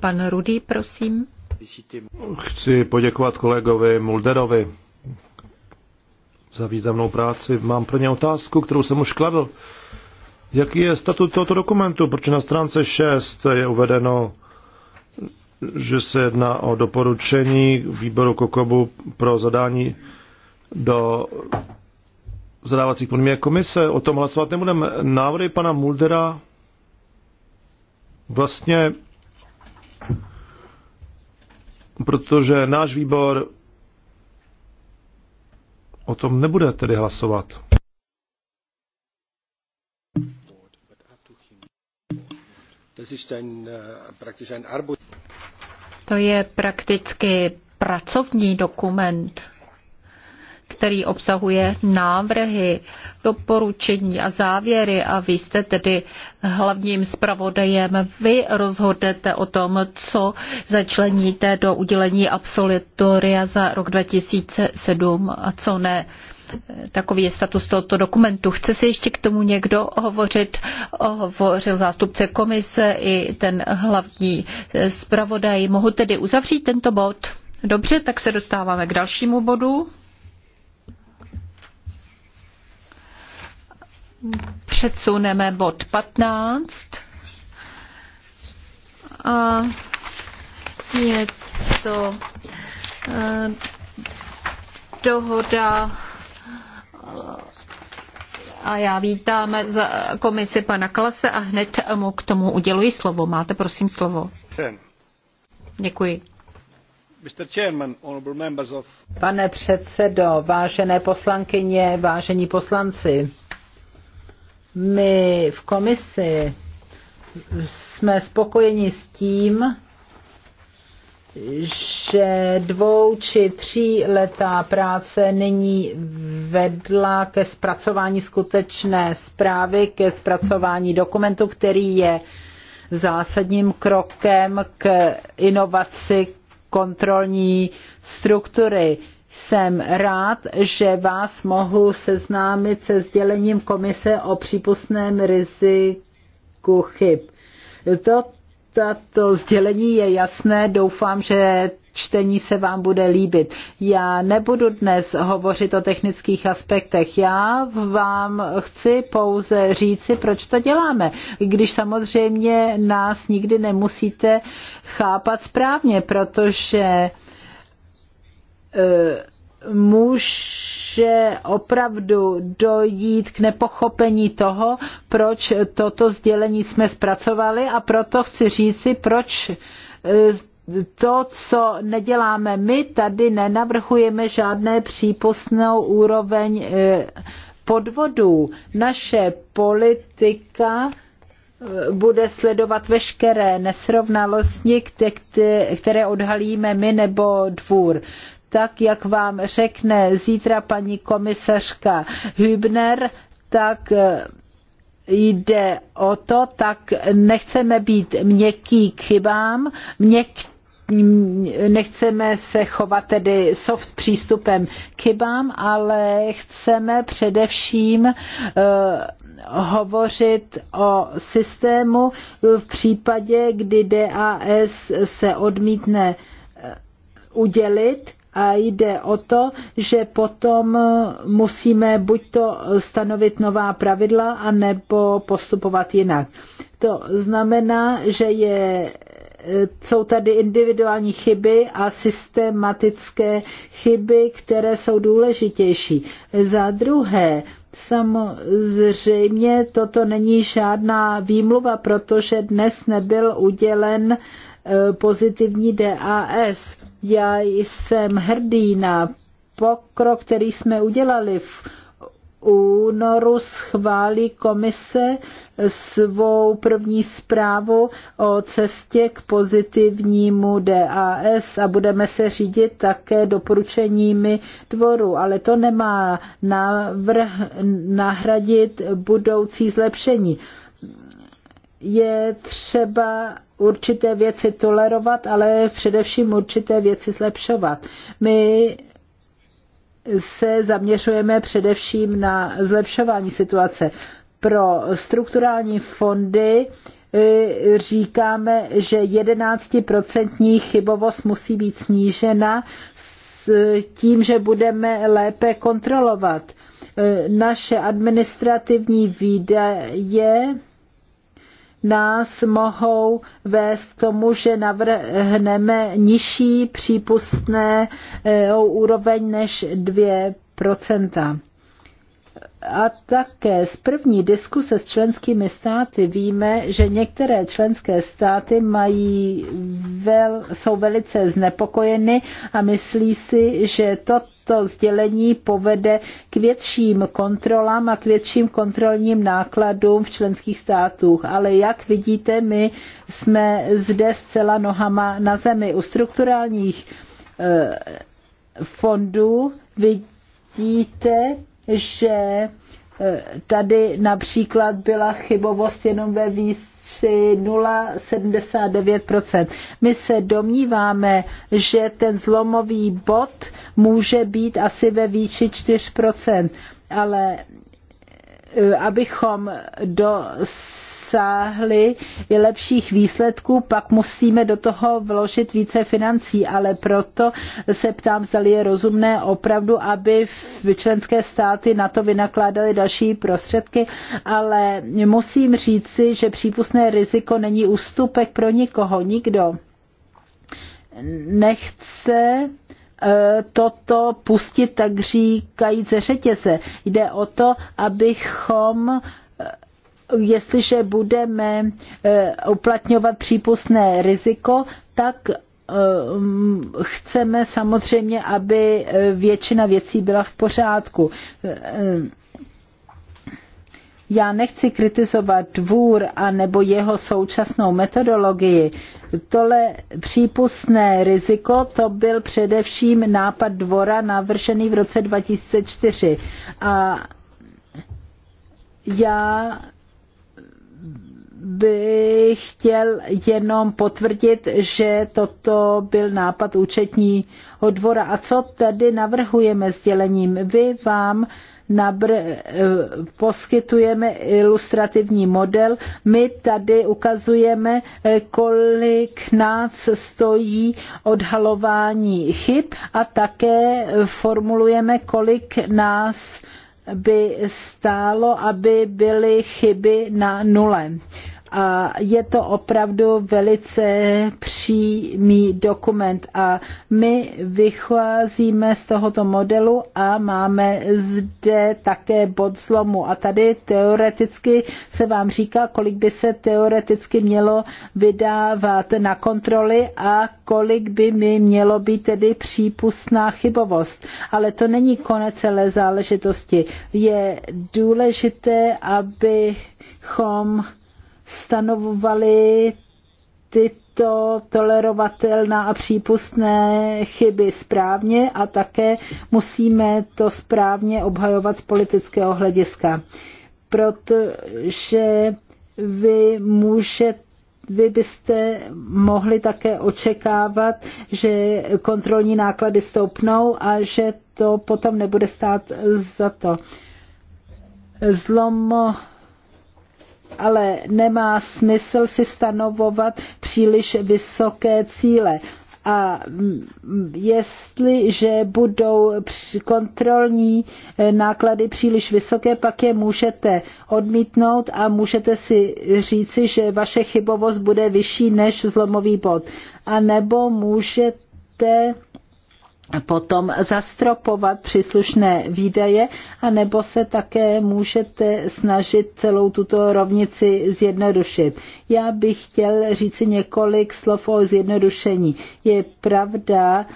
Pan Rudý, prosím. Chci poděkovat kolegovi Mulderovi za významnou práci. Mám pro ně otázku, kterou jsem už kladl. Jaký je statut tohoto dokumentu? Protože na stránce 6 je uvedeno, že se jedná o doporučení výboru Kokobu pro zadání do zadávacích podmínek komise. Jako o tom hlasovat nebudeme. Návrhy pana Muldera vlastně protože náš výbor o tom nebude tedy hlasovat. Äh, to je prakticky pracovní dokument který obsahuje návrhy, doporučení a závěry a vy jste tedy hlavním zpravodajem. Vy rozhodnete o tom, co začleníte do udělení absolutoria za rok 2007 a co ne takový je status tohoto dokumentu. Chce se ještě k tomu někdo hovořit? Hovořil zástupce komise i ten hlavní zpravodaj. Mohu tedy uzavřít tento bod? Dobře, tak se dostáváme k dalšímu bodu. Předsuneme bod 15. A je to eh, dohoda a já vítám za komisi pana Klase a hned mu k tomu uděluji slovo. Máte prosím slovo. Děkuji. Pane předsedo, vážené poslankyně, vážení poslanci, my v komisi jsme spokojeni s tím, že dvou či tří letá práce nyní vedla ke zpracování skutečné zprávy, ke zpracování dokumentu, který je zásadním krokem k inovaci kontrolní struktury jsem rád, že vás mohu seznámit se sdělením komise o přípustném riziku chyb. To, tato sdělení je jasné, doufám, že čtení se vám bude líbit. Já nebudu dnes hovořit o technických aspektech. Já vám chci pouze říci, proč to děláme, když samozřejmě nás nikdy nemusíte chápat správně, protože Eh, může opravdu dojít k nepochopení toho, proč toto sdělení jsme zpracovali a proto chci říci, proč eh, to, co neděláme my, tady nenavrhujeme žádné přípustnou úroveň eh, podvodů. Naše politika bude sledovat veškeré nesrovnalosti, které odhalíme my nebo dvůr tak jak vám řekne zítra paní komisařka Hübner, tak eh, jde o to, tak nechceme být měkký k chybám, měk, nechceme se chovat tedy soft přístupem k chybám, ale chceme především uh, hovořit o systému v případě, kdy DAS se odmítne eh, udělit, a jde o to, že potom musíme buď to stanovit nová pravidla, anebo postupovat jinak. To znamená, že je jsou tady individuální chyby a systematické chyby, které jsou důležitější. Za druhé, samozřejmě toto není žádná výmluva, protože dnes nebyl udělen eh, pozitivní DAS já jsem hrdý na pokrok, který jsme udělali v únoru schválí komise svou první zprávu o cestě k pozitivnímu DAS a budeme se řídit také doporučeními dvoru, ale to nemá navrh, nahradit budoucí zlepšení je třeba určité věci tolerovat, ale především určité věci zlepšovat. My se zaměřujeme především na zlepšování situace. Pro strukturální fondy eh, říkáme, že 11% chybovost musí být snížena s tím, že budeme lépe kontrolovat eh, naše administrativní výdaje nás mohou vést k tomu, že navrhneme nižší přípustné úroveň než 2 procenta. A také z první diskuse s členskými státy víme, že některé členské státy mají vel, jsou velice znepokojeny a myslí si, že toto sdělení povede k větším kontrolám a k větším kontrolním nákladům v členských státech. Ale jak vidíte, my jsme zde zcela nohama na zemi. U strukturálních eh, fondů vidíte, že eh, tady například byla chybovost jenom ve výstři 0,79%. My se domníváme, že ten zlomový bod může být asi ve výši 4%, ale eh, abychom do dosáhli lepších výsledků, pak musíme do toho vložit více financí, ale proto se ptám, zda je rozumné opravdu, aby členské státy na to vynakládaly další prostředky, ale musím říci, že přípustné riziko není ústupek pro nikoho, nikdo nechce eh, toto pustit, tak říkají ze řetěze. Jde o to, abychom eh, jestliže budeme eh, uplatňovat přípustné riziko, tak eh, chceme samozřejmě, aby eh, většina věcí byla v pořádku. Já nechci kritizovat dvůr a nebo jeho současnou metodologii. Tole přípustné riziko, to byl především nápad dvora navržený v roce 2004. A já bych chtěl jenom potvrdit, že toto byl nápad účetního dvora. A co tedy navrhujeme sdělením? Vy vám nabr- eh, poskytujeme ilustrativní model. My tady ukazujeme, eh, kolik nás stojí odhalování chyb a také formulujeme, kolik nás by stálo, aby byly chyby na nule a je to opravdu velice přímý dokument a my vycházíme z tohoto modelu a máme zde také bod zlomu a tady teoreticky se vám říká, kolik by se teoreticky mělo vydávat na kontroly a kolik by mi mělo být tedy přípustná chybovost. Ale to není konec celé záležitosti. Je důležité, abychom stanovovaly tyto tolerovatelná a přípustné chyby správně a také musíme to správně obhajovat z politického hlediska. Protože vy můžete vy byste mohli také očekávat, že kontrolní náklady stoupnou a že to potom nebude stát za to. Zlomo ale nemá smysl si stanovovat příliš vysoké cíle. A jestliže budou kontrolní eh, náklady příliš vysoké, pak je můžete odmítnout a můžete si říci, že vaše chybovost bude vyšší než zlomový bod. A nebo můžete potom zastropovat příslušné výdaje, anebo se také můžete snažit celou tuto rovnici zjednodušit. Já bych chtěl říci několik slov o zjednodušení. Je pravda,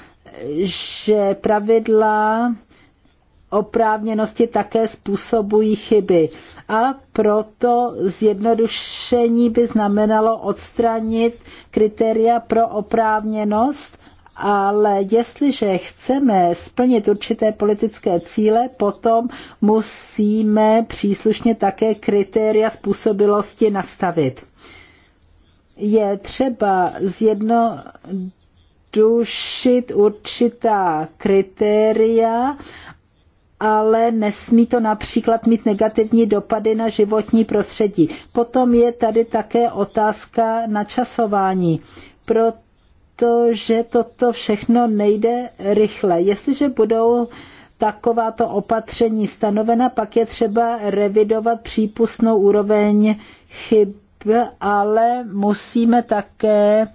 že pravidla oprávněnosti také způsobují chyby. A proto zjednodušení by znamenalo odstranit kritéria pro oprávněnost ale jestliže chceme splnit určité politické cíle, potom musíme příslušně také kritéria způsobilosti nastavit. Je třeba zjednodušit dušit určitá kritéria, ale nesmí to například mít negativní dopady na životní prostředí. Potom je tady také otázka načasování, proto protože toto všechno nejde rychle. Jestliže budou takováto opatření stanovena, pak je třeba revidovat přípustnou úroveň chyb, ale musíme také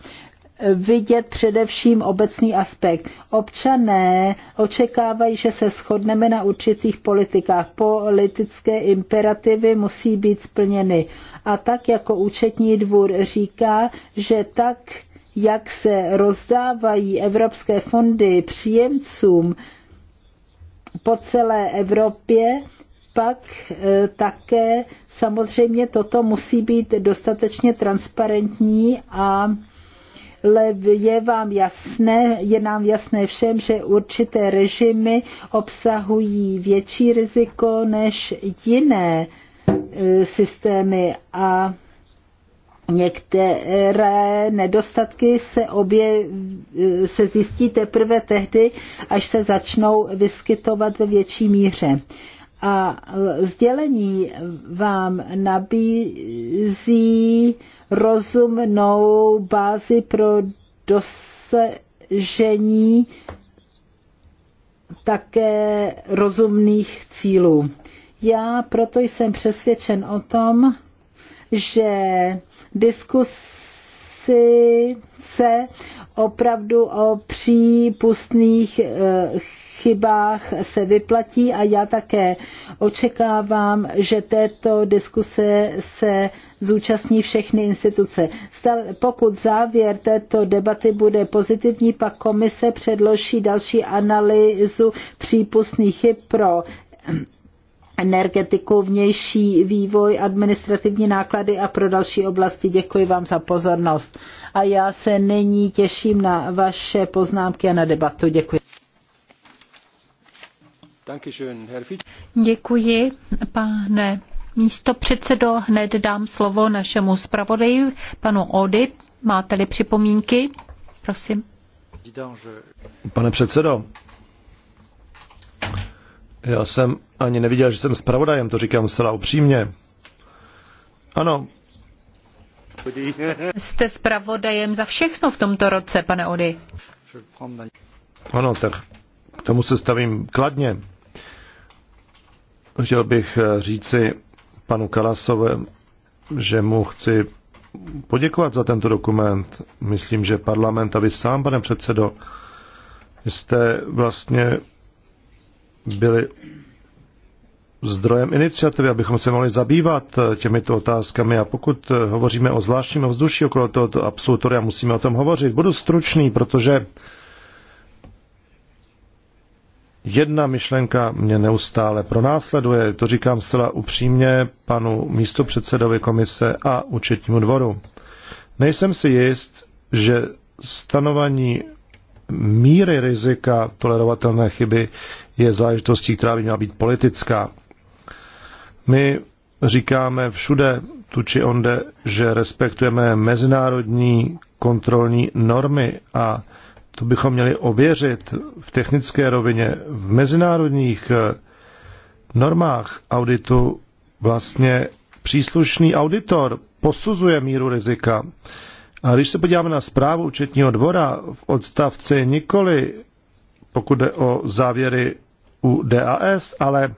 vidět především obecný aspekt. Občané očekávají, že se shodneme na určitých politikách. Politické imperativy musí být splněny. A tak jako účetní dvůr říká, že tak jak se rozdávají evropské fondy příjemcům po celé Evropě, pak e, také samozřejmě toto musí být dostatečně transparentní a je vám jasné, je nám jasné všem, že určité režimy obsahují větší riziko než jiné e, systémy a Některé nedostatky se, obě, se zjistí teprve tehdy, až se začnou vyskytovat ve větší míře. A sdělení vám nabízí rozumnou bázi pro dosažení také rozumných cílů. Já proto jsem přesvědčen o tom, že diskusy se opravdu o přípustných eh, chybách se vyplatí a já také očekávám, že této diskuse se zúčastní všechny instituce. Pokud závěr této debaty bude pozitivní, pak komise předloží další analýzu přípustných chyb pro energetiku, vnější vývoj, administrativní náklady a pro další oblasti. Děkuji vám za pozornost. A já se nyní těším na vaše poznámky a na debatu. Děkuji. Děkuji, pane místo předsedo. Hned dám slovo našemu zpravodaji, panu Ody. Máte-li připomínky? Prosím. Pane předsedo, já jsem ani neviděl, že jsem zpravodajem, to říkám zcela upřímně. Ano. Jste zpravodajem za všechno v tomto roce, pane Ody. Ano, tak k tomu se stavím kladně. Chtěl bych eh, říci panu Kalasové, že mu chci poděkovat za tento dokument. Myslím, že parlament a vy sám, pane předsedo, jste vlastně byli zdrojem iniciativy, abychom se mohli zabývat eh, těmito otázkami. A pokud eh, hovoříme o zvláštním vzduší okolo tohoto absolutoria, musíme o tom hovořit. Budu stručný, protože jedna myšlenka mě neustále pronásleduje. To říkám zcela upřímně panu místopředsedovi komise a účetnímu dvoru. Nejsem si jist, že stanovení míry rizika tolerovatelné chyby je záležitostí, která by měla být politická. My říkáme všude, tu či onde, že respektujeme mezinárodní kontrolní normy a to bychom měli ověřit v technické rovině, v mezinárodních eh, normách auditu vlastně příslušný auditor posuzuje míru rizika. A když se podíváme na zprávu účetního dvora v odstavci nikoli, pokud jde o závěry u DAS, ale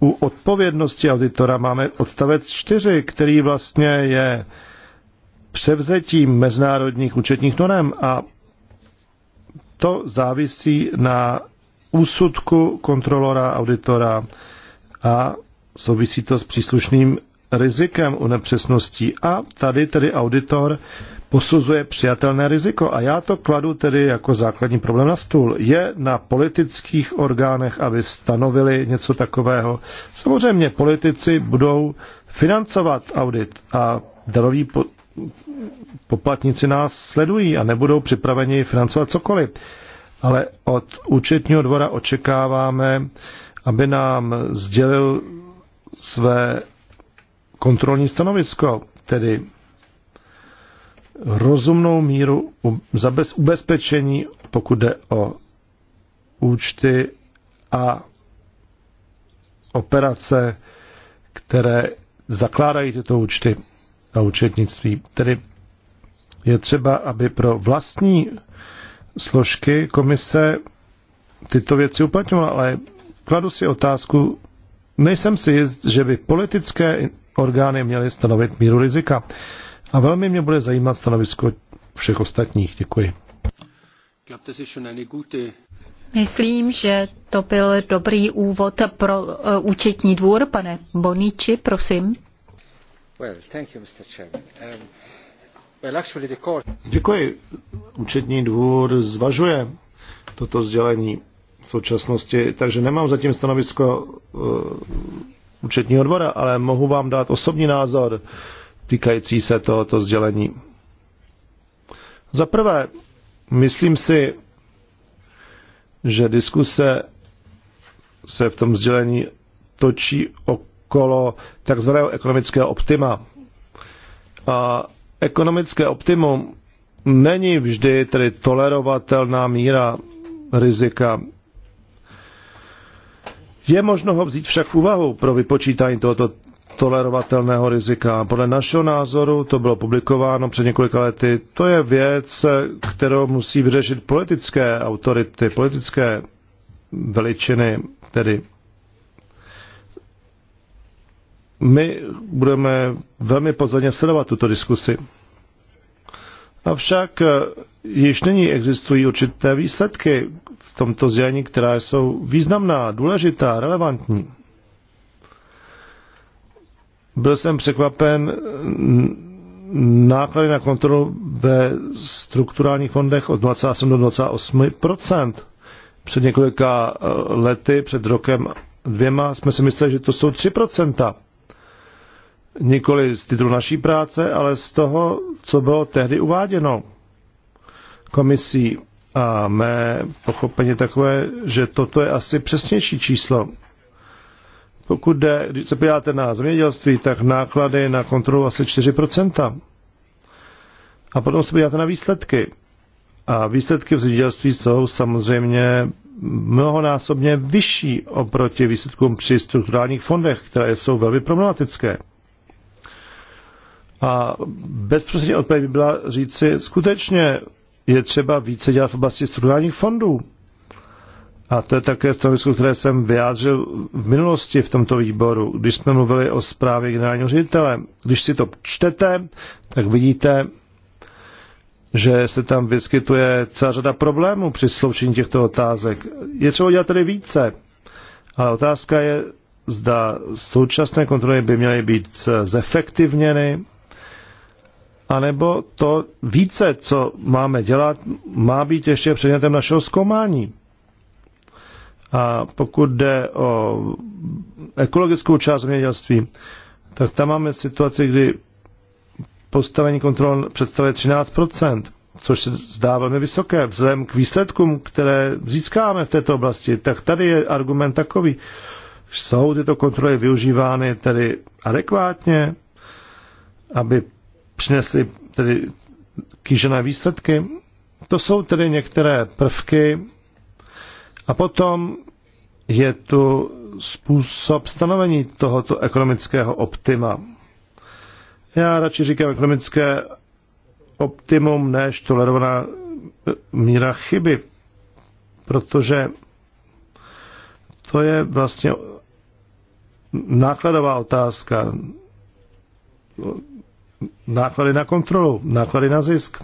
u odpovědnosti auditora máme odstavec 4, který vlastně je převzetím mezinárodních účetních norm a to závisí na úsudku kontrolora, auditora a souvisí to s příslušným rizikem u nepřesností. A tady tedy auditor posuzuje přijatelné riziko. A já to kladu tedy jako základní problém na stůl. Je na politických orgánech, aby stanovili něco takového. Samozřejmě politici budou financovat audit a daroví po- poplatníci nás sledují a nebudou připraveni financovat cokoliv. Ale od účetního dvora očekáváme, aby nám sdělil své kontrolní stanovisko, tedy rozumnou míru ubezpečení, pokud jde o účty a operace, které zakládají tyto účty a účetnictví. Tedy je třeba, aby pro vlastní složky komise tyto věci uplatňovala, ale kladu si otázku, nejsem si jist, že by politické orgány měly stanovit míru rizika. A velmi mě bude zajímat stanovisko všech ostatních. Děkuji. Myslím, že to byl dobrý úvod pro uh, účetní dvůr. Pane Boniči, prosím. Um, Děkuji. Účetní dvůr zvažuje toto sdělení v současnosti, takže nemám zatím stanovisko uh, účetního dvora, ale mohu vám dát osobní názor. Uh, týkající se tohoto sdělení. Za prvé, myslím si, že diskuse se v tom sdělení točí okolo takzvaného ekonomického optima. A ekonomické optimum není vždy tedy tolerovatelná míra rizika. Je možno ho vzít však v úvahu pro vypočítání tohoto tolerovatelného rizika. Podle našeho názoru, to bylo publikováno před několika lety, to je věc, kterou musí vyřešit politické autority, politické veličiny, tedy my budeme velmi pozorně sledovat tuto diskusi. Avšak eh, již nyní existují určité výsledky v tomto sdělení, která jsou významná, důležitá, relevantní. Byl jsem překvapen náklady na kontrolu ve strukturálních fondech od 27 do 28 Před několika eh, lety, před rokem dvěma, jsme si mysleli, že to jsou 3 Nikoli z titulu naší práce, ale z toho, co bylo tehdy uváděno komisí. A mé pochopení takové, že toto je asi přesnější číslo. Pokud jde, když se podíváte na zemědělství, tak náklady na kontrolu asi 4%. A potom se podíváte na výsledky. A výsledky v zemědělství jsou samozřejmě mnohonásobně vyšší oproti výsledkům při strukturálních fondech, které jsou velmi problematické. A bezprostřední odpověď by byla říci, skutečně je třeba více dělat v oblasti strukturálních fondů. A to je také stanovisko, které jsem vyjádřil v minulosti v tomto výboru, když jsme mluvili o zprávě generálního ředitele. Když si to čtete, tak vidíte, že se tam vyskytuje celá řada problémů při sloučení těchto otázek. Je třeba dělat tedy více, ale otázka je, zda současné kontroly by měly být zefektivněny, anebo to více, co máme dělat, má být ještě předmětem našeho zkoumání. A pokud jde o ekologickou část zemědělství, tak tam máme situaci, kdy postavení kontrol představuje 13 což se zdá velmi vysoké vzhledem k výsledkům, které získáme v této oblasti, tak tady je argument takový. Jsou tyto kontroly využívány tedy adekvátně, aby přinesly tedy kýžené výsledky? To jsou tedy některé prvky, a potom je tu způsob stanovení tohoto ekonomického optima. Já radši říkám ekonomické optimum než tolerovaná eh, míra chyby, protože to je vlastně nákladová otázka. Náklady na kontrolu, náklady na zisk.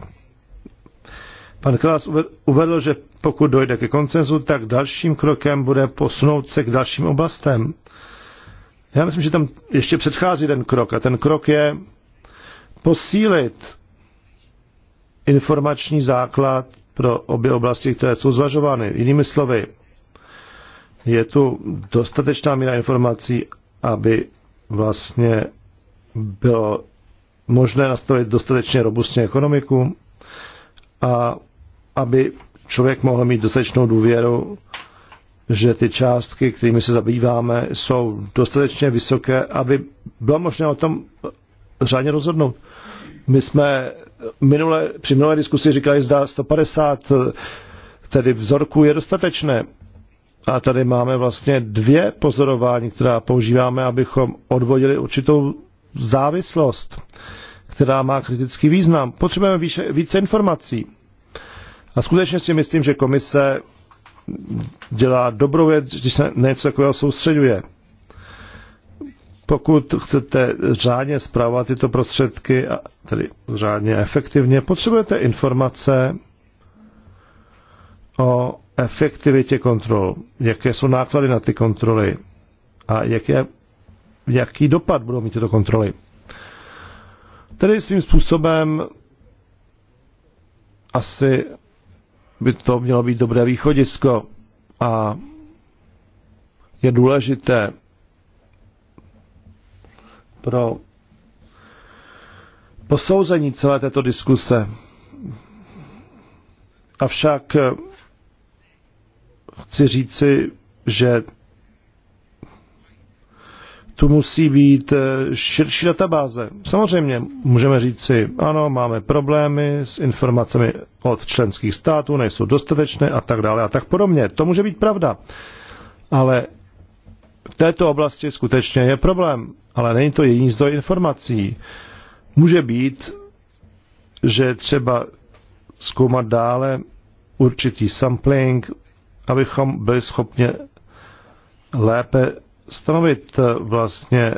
Pan Klas uvedl, že pokud dojde ke koncenzu, tak dalším krokem bude posunout se k dalším oblastem. Já myslím, že tam ještě předchází ten krok a ten krok je posílit informační základ pro obě oblasti, které jsou zvažovány. Jinými slovy, je tu dostatečná míra informací, aby vlastně bylo možné nastavit dostatečně robustně ekonomiku a aby člověk mohl mít dostatečnou důvěru, že ty částky, kterými se zabýváme, jsou dostatečně vysoké, aby bylo možné o tom řádně rozhodnout. My jsme minule, při minulé diskusi říkali, zda 150 eh, tedy vzorků je dostatečné. A tady máme vlastně dvě pozorování, která používáme, abychom odvodili určitou závislost, která má kritický význam. Potřebujeme více, více informací. A skutečně si myslím, že komise dělá dobrou věc, když se na něco takového soustředuje. Pokud chcete řádně zpravovat tyto prostředky, a tedy řádně efektivně, potřebujete informace o efektivitě kontrol, jaké jsou náklady na ty kontroly a je, jaký dopad budou mít tyto kontroly. Tedy svým způsobem asi by to mělo být dobré východisko a je důležité pro posouzení celé této diskuse. Avšak chci říci, že tu musí být eh, širší databáze. Samozřejmě můžeme říct si, ano, máme problémy s informacemi od členských států, nejsou dostatečné a tak dále a tak podobně. To může být pravda. Ale v této oblasti skutečně je problém, ale není to jediný zdroj informací. Může být, že třeba zkoumat dále určitý sampling, abychom byli schopni lépe stanovit eh, vlastně,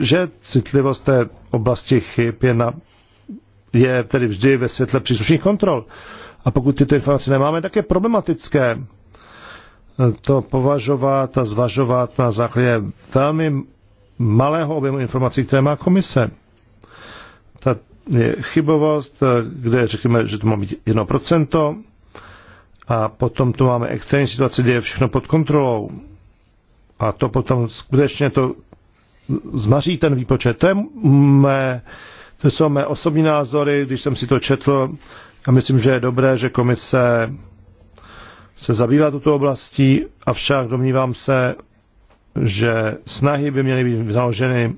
že citlivost té oblasti chyb je, na, je tedy vždy ve světle příslušných kontrol. A pokud tyto informace nemáme, tak je problematické eh, to považovat a zvažovat na základě velmi malého objemu informací, které má komise. Ta je chybovost, eh, kde řekneme, že to má být 1%, a potom tu máme extrémní situaci, kde je všechno pod kontrolou a to potom skutečně to zmaří ten výpočet. To, je mé, to jsou mé osobní názory, když jsem si to četl a myslím, že je dobré, že komise se zabývá tuto oblastí, avšak domnívám se, že snahy by měly být založeny,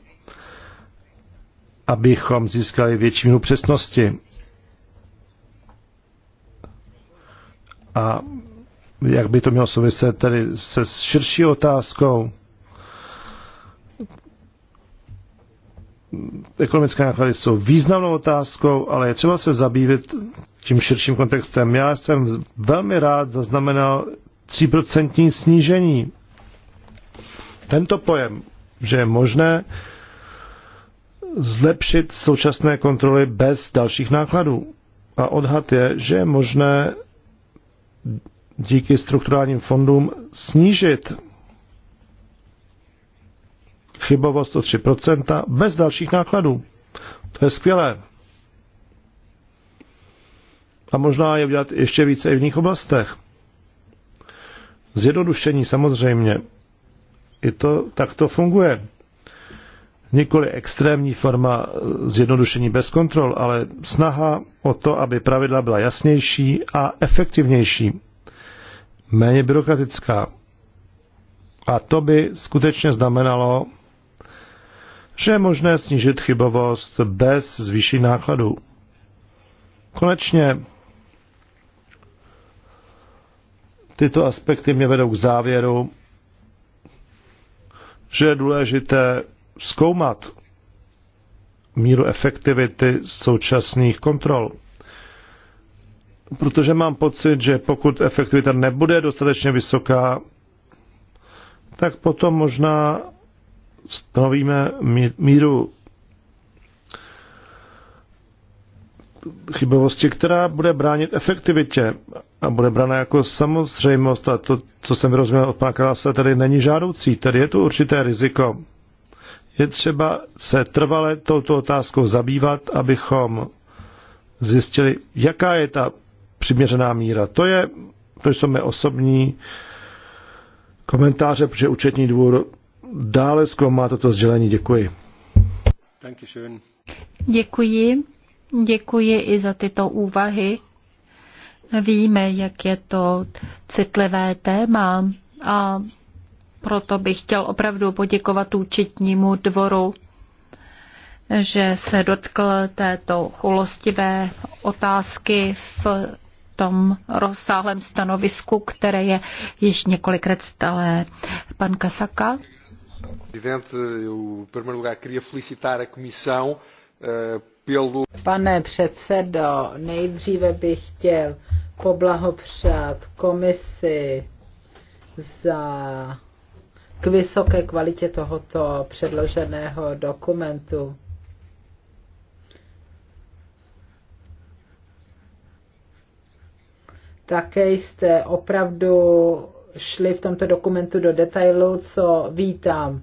abychom získali větší přesnosti. A jak by to mělo souviset tedy se širší otázkou ekonomické náklady jsou významnou otázkou, ale je třeba se zabývat tím širším kontextem. Já jsem velmi rád zaznamenal 3% snížení. Tento pojem, že je možné zlepšit současné kontroly bez dalších nákladů. A odhad je, že je možné díky strukturálním fondům snížit chybovost o 3% bez dalších nákladů. To je skvělé. A možná je udělat ještě více i v jiných oblastech. Zjednodušení samozřejmě. I to, tak to funguje. Nikoli extrémní forma zjednodušení bez kontrol, ale snaha o to, aby pravidla byla jasnější a efektivnější méně byrokratická. A to by skutečně znamenalo, že je možné snížit chybovost bez zvýšení nákladů. Konečně tyto aspekty mě vedou k závěru, že je důležité zkoumat míru efektivity současných kontrol protože mám pocit, že pokud efektivita nebude dostatečně vysoká, tak potom možná stanovíme míru chybovosti, která bude bránit efektivitě a bude brána jako samozřejmost a to, co jsem vyrozuměl od pana Kalase, tady není žádoucí, tady je tu určité riziko. Je třeba se trvale touto otázkou zabývat, abychom zjistili, jaká je ta přiměřená míra. To, je, to jsou mé osobní komentáře, protože účetní dvůr dále zkoumá toto sdělení. Děkuji. Děkuji. Děkuji i za tyto úvahy. Víme, jak je to citlivé téma a proto bych chtěl opravdu poděkovat účetnímu dvoru, že se dotkl této chulostivé otázky v tom rozsáhlém stanovisku, které je již několikrát stalé Pan Kasaka. Eh, Pane předsedo, nejdříve bych chtěl poblahopřát komisi za k vysoké kvalitě tohoto předloženého dokumentu. Také jste opravdu šli v tomto dokumentu do detailu, co vítám.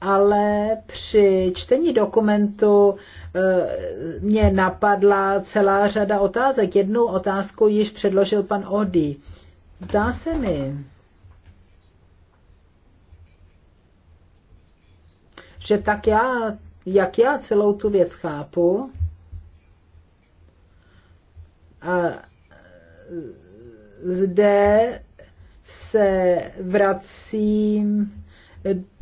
Ale při čtení dokumentu eh, mě napadla celá řada otázek. Jednu otázku již předložil pan Ody. Zdá se mi, že tak já, jak já celou tu věc chápu, a zde se vracím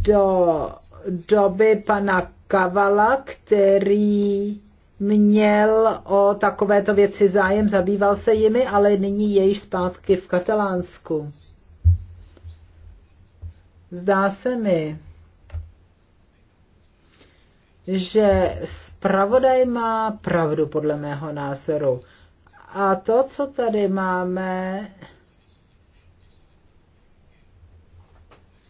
do doby pana Kavala, který měl o takovéto věci zájem, zabýval se jimi, ale nyní je již zpátky v Katalánsku. Zdá se mi, že zpravodaj má pravdu podle mého názoru. A to, co tady máme,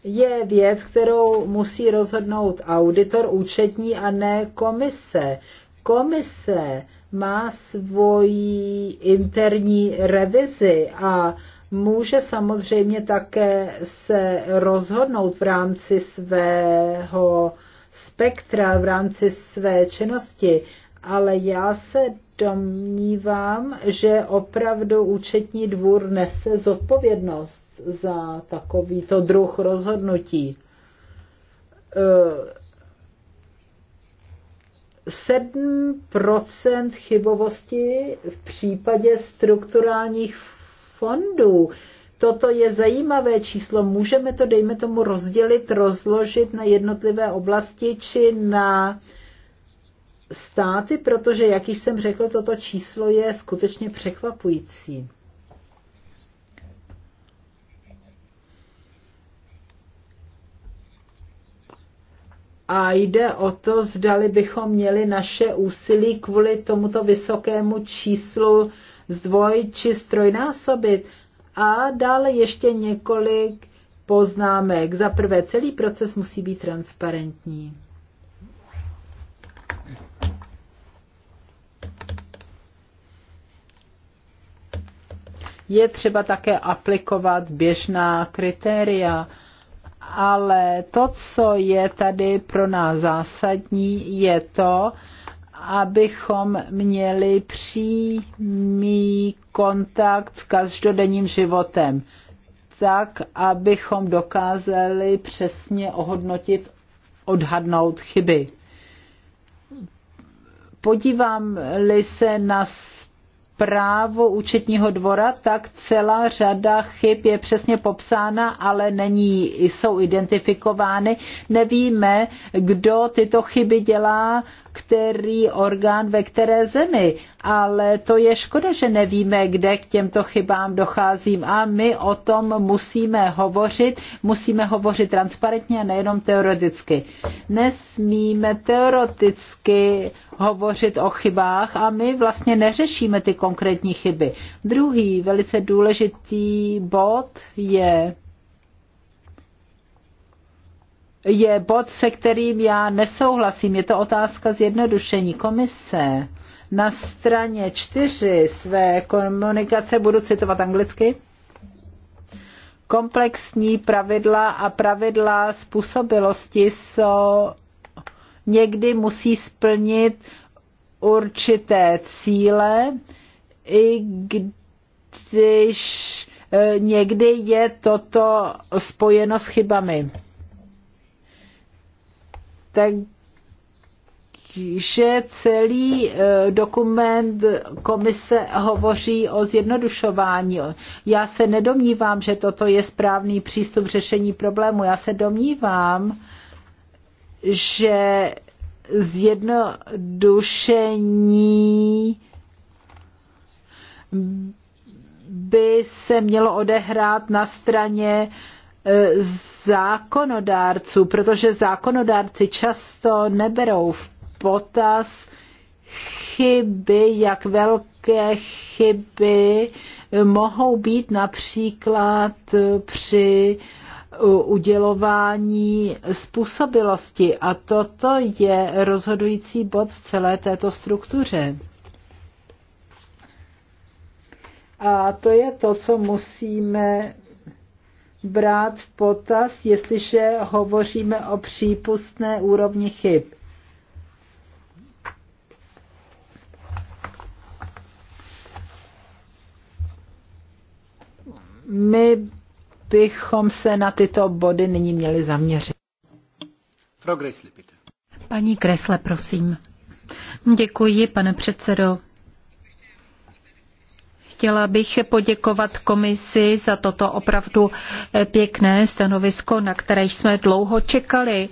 je věc, kterou musí rozhodnout auditor účetní a ne komise. Komise má svoji interní revizi a může samozřejmě také se rozhodnout v rámci svého spektra, v rámci své činnosti ale já se domnívám, že opravdu účetní dvůr nese zodpovědnost za takovýto druh rozhodnutí. Sedm procent chybovosti v případě strukturálních fondů. Toto je zajímavé číslo. Můžeme to, dejme tomu, rozdělit, rozložit na jednotlivé oblasti či na uh, státy, protože, jak již jsem řekl, toto číslo je skutečně překvapující. A jde o to, zdali bychom měli naše úsilí kvůli tomuto vysokému číslu zdvoj či strojnásobit. A dále ještě několik poznámek. Za prvé, celý proces musí být transparentní. je třeba také aplikovat běžná kritéria. Ale to, co je tady pro nás zásadní, je to, abychom měli přímý kontakt s každodenním životem, tak, abychom dokázali přesně ohodnotit, odhadnout chyby. Podívám-li se na právo účetního dvora, tak celá řada chyb je přesně popsána, ale není, jsou identifikovány. Nevíme, kdo tyto chyby dělá který orgán ve které zemi. Ale to je škoda, že nevíme, kde k těmto chybám docházím. A my o tom musíme hovořit. Musíme hovořit transparentně a nejenom teoreticky. Nesmíme teoreticky hovořit o chybách a my vlastně neřešíme ty konkrétní chyby. Druhý velice důležitý bod je je bod, se kterým já nesouhlasím. Je to otázka zjednodušení komise. Na straně čtyři své komunikace budu citovat anglicky. Komplexní pravidla a pravidla způsobilosti jsou, někdy musí splnit určité cíle, i když e, někdy je toto spojeno s chybami. Takže celý eh, dokument komise hovoří o zjednodušování. Já se nedomnívám, že toto je správný přístup k řešení problému. Já se domnívám, že zjednodušení by se mělo odehrát na straně E, zákonodárců, protože zákonodárci často neberou v potaz chyby, jak velké chyby mohou být například při udělování způsobilosti. A toto je rozhodující bod v celé této struktuře. A to je to, co musíme brát v potaz, jestliže hovoříme o přípustné úrovni chyb. My bychom se na tyto body nyní měli zaměřit. Paní Kresle, prosím. Děkuji, pane předsedo. Chtěla bych poděkovat komisi za toto opravdu eh, pěkné stanovisko, na které jsme dlouho čekali.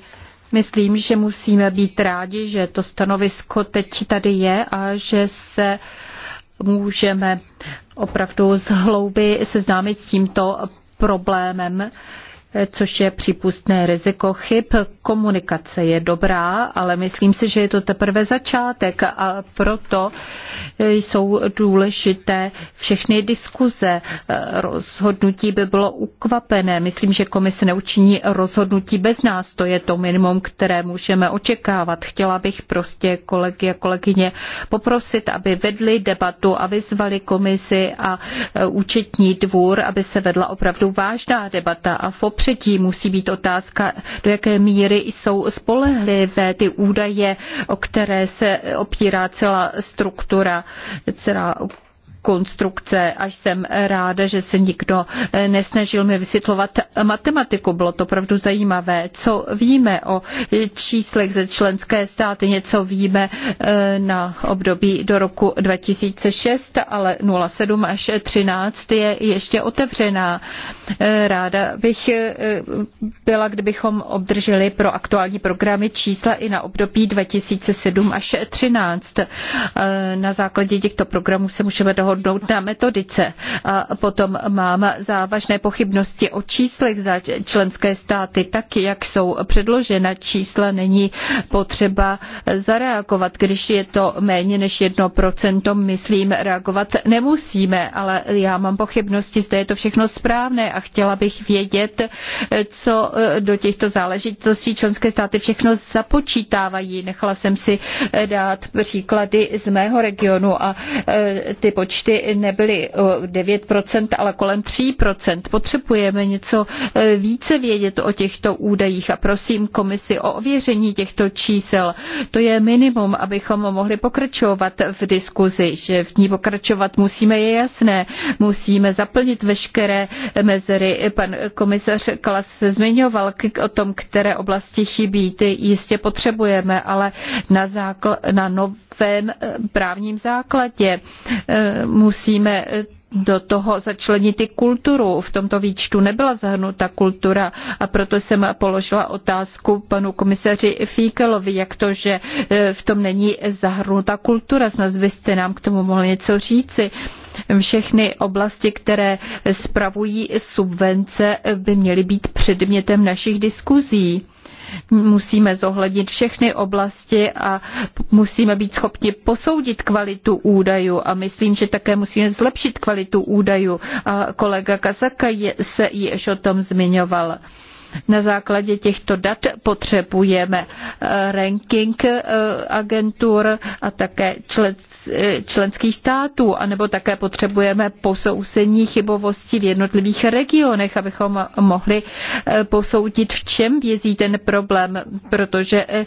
Myslím, že musíme být rádi, že to stanovisko teď tady je a že se můžeme opravdu z hlouby seznámit s tímto problémem což je přípustné riziko chyb. Komunikace je dobrá, ale myslím si, že je to teprve začátek a proto jsou důležité všechny diskuze. Rozhodnutí by bylo ukvapené. Myslím, že komise neučiní rozhodnutí bez nás. To je to minimum, které můžeme očekávat. Chtěla bych prostě kolegy a kolegyně poprosit, aby vedli debatu a vyzvali komisi a účetní dvůr, aby se vedla opravdu vážná debata a v třetí musí být otázka, do jaké míry jsou spolehlivé ty údaje, o které se opírá celá struktura, celá konstrukce a jsem ráda, že se nikdo eh, nesnažil mi vysvětlovat matematiku. Bylo to opravdu zajímavé. Co víme o číslech ze členské státy? Něco víme eh, na období do roku 2006, ale 07 až 13 je ještě otevřená. Eh, ráda bych byla, kdybychom obdrželi pro aktuální programy čísla i na období 2007 až 13. Na základě těchto programů se můžeme dohodnout dohodnout na metodice. A potom mám závažné pochybnosti o číslech za členské státy. Tak, jak jsou předložena čísla, není potřeba zareagovat. Když je to méně než jedno procento. myslím, reagovat nemusíme, ale já mám pochybnosti, zda je to všechno správné a chtěla bych vědět, co do těchto záležitostí členské státy všechno započítávají. Nechala jsem si dát příklady z mého regionu a e, ty počty vždy nebyly 9%, eh, ale kolem 3%. Potřebujeme něco eh, více vědět o těchto údajích a prosím komisi o ověření těchto čísel. To je minimum, abychom mohli pokračovat v diskuzi, že v ní pokračovat musíme, je jasné. Musíme zaplnit veškeré mezery. Pan komisař Kalas se zmiňoval o tom, které oblasti chybí. Ty jistě potřebujeme, ale na, zákl- na novém eh, právním základě musíme eh, do toho začlenit i kulturu. V tomto výčtu nebyla zahrnuta kultura a proto jsem položila otázku panu komisaři Fíkelovi, jak to, že eh, v tom není zahrnuta kultura. Snad byste nám k tomu mohli něco říci. Všechny oblasti, které spravují subvence, eh, by měly být předmětem našich diskuzí. Musíme zohlednit všechny oblasti a musíme být schopni posoudit kvalitu údajů a myslím, že také musíme zlepšit kvalitu údajů. A kolega Kazaka se již o tom zmiňoval. Na základě těchto dat potřebujeme eh, ranking eh, agentur a také členství Eh, členských států, anebo také potřebujeme posouzení chybovosti v jednotlivých regionech, abychom mohli eh, posoudit, v čem vězí ten problém, protože eh,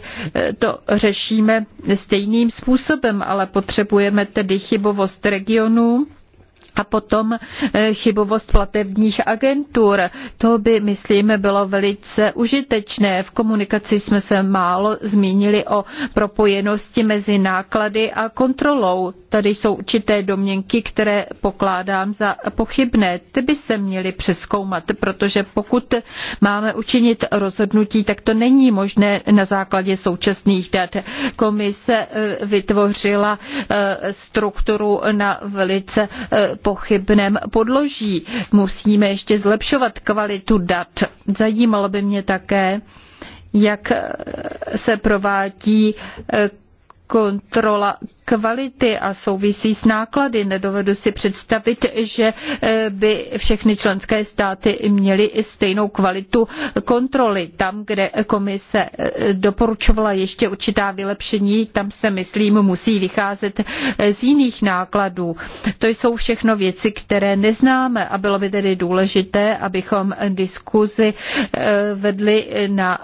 to řešíme stejným způsobem, ale potřebujeme tedy chybovost regionů a potom eh, chybovost platebních agentur. To by, myslím, bylo velice užitečné. V komunikaci jsme se málo zmínili o propojenosti mezi náklady a kontrolou tady jsou určité domněnky, které pokládám za pochybné. Ty by se měly přeskoumat, protože pokud máme učinit rozhodnutí, tak to není možné na základě současných dat. Komise eh, vytvořila eh, strukturu na velice eh, pochybném podloží. Musíme ještě zlepšovat kvalitu dat. Zajímalo by mě také, jak se provádí kontrola kvality a souvisí s náklady. Nedovedu si představit, že eh, by všechny členské státy měly stejnou kvalitu kontroly. Tam, kde komise eh, doporučovala ještě určitá vylepšení, tam se, myslím, musí vycházet eh, z jiných nákladů. To jsou všechno věci, které neznáme a bylo by tedy důležité, abychom diskuzi vedli na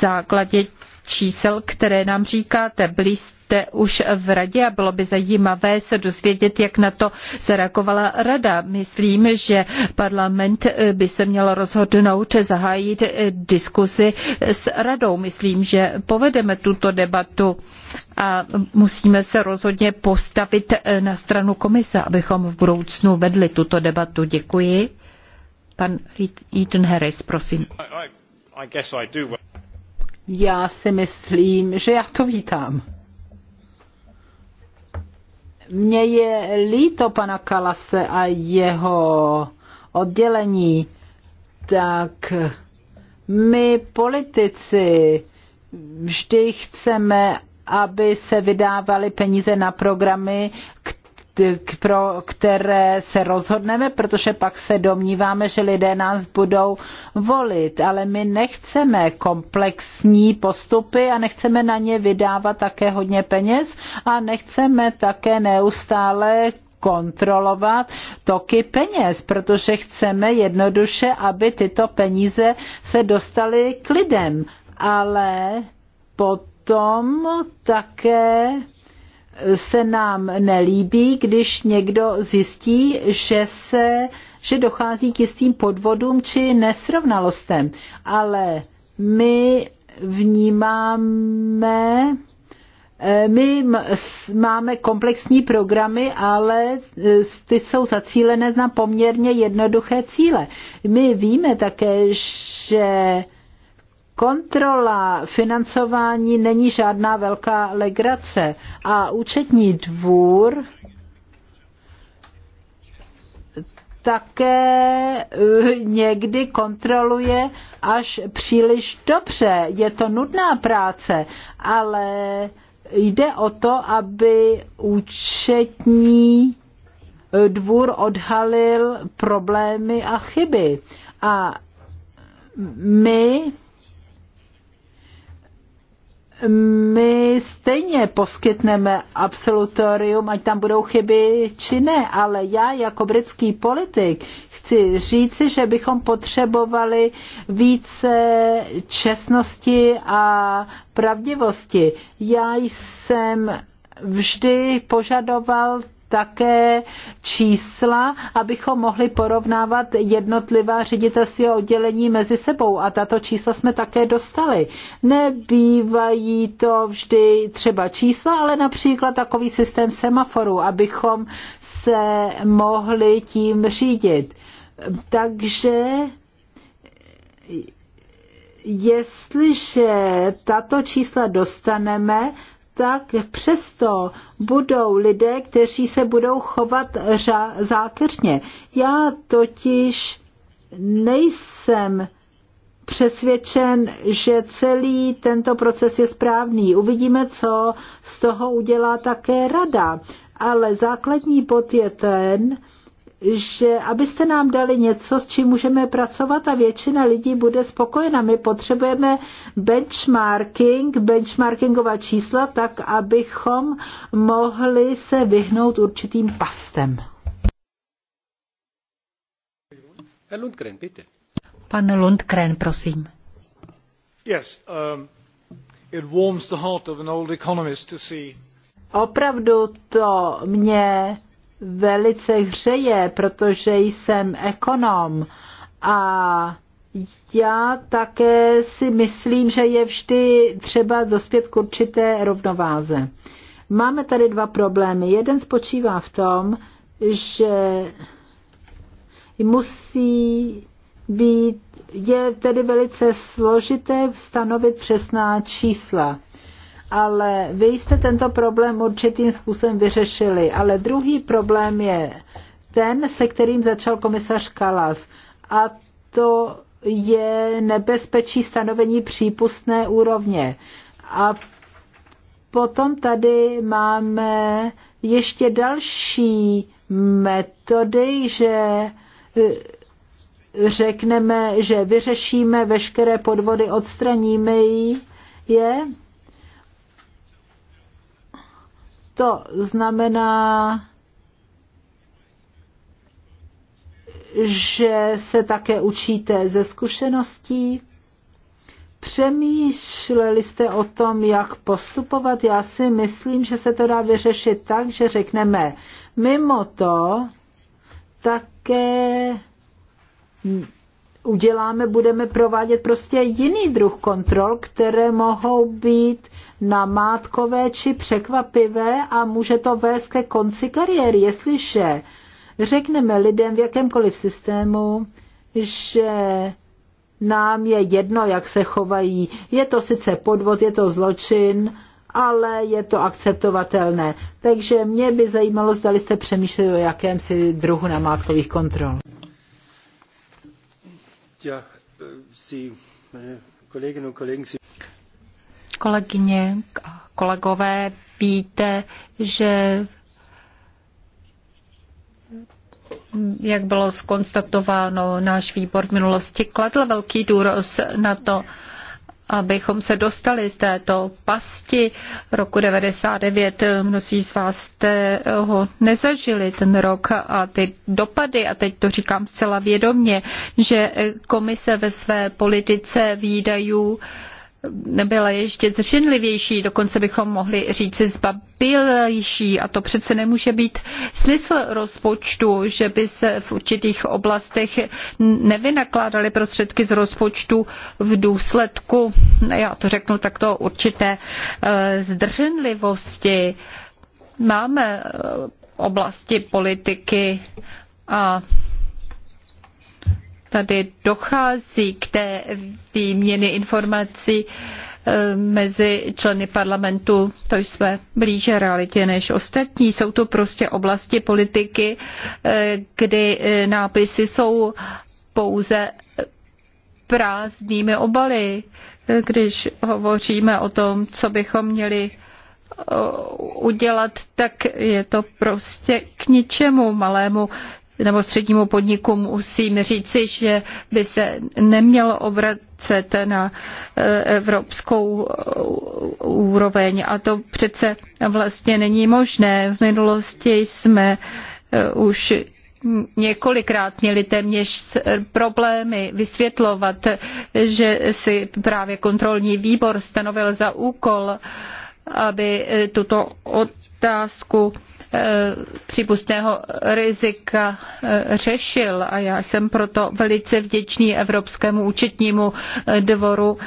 základě čísel, které nám říkáte. Byli jste už v radě a bylo by zajímavé se dozvědět, jak na to zareagovala rada. Myslím, že parlament by se měl rozhodnout zahájit diskuzi s radou. Myslím, že povedeme tuto debatu a musíme se rozhodně postavit na stranu komise, abychom v budoucnu vedli tuto debatu. Děkuji. Pan Eaton Harris, prosím. Já si myslím, že já to vítám. Mně je líto pana Kalase a jeho oddělení, tak my politici vždy chceme, aby se vydávaly peníze na programy, které pro které se rozhodneme, protože pak se domníváme, že lidé nás budou volit. Ale my nechceme komplexní postupy a nechceme na ně vydávat také hodně peněz a nechceme také neustále kontrolovat toky peněz, protože chceme jednoduše, aby tyto peníze se dostaly k lidem. Ale potom také se nám nelíbí, když někdo zjistí, že se, že dochází k jistým podvodům či nesrovnalostem. Ale my vnímáme eh, my máme komplexní programy, ale eh, ty jsou zacílené na poměrně jednoduché cíle. My víme také, že Kontrola financování není žádná velká legrace a účetní dvůr také eh, někdy kontroluje až příliš dobře. Je to nudná práce, ale jde o to, aby účetní eh, dvůr odhalil problémy a chyby. A my my stejně poskytneme absolutorium, ať tam budou chyby či ne, ale já jako britský politik chci říci, že bychom potřebovali více čestnosti a pravdivosti. Já jsem vždy požadoval také čísla, abychom mohli porovnávat jednotlivá ředitelství a oddělení mezi sebou. A tato čísla jsme také dostali. Nebývají to vždy třeba čísla, ale například takový systém semaforu, abychom se mohli tím řídit. Takže jestliže tato čísla dostaneme, tak přesto budou lidé, kteří se budou chovat řa- zákeřně. Já totiž nejsem přesvědčen, že celý tento proces je správný. Uvidíme, co z toho udělá také rada. Ale základní bod je ten, že abyste nám dali něco, s čím můžeme pracovat a většina lidí bude spokojena. My potřebujeme benchmarking, benchmarkingová čísla, tak abychom mohli se vyhnout určitým pastem. Herr Lundgren, bitte. Pan Lundgren, prosím. Yes, um, it warms the heart of an old economist to see. Opravdu to mě velice hřeje, protože jsem ekonom a já také si myslím, že je vždy třeba dospět k určité rovnováze. Máme tady dva problémy. Jeden spočívá v tom, že musí být, je tedy velice složité stanovit přesná čísla ale vy jste tento problém určitým způsobem vyřešili. Ale druhý problém je ten, se kterým začal komisař Kalas. A to je nebezpečí stanovení přípustné úrovně. A potom tady máme ještě další metody, že eh, řekneme, že vyřešíme veškeré podvody, odstraníme je To znamená, že se také učíte ze zkušeností. Přemýšleli jste o tom, jak postupovat? Já si myslím, že se to dá vyřešit tak, že řekneme, mimo to také uděláme, budeme provádět prostě jiný druh kontrol, které mohou být namátkové či překvapivé a může to vést ke konci kariéry, jestliže řekneme lidem v jakémkoliv systému, že nám je jedno, jak se chovají. Je to sice podvod, je to zločin, ale je to akceptovatelné. Takže mě by zajímalo, zda jste přemýšleli o jakémsi druhu namátkových kontrol. Ja, eh, si, meine eh, Kolleginnen kolegy, Kollegen, Kolegyně a kolegové, víte, že jak bylo skonstatováno, náš výbor v minulosti kladl velký důraz na to, abychom se dostali z této pasti roku 99. Mnozí z vás jste ho nezažili ten rok a ty dopady, a teď to říkám zcela vědomně, že komise ve své politice výdajů byla ještě zřinlivější, dokonce bychom mohli říci zbabilejší a to přece nemůže být smysl rozpočtu, že by se v určitých oblastech nevynakládaly prostředky z rozpočtu v důsledku, já to řeknu takto, určité e, zdrženlivosti. Máme e, oblasti politiky a tady dochází k té výměny informací eh, mezi členy parlamentu, to jsme blíže realitě než ostatní. Jsou to prostě oblasti politiky, eh, kdy eh, nápisy jsou pouze prázdnými obaly, když hovoříme o tom, co bychom měli udělat, tak je to prostě k ničemu malému nebo střednímu podniku musím říci, že by se nemělo obracet na eh, evropskou úroveň a to přece vlastně není možné. V minulosti jsme eh, už několikrát měli téměř problémy vysvětlovat, že si právě kontrolní výbor stanovil za úkol, aby eh, tuto otázku Eh, přípustného rizika eh, řešil a já jsem proto velice vděčný Evropskému účetnímu eh, dvoru,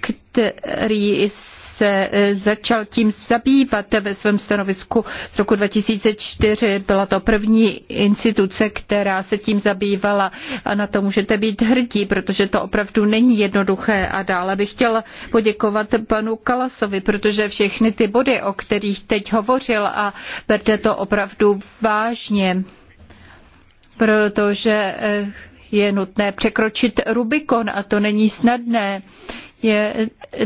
který se eh, začal tím zabývat ve svém stanovisku z roku 2004. Byla to první instituce, která se tím zabývala a na to můžete být hrdí, protože to opravdu není jednoduché. A dále bych chtěla poděkovat panu Kalasovi, protože všechny ty body, o kterých teď hovořil a berte to opravdu vážně, protože eh, je nutné překročit Rubikon a to není snadné. Je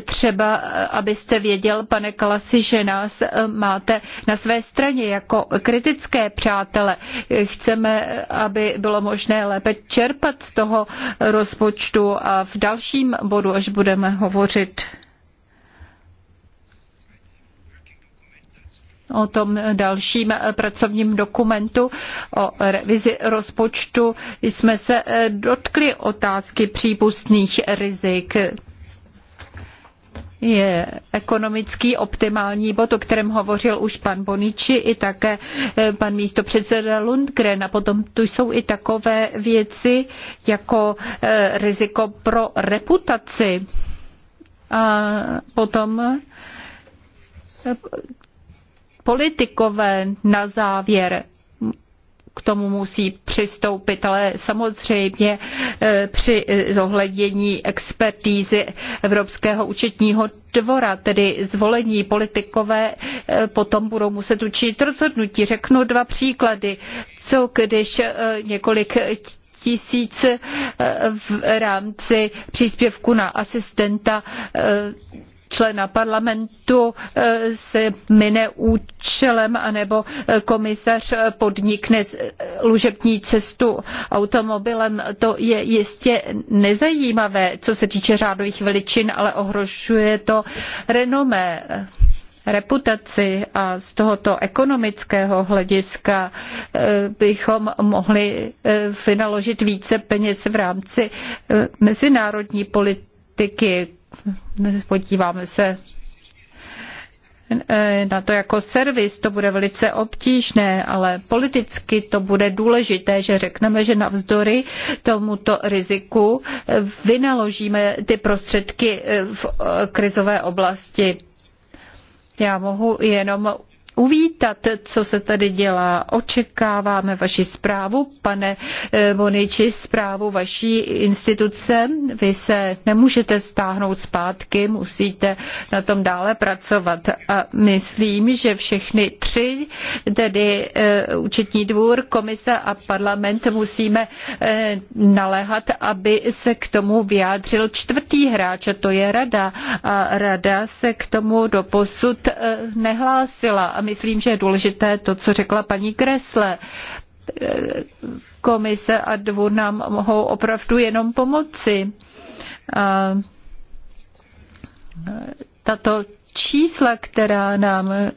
třeba, abyste věděl, pane Kalasi, že nás eh, máte na své straně jako kritické přátele. Chceme, aby bylo možné lépe čerpat z toho rozpočtu a v dalším bodu, až budeme hovořit o tom dalším eh, pracovním dokumentu o revizi rozpočtu jsme se eh, dotkli otázky přípustných rizik je ekonomický optimální bod, o kterém hovořil už pan Boniči i také eh, pan místopředseda Lundgren. A potom tu jsou i takové věci jako eh, riziko pro reputaci. A potom eh, politikové na závěr k tomu musí přistoupit, ale samozřejmě e, při zohlednění expertízy Evropského účetního dvora, tedy zvolení politikové e, potom budou muset učinit rozhodnutí. Řeknu dva příklady. Co když e, několik tisíc v rámci příspěvku na asistenta člena parlamentu eh, se mine účelem, anebo eh, komisař eh, podnikne služební cestu automobilem. To je jistě nezajímavé, co se týče řádových veličin, ale ohrožuje to renomé reputaci a z tohoto ekonomického hlediska bychom mohli vynaložit více peněz v rámci mezinárodní politiky podíváme se eh, na to jako servis, to bude velice obtížné, ale politicky to bude důležité, že řekneme, že navzdory tomuto riziku eh, vynaložíme ty prostředky eh, v krizové oblasti. Já mohu jenom uvítat, co se tady dělá. Očekáváme vaši zprávu, pane eh, Moniči, zprávu vaší instituce. Vy se nemůžete stáhnout zpátky, musíte na tom dále pracovat. A myslím, že všechny tři, tedy eh, účetní dvůr, komise a parlament, musíme eh, naléhat, aby se k tomu vyjádřil čtvrtý hráč, a to je rada. A rada se k tomu doposud nehlásila a myslím, že je důležité to, co řekla paní Kresle komise a dvůr nám mohou opravdu jenom pomoci. A tato čísla, která nám eh,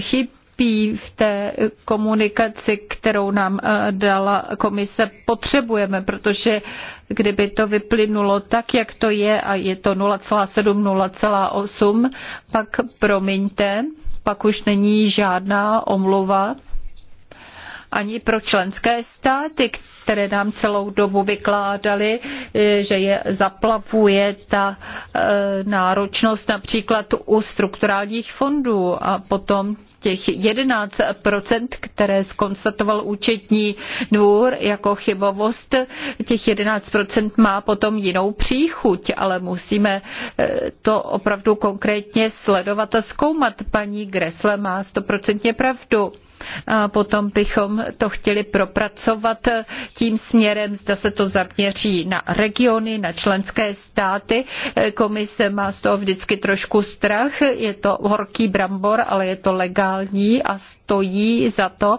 chybí v té komunikaci, kterou nám eh, dala komise, potřebujeme, protože kdyby to vyplynulo tak, jak to je, a je to 0,7, 0,8, pak promiňte, pak už není žádná omluva ani pro členské státy, které nám celou dobu vykládali, eh, že je zaplavuje ta eh, náročnost například u strukturálních fondů a potom těch 11%, které skonstatoval účetní dvůr jako chybovost, těch 11% má potom jinou příchuť, ale musíme eh, to opravdu konkrétně sledovat a zkoumat. Paní Gresle má stoprocentně pravdu. A potom bychom to chtěli propracovat tím směrem, zda se to zaměří na regiony, na členské státy. Komise má z toho vždycky trošku strach. Je to horký brambor, ale je to legální a stojí za to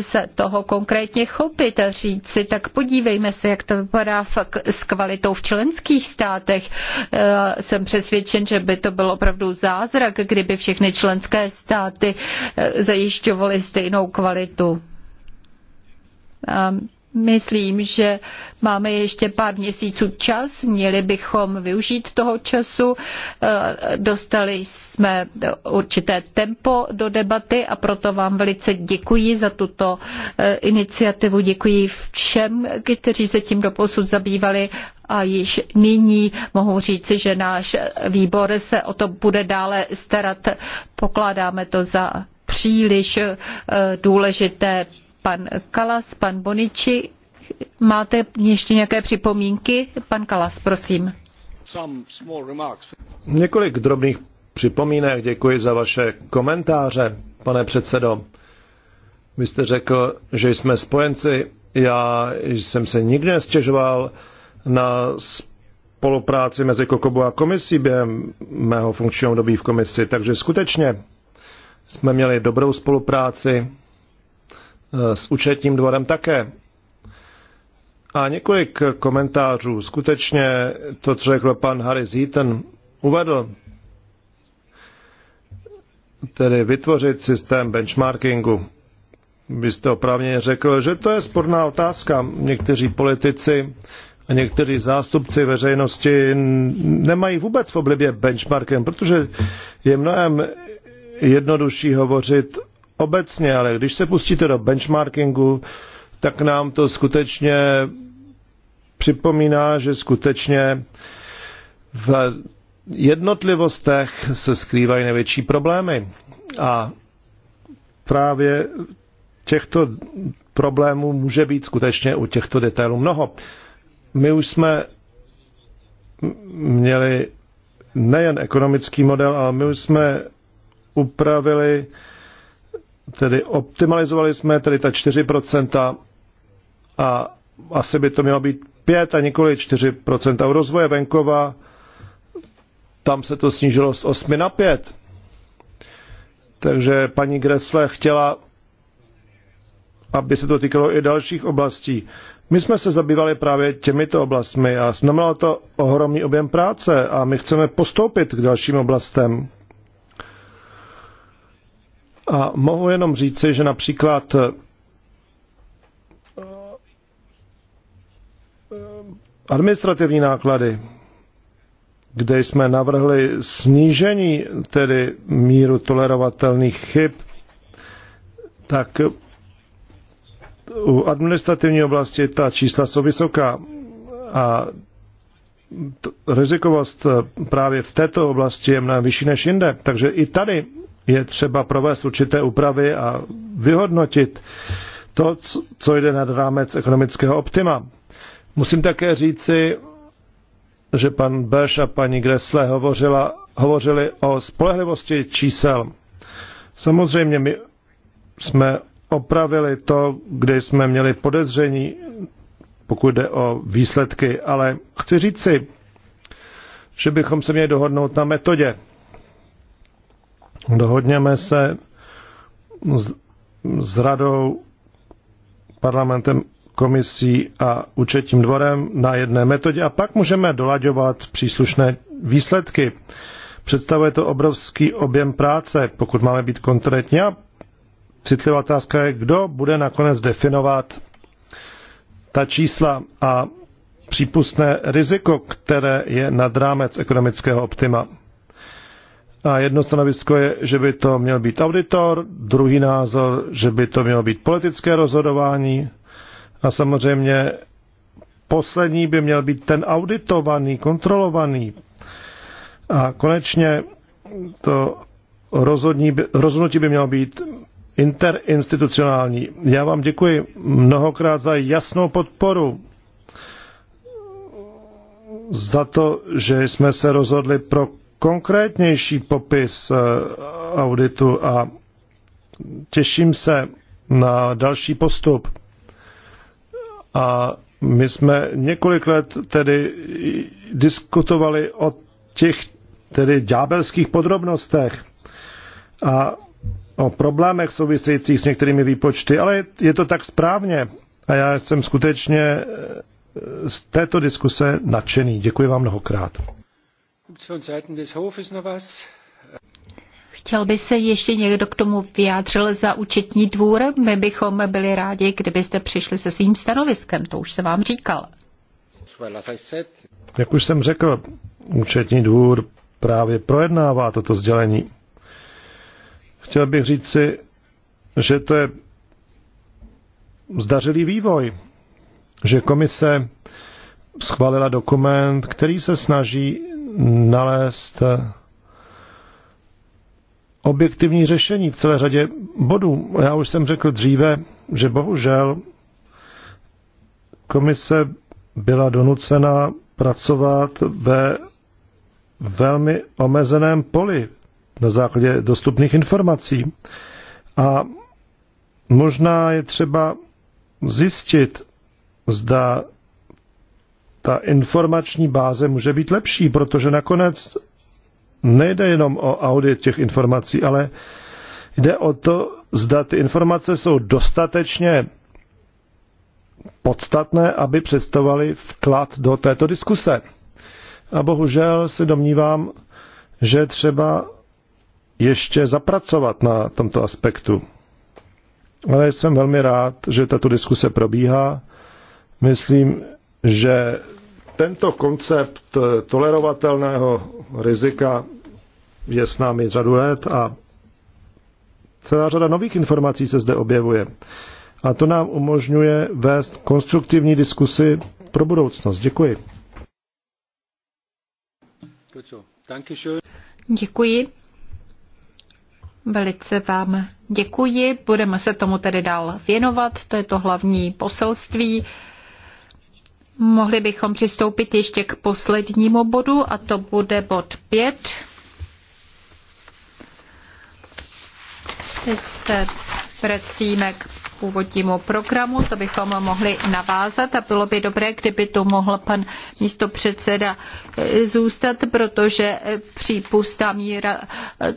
se toho konkrétně chopit a říct si, tak podívejme se, jak to vypadá s kvalitou v členských státech. E, jsem přesvědčen, že by to byl opravdu zázrak, kdyby všechny členské státy e, zajišťovaly stejnou kvalitu. A myslím, že máme ještě pár měsíců čas, měli bychom využít toho času. E, dostali jsme určité tempo do debaty a proto vám velice děkuji za tuto e, iniciativu. Děkuji všem, kteří se tím doposud zabývali a již nyní mohu říci, že náš výbor se o to bude dále starat. Pokládáme to za příliš eh, důležité. Pan Kalas, pan Boniči, máte ještě nějaké připomínky? Pan Kalas, prosím. Několik drobných připomínek. Děkuji za vaše komentáře, pane předsedo. Vy jste řekl, že jsme spojenci. Já jsem se nikdy nestěžoval na spolupráci mezi Kokobu a komisí během mého funkčního období v komisi. Takže skutečně jsme měli dobrou spolupráci eh, s účetním dvorem také. A několik komentářů. Skutečně to, co řekl pan Harry Zíten, uvedl, tedy vytvořit systém benchmarkingu. Vy jste řekl, že to je sporná otázka. Někteří politici a někteří zástupci veřejnosti nemají vůbec v oblibě benchmarkem, protože je mnohem jednodušší hovořit obecně, ale když se pustíte do benchmarkingu, tak nám to skutečně připomíná, že skutečně v jednotlivostech se skrývají největší problémy. A právě těchto problémů může být skutečně u těchto detailů mnoho. My už jsme měli nejen ekonomický model, ale my už jsme upravili, tedy optimalizovali jsme tedy ta 4% a asi by to mělo být 5 a nikoli 4%. U rozvoje venkova tam se to snížilo z 8 na 5. Takže paní Gressle chtěla, aby se to týkalo i dalších oblastí. My jsme se zabývali právě těmito oblastmi a znamenalo to ohromný objem práce a my chceme postoupit k dalším oblastem. A mohu jenom říci, že například eh, eh, administrativní náklady, kde jsme navrhli snížení tedy míru tolerovatelných chyb, tak u administrativní oblasti ta čísla jsou vysoká a rizikovost eh, právě v této oblasti je mnohem vyšší než jinde. Takže i tady je třeba provést určité úpravy a vyhodnotit to, co jde nad rámec ekonomického optima. Musím také říci, že pan Beš a paní Gressle hovořila, hovořili o spolehlivosti čísel. Samozřejmě my jsme opravili to, kde jsme měli podezření, pokud jde o výsledky, ale chci říci, že bychom se měli dohodnout na metodě. Dohodněme se s, s radou, parlamentem, komisí a účetním dvorem na jedné metodě a pak můžeme dolaďovat příslušné výsledky. Představuje to obrovský objem práce, pokud máme být konkrétní. A citlivá otázka je, kdo bude nakonec definovat ta čísla a přípustné riziko, které je nad rámec ekonomického optima. A jedno stanovisko je, že by to měl být auditor, druhý názor, že by to mělo být politické rozhodování a samozřejmě poslední by měl být ten auditovaný, kontrolovaný. A konečně to rozhodnutí by mělo být interinstitucionální. Já vám děkuji mnohokrát za jasnou podporu, za to, že jsme se rozhodli pro konkrétnější popis eh, auditu a těším se na další postup. A my jsme několik let tedy diskutovali o těch tedy ďábelských podrobnostech a o problémech souvisejících s některými výpočty, ale je to tak správně a já jsem skutečně z této diskuse nadšený. Děkuji vám mnohokrát. Chtěl by se ještě někdo k tomu vyjádřil za účetní dvůr? My bychom byli rádi, kdybyste přišli se svým stanoviskem, to už se vám říkal. Jak už jsem řekl, účetní dvůr právě projednává toto sdělení. Chtěl bych říct si, že to je zdařilý vývoj, že komise schválila dokument, který se snaží nalézt eh, objektivní řešení v celé řadě bodů. Já už jsem řekl dříve, že bohužel komise byla donucena pracovat ve velmi omezeném poli na základě dostupných informací. A možná je třeba zjistit, zda ta informační báze může být lepší, protože nakonec nejde jenom o audit těch informací, ale jde o to, zda ty informace jsou dostatečně podstatné, aby představovaly vklad do této diskuse. A bohužel se domnívám, že třeba ještě zapracovat na tomto aspektu. Ale jsem velmi rád, že tato diskuse probíhá. Myslím, že tento koncept eh, tolerovatelného rizika je s námi řadu let a celá řada nových informací se zde objevuje. A to nám umožňuje vést konstruktivní diskusy pro budoucnost. Děkuji. Děkuji. Velice vám děkuji. Budeme se tomu tedy dál věnovat. To je to hlavní poselství. Mohli bychom přistoupit ještě k poslednímu bodu a to bude bod 5. Teď se vracíme k původnímu programu, to bychom mohli navázat a bylo by dobré, kdyby tu mohl pan místo předseda eh, zůstat, protože eh, přípustná míra eh,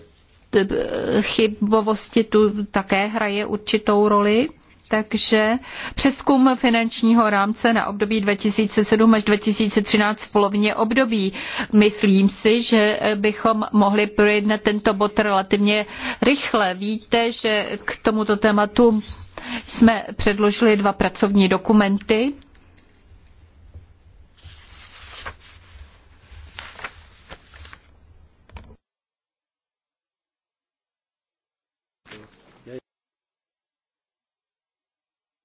chybovosti tu také hraje určitou roli takže přeskum finančního rámce na období 2007 až 2013 v polovině období. Myslím si, že bychom mohli projednat tento bod relativně rychle. Víte, že k tomuto tématu jsme předložili dva pracovní dokumenty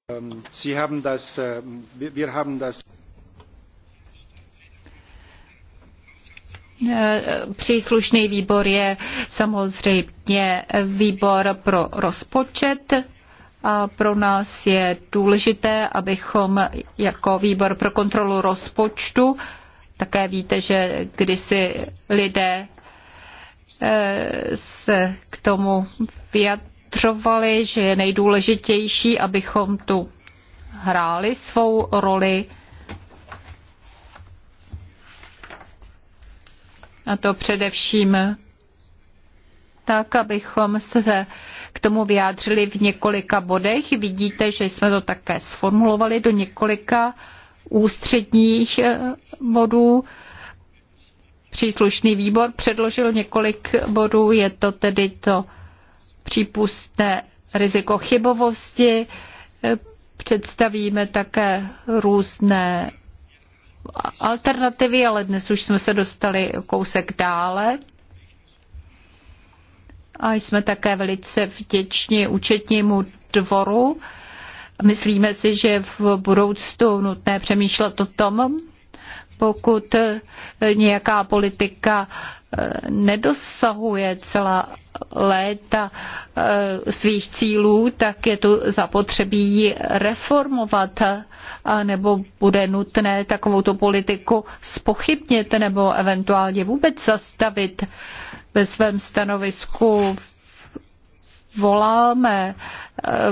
Ähm, Sie haben das, äh, wir haben das äh, Příslušný výbor je samozřejmě výbor pro rozpočet a pro nás je důležité, abychom jako výbor pro kontrolu rozpočtu, také víte, že kdysi lidé eh, se k tomu vyjadřují, vyjadřovali, že je nejdůležitější, abychom tu hráli svou roli. A to především tak, abychom se k tomu vyjádřili v několika bodech. Vidíte, že jsme to také sformulovali do několika ústředních eh, bodů. Příslušný výbor předložil několik bodů, je to tedy to přípustné riziko chybovosti. Představíme také různé alternativy, ale dnes už jsme se dostali kousek dále. A jsme také velice vděční účetnímu dvoru. Myslíme si, že v budoucnu nutné přemýšlet o tom, pokud eh, nějaká politika eh, nedosahuje celá léta eh, svých cílů, tak je tu zapotřebí ji reformovat, nebo bude nutné takovou tu politiku spochybnit nebo eventuálně vůbec zastavit. Ve svém stanovisku voláme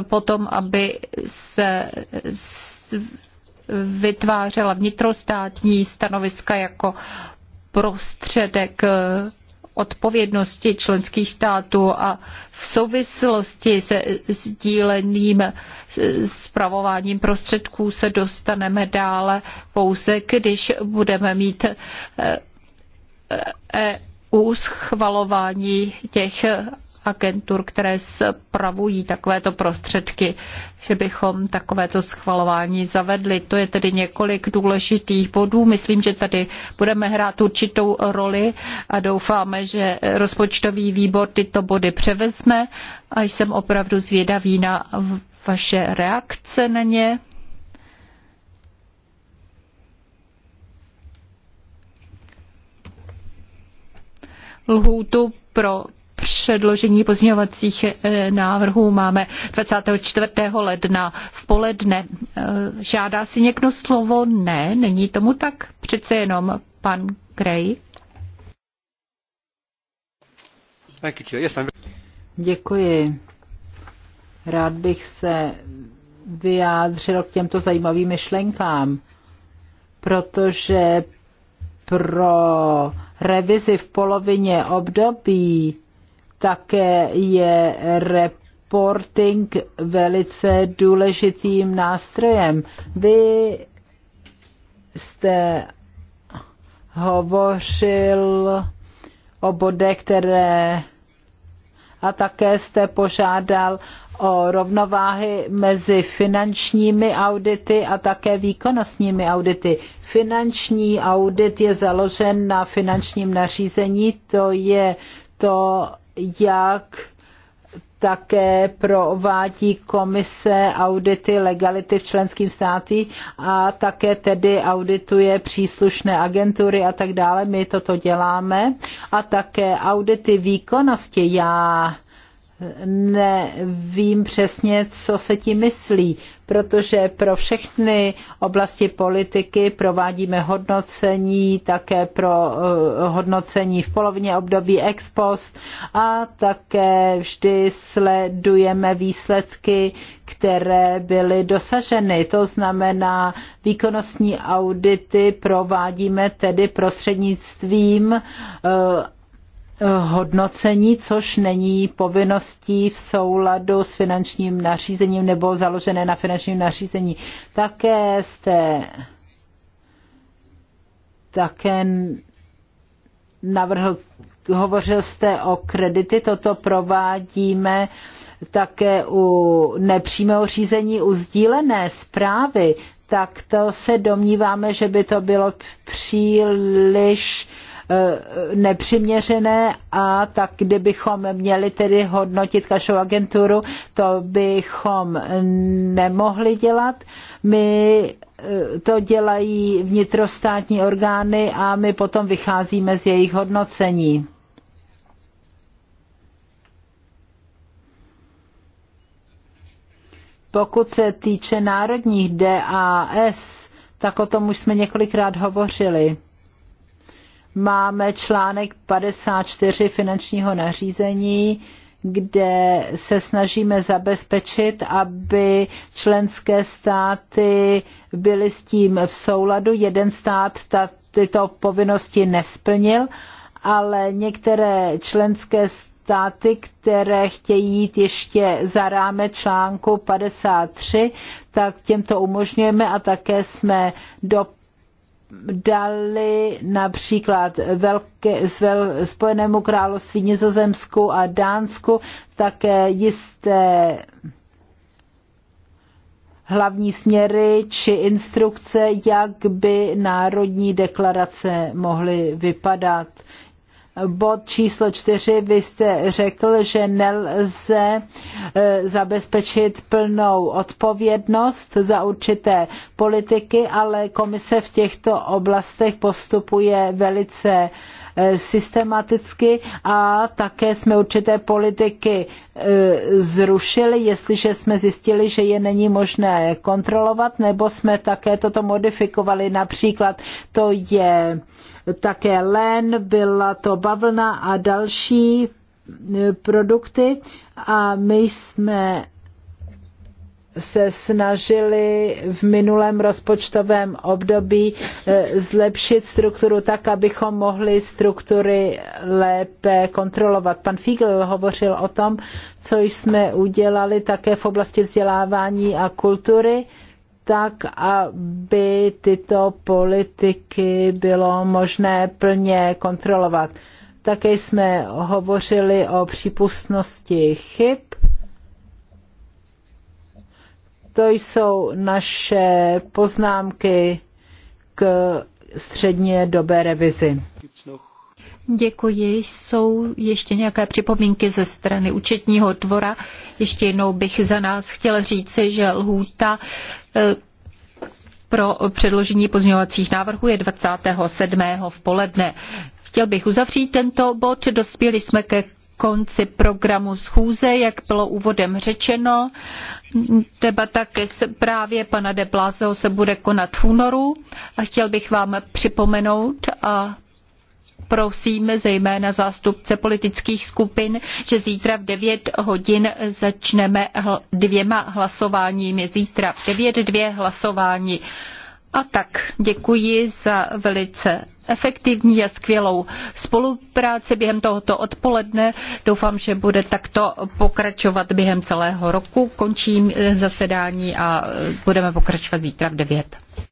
potom, aby se vytvářela vnitrostátní stanoviska jako prostředek eh, odpovědnosti členských států a v souvislosti se sdíleným eh, spravováním prostředků se dostaneme dále pouze, když budeme mít eh, u schvalování těch agentur, které spravují takovéto prostředky, že bychom takovéto schvalování zavedli. To je tedy několik důležitých bodů. Myslím, že tady budeme hrát určitou roli a doufáme, že rozpočtový výbor tyto body převezme a jsem opravdu zvědavý na vaše reakce na ně. lhůtu pro předložení pozměňovacích eh, návrhů máme 24. ledna v poledne. Eh, žádá si někdo slovo? Ne, není tomu tak. Přece jenom pan Gray. Děkuji. Rád bych se vyjádřil k těmto zajímavým myšlenkám, protože pro revizi v polovině období také je reporting velice důležitým nástrojem. Vy jste hovořil o bodech, které a také jste požádal o rovnováhy mezi finančními audity a také výkonnostními audity. Finanční audit je založen na finančním nařízení, to je to, jak také provádí komise audity legality v členským státě a také tedy audituje příslušné agentury a tak dále. My toto děláme a také audity výkonnosti. Já nevím přesně, co se tím myslí protože pro všechny oblasti politiky provádíme hodnocení, také pro eh, hodnocení v polovině období ex post a také vždy sledujeme výsledky, které byly dosaženy. To znamená, výkonnostní audity provádíme tedy prostřednictvím eh, hodnocení, což není povinností v souladu s finančním nařízením nebo založené na finančním nařízení. Také jste také navrhl, hovořil jste o kredity, toto provádíme také u nepřímého řízení, u sdílené zprávy, tak to se domníváme, že by to bylo příliš Eh, nepřiměřené a tak kdybychom měli tedy hodnotit každou agenturu, to bychom nemohli dělat. My eh, to dělají vnitrostátní orgány a my potom vycházíme z jejich hodnocení. Pokud se týče národních DAS, tak o tom už jsme několikrát hovořili máme článek 54 finančního nařízení, kde se snažíme zabezpečit, aby členské státy byly s tím v souladu. Jeden stát ta, tyto povinnosti nesplnil, ale některé členské státy, které chtějí jít ještě za rámec článku 53, tak těmto to umožňujeme a také jsme do dali například velké, svel, Spojenému království Nizozemsku a Dánsku také jisté hlavní směry či instrukce, jak by národní deklarace mohly vypadat bod číslo čtyři, vy jste řekl, že nelze eh, zabezpečit plnou odpovědnost za určité politiky, ale komise v těchto oblastech postupuje velice Eh, systematicky a také jsme určité politiky eh, zrušili, jestliže jsme zjistili, že je není možné kontrolovat, nebo jsme také toto modifikovali. Například to je také len, byla to bavlna a další eh, produkty a my jsme se snažili v minulém rozpočtovém období eh, zlepšit strukturu tak, abychom mohli struktury lépe kontrolovat. Pan Fiegel hovořil o tom, co jsme udělali také v oblasti vzdělávání a kultury, tak, aby tyto politiky bylo možné plně kontrolovat. Také jsme hovořili o přípustnosti chyb to jsou naše poznámky k středně dobé revizi. Děkuji. Jsou ještě nějaké připomínky ze strany účetního dvora? Ještě jednou bych za nás chtěla říci, že lhůta eh, pro předložení pozměňovacích návrhů je 27. v poledne. Chtěl bych uzavřít tento bod. Dospěli jsme ke konci programu schůze, jak bylo úvodem řečeno. Debata ke zprávě pana de Blázeho se bude konat v únoru a chtěl bych vám připomenout a prosíme zejména zástupce politických skupin, že zítra v 9 hodin začneme dvěma hlasováními. Zítra v 9 dvě hlasování. A tak děkuji za velice efektivní a skvělou spolupráci během tohoto odpoledne. Doufám, že bude takto pokračovat během celého roku. Končím eh, zasedání a eh, budeme pokračovat zítra v 9.